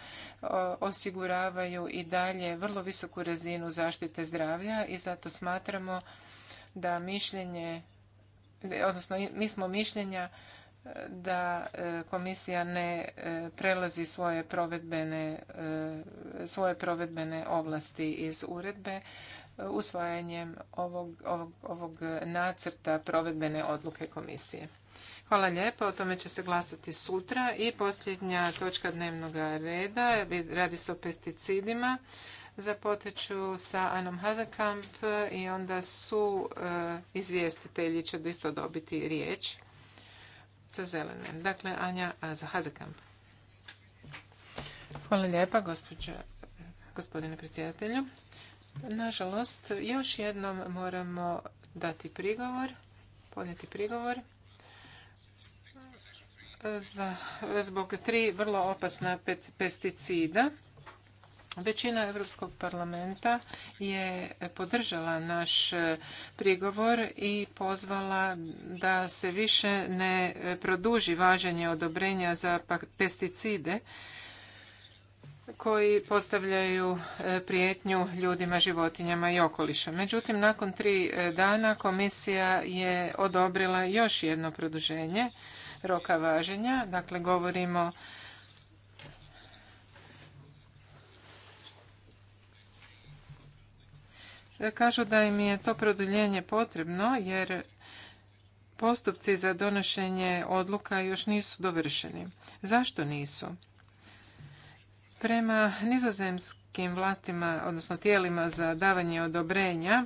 osiguravaju i dalje vrlo visoku razinu zaštite zdravlja i zato smatramo da mišljenje, odnosno mi smo mišljenja e, da komisija ne prelazi svoje provedbene, svoje provedbene ovlasti iz uredbe usvajanjem ovog, ovog, ovog nacrta provedbene odluke komisije. Hvala lijepo, o tome će se glasati sutra. I posljednja točka dnevnog reda, radi se o pesticidima. Započet sa Anom Hazekamp i onda su izvijestitelji izvjestitelji će isto dobiti riječ sa zelene. Dakle, Anja Hazekamp. Hvala lijepa, gospodine predsjedatelju. Nažalost, još jednom moramo dati prigovor, podnijeti prigovor zbog tri vrlo opasna pesticida. Većina Europskog parlamenta je podržala naš prigovor i pozvala da se više ne produži važenje odobrenja za pa, pesticide koji postavljaju e, prijetnju ljudima, životinjama i okoliša. Međutim, nakon tri e, dana komisija je odobrila još jedno produženje roka važenja. Dakle, govorimo Kažu da im je to produljenje potrebno jer postupci za donošenje odluka još nisu dovršeni. Zašto nisu? Prema nizozemskim vlastima, odnosno tijelima za davanje odobrenja,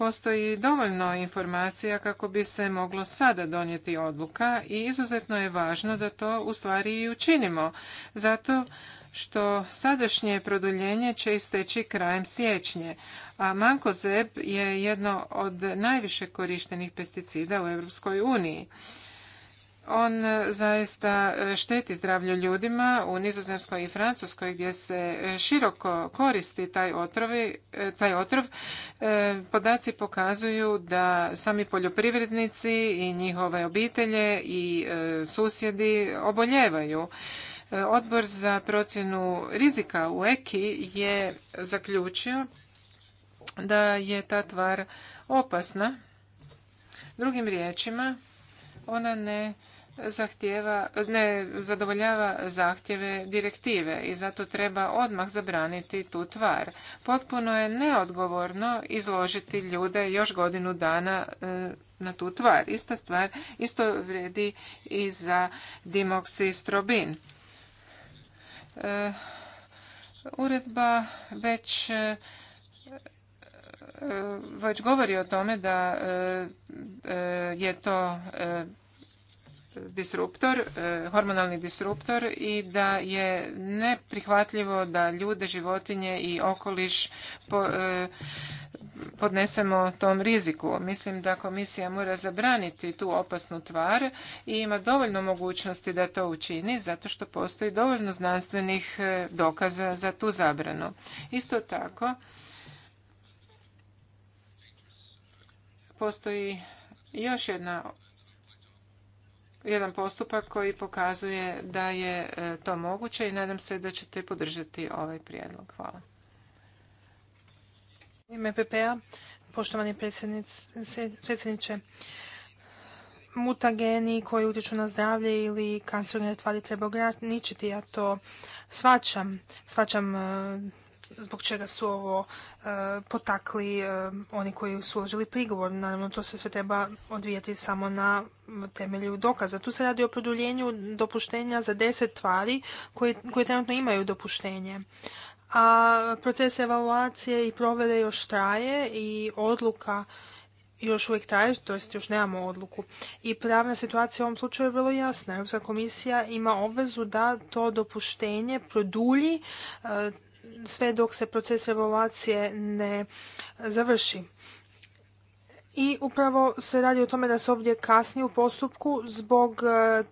postoji dovoljno informacija kako bi se moglo sada donijeti odluka i izuzetno je važno da to u stvari i učinimo. Zato što sadašnje produljenje će isteći krajem siječnje, a mankozeb je jedno od najviše korištenih pesticida u Europskoj uniji on e, zaista e, šteti zdravlju ljudima u Nizozemskoj i Francuskoj gdje se e, široko koristi taj, otrovi, taj otrov. Podaci pokazuju da sami poljoprivrednici i njihove obitelje i susjedi oboljevaju. Odbor za procjenu rizika u EKI je zaključio da je ta tvar opasna. Drugim riječima, ona ne zahtjeva, ne zadovoljava zahtjeve direktive i zato treba odmah zabraniti tu tvar. Potpuno je neodgovorno izložiti ljude još godinu dana e, na tu tvar. Ista stvar isto vrijedi i za dimoksistrobin. E, uredba već e, već govori o tome da je to disruptor, e, hormonalni disruptor i da je neprihvatljivo da ljude, životinje i okoliš e, podnesemo tom riziku. Mislim da komisija mora zabraniti tu opasnu tvar i ima dovoljno mogućnosti da to učini zato što postoji dovoljno znanstvenih e, dokaza za tu zabranu. Isto tako postoji još jedna jedan postupak koji pokazuje da je e, to moguće i nadam se da ćete podržati ovaj prijedlog. Hvala. Ime PPA, poštovani predsjedniče, mutageni koji utječu na zdravlje ili kancerogene tvari treba ograničiti. Ja to svačam. Svačam e, zbog čega su ovo e, potakli e, oni koji su uložili prigovor. Naravno, to se sve treba odvijati samo na temelju dokaza. Tu se radi o produljenju dopuštenja za deset tvari koje, koje trenutno imaju dopuštenje. A proces evaluacije i provere još traje i odluka još uvijek traje, to jest još nemamo odluku. I pravna situacija u ovom slučaju je vrlo jasna. Europska komisija ima obvezu da to dopuštenje produlji e, sve dok se proces evaluacije ne završi. I upravo se radi o tome da se ovdje kasni u postupku zbog e,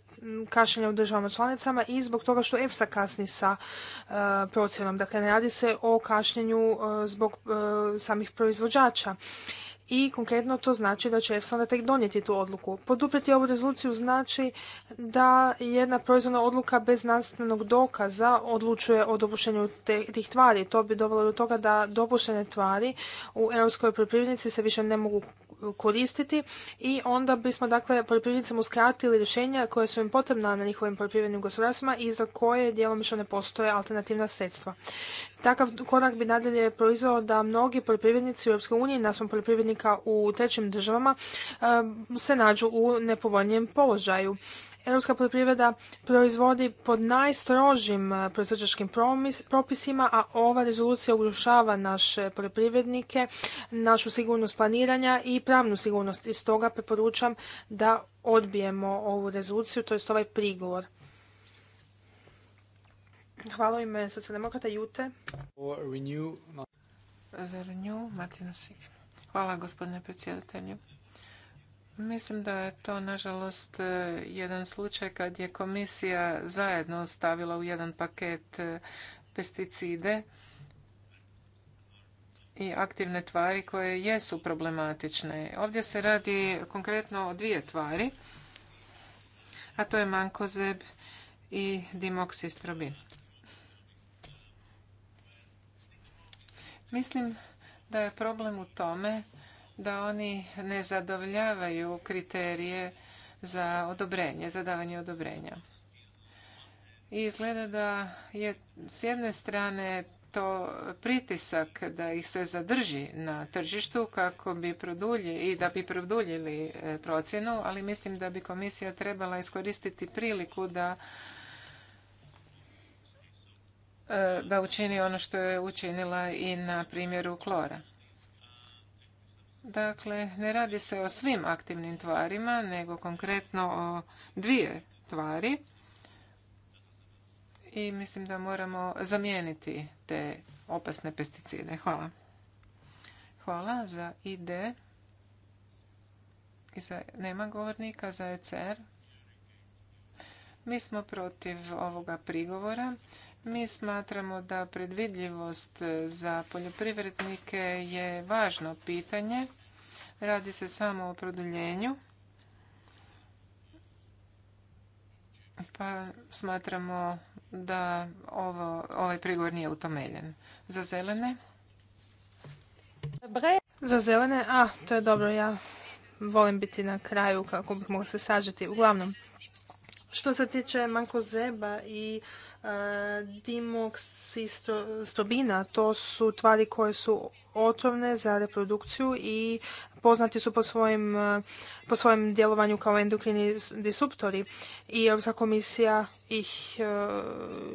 kašnjenja u državama članicama i zbog toga što EFSA kasni sa e, procjenom. Dakle, ne radi se o kašnjenju e, zbog samih proizvođača i konkretno to znači da će EFSA onda tek donijeti tu odluku. Poduprijeti ovu rezoluciju znači da jedna proizvodna odluka bez znanstvenog dokaza odlučuje o dopuštenju tih tvari. To bi dovelo do toga da dopuštene tvari u europskoj poljoprivrednici se više ne mogu koristiti i onda bismo dakle poljoprivrednicima uskratili rješenja koja su im potrebna na njihovim poljoprivrednim gospodarstvima i za koje djelomično ne postoje alternativna sredstva. Takav korak bi nadalje proizvao da mnogi poljoprivrednici u EU nasma poljoprivrednika u trećim državama eh, se nađu u nepovoljnijem položaju Europska poljoprivreda proizvodi pod najstrožim e, proizvođačkim propisima, a ova rezolucija urušava naše poljoprivrednike, našu sigurnost planiranja i pravnu sigurnost. I stoga preporučam da odbijemo ovu rezoluciju, to jest ovaj prigovor. Hvala u ime socijaldemokrata Jute. Hvala gospodine predsjedatelju. Mislim da je to nažalost e, jedan slučaj kad je komisija zajedno stavila u jedan paket e, pesticide i aktivne tvari koje jesu problematične. Ovdje se radi konkretno o dvije tvari, a to je mankozeb i dimoksistrobin. Mislim da je problem u tome da oni ne zadovoljavaju kriterije za odobrenje, za davanje odobrenja. I izgleda da je s jedne strane to pritisak da ih se zadrži na tržištu kako bi produlje i da bi produljili e, procjenu, ali mislim da bi komisija trebala iskoristiti priliku da e, da učini ono što je učinila i na primjeru klora. Dakle, ne radi se o svim aktivnim tvarima, nego konkretno o dvije tvari. I mislim da moramo zamijeniti te opasne pesticide. Hvala. Hvala za ID. I za, nema govornika za ECR. Mi smo protiv ovoga prigovora. Mi smatramo da predvidljivost za poljoprivrednike je važno pitanje Radi se samo o produljenju. Pa smatramo da ovo, ovaj prigovor nije utomeljen. Za zelene? Za zelene? A, to je dobro, ja volim biti na kraju kako bih mogla se sažeti. Uglavnom, što se tiče mankozeba i e, dimoksistobina, to su tvari koje su otrovne za reprodukciju i poznati su po svojim, eh, po svojem djelovanju kao endokrini disruptori i Europska komisija ih e,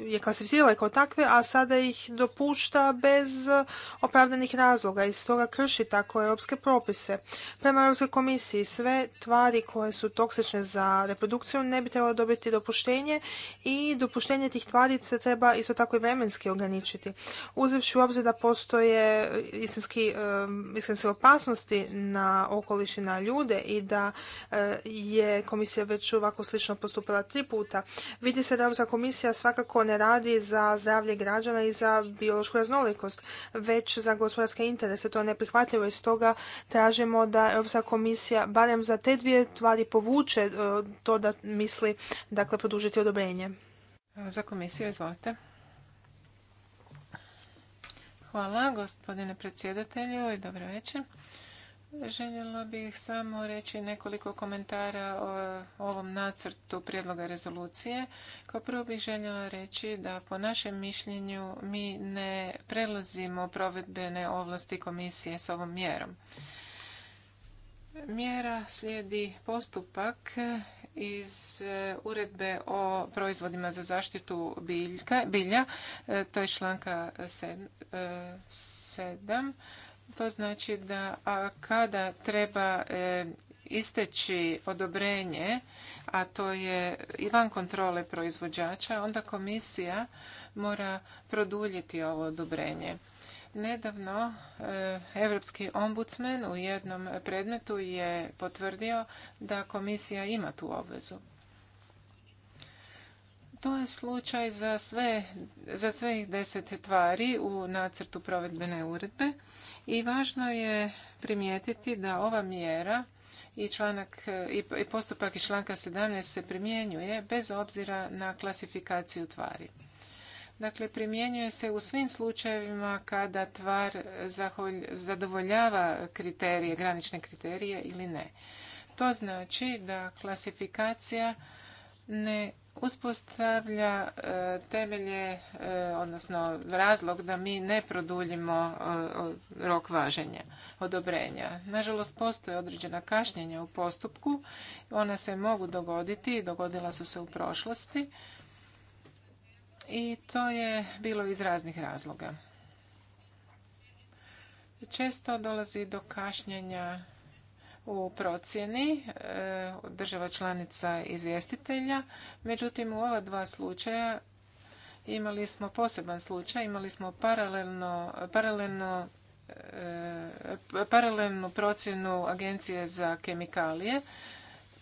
je klasificirala kao takve, a sada ih dopušta bez opravdanih razloga i stoga krši tako europske propise. Prema Europskoj komisiji sve tvari koje su toksične za reprodukciju ne bi trebalo dobiti dopuštenje i dopuštenje tih tvari se treba isto tako i vremenski ograničiti. Uzevši u obzir da postoje istinski, e, istinske opasnosti na okoliš na ljude i da e, je komisija već ovako slično postupila tri puta, vidi vidi se da Europska komisija svakako ne radi za zdravlje građana i za biološku raznolikost, već za gospodarske interese. To je neprihvatljivo i stoga tražimo da Europska komisija barem za te dvije tvari povuče e, to da misli dakle, produžiti odobrenje. Za komisiju, izvolite. Hvala gospodine predsjedatelju i dobro večer. Željela bih samo reći nekoliko komentara o ovom nacrtu prijedloga rezolucije. Kao prvo bih željela reći da po našem mišljenju mi ne prelazimo provedbene ovlasti komisije s ovom mjerom. Mjera slijedi postupak iz uredbe o proizvodima za zaštitu biljka, bilja, e, to je članka 7 to znači da kada treba e, isteći odobrenje, a to je i van kontrole proizvođača, onda komisija mora produljiti ovo odobrenje. Nedavno Europski ombudsman u jednom predmetu je potvrdio da komisija ima tu obvezu. To je slučaj za sve, za deset tvari u nacrtu provedbene uredbe i važno je primijetiti da ova mjera i, članak, i postupak iz članka 17 se primjenjuje bez obzira na klasifikaciju tvari. Dakle, primjenjuje se u svim slučajevima kada tvar zadovoljava kriterije, granične kriterije ili ne. To znači da klasifikacija ne uspostavlja e, temelje, e, odnosno razlog da mi ne produljimo e, rok važenja, odobrenja. Nažalost, postoje određena kašnjenja u postupku. Ona se mogu dogoditi i dogodila su se u prošlosti. I to je bilo iz raznih razloga. Često dolazi do kašnjenja u procjeni e, država članica izvjestitelja. Međutim, u ova dva slučaja imali smo poseban slučaj, imali smo paralelno, paralelno e, paralelnu procjenu Agencije za kemikalije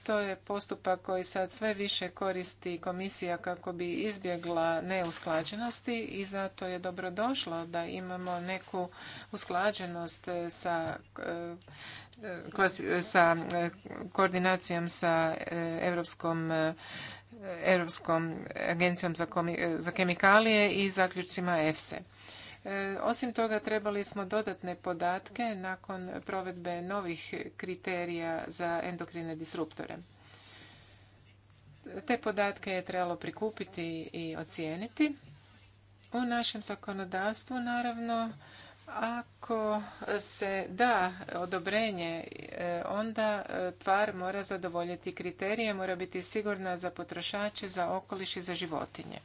to je postupak koji sad sve više koristi komisija kako bi izbjegla neusklađenosti i zato je došlo da imamo neku usklađenost sa eh, eh, sa eh, koordinacijom sa Europskom Europskom agencijom za, za kemikalije i zaključcima EFSE. E, osim toga trebali smo dodatne podatke nakon provedbe novih kriterija za endokrine disruptore. Te podatke je trebalo prikupiti i ocijeniti. U našem zakonodavstvu naravno ako se da odobrenje, e, onda e, tvar mora zadovoljiti kriterije, mora biti sigurna za potrošače, za okoliš i za životinje.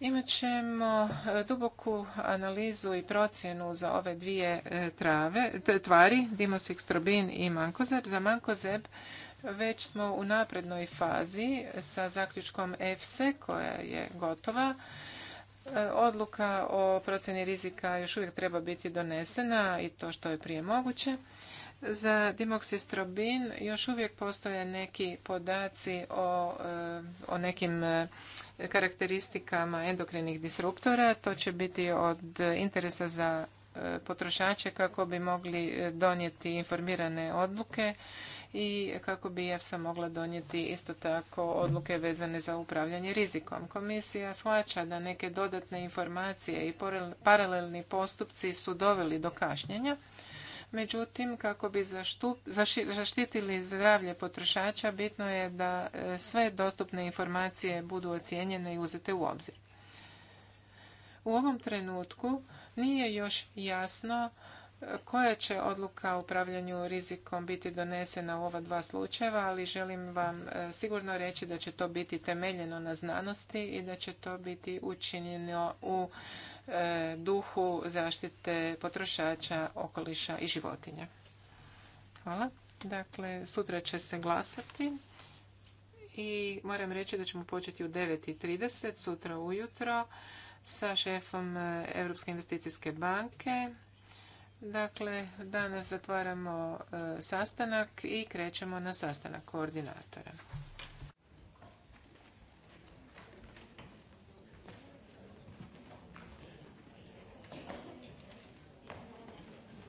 Imat ćemo e, duboku analizu i procjenu za ove dvije e, trave, tvari, dimosikstrobin i mankozeb. Za mankozeb već smo u naprednoj fazi sa zaključkom EFSE koja je gotova. E, odluka o procjeni rizika još uvijek treba biti donesena i to što je prije moguće. Za dimoksistrobin još uvijek postoje neki podaci o, eh, o nekim eh, karakteristikama endokrinih disruptora. To će biti od interesa za eh, potrošače kako bi mogli donijeti informirane odluke i kako bi EFSA mogla donijeti isto tako odluke vezane za upravljanje rizikom. Komisija shvaća da neke dodatne informacije i paralelni postupci su doveli do kašnjenja Međutim, kako bi zaštitili zdravlje potrošača, bitno je da e, sve dostupne informacije budu ocijenjene i uzete u obzir. U ovom trenutku nije još jasno e, koja će odluka o upravljanju rizikom biti donesena u ova dva slučajeva, ali želim vam e, sigurno reći da će to biti temeljeno na znanosti i da će to biti učinjeno u E, duhu zaštite potrošača, okoliša i životinja. Hvala. Dakle, sutra će se glasati i moram reći da ćemo početi u 9.30 sutra ujutro sa šefom Europske investicijske banke. Dakle, danas zatvaramo e, sastanak i krećemo na sastanak koordinatora.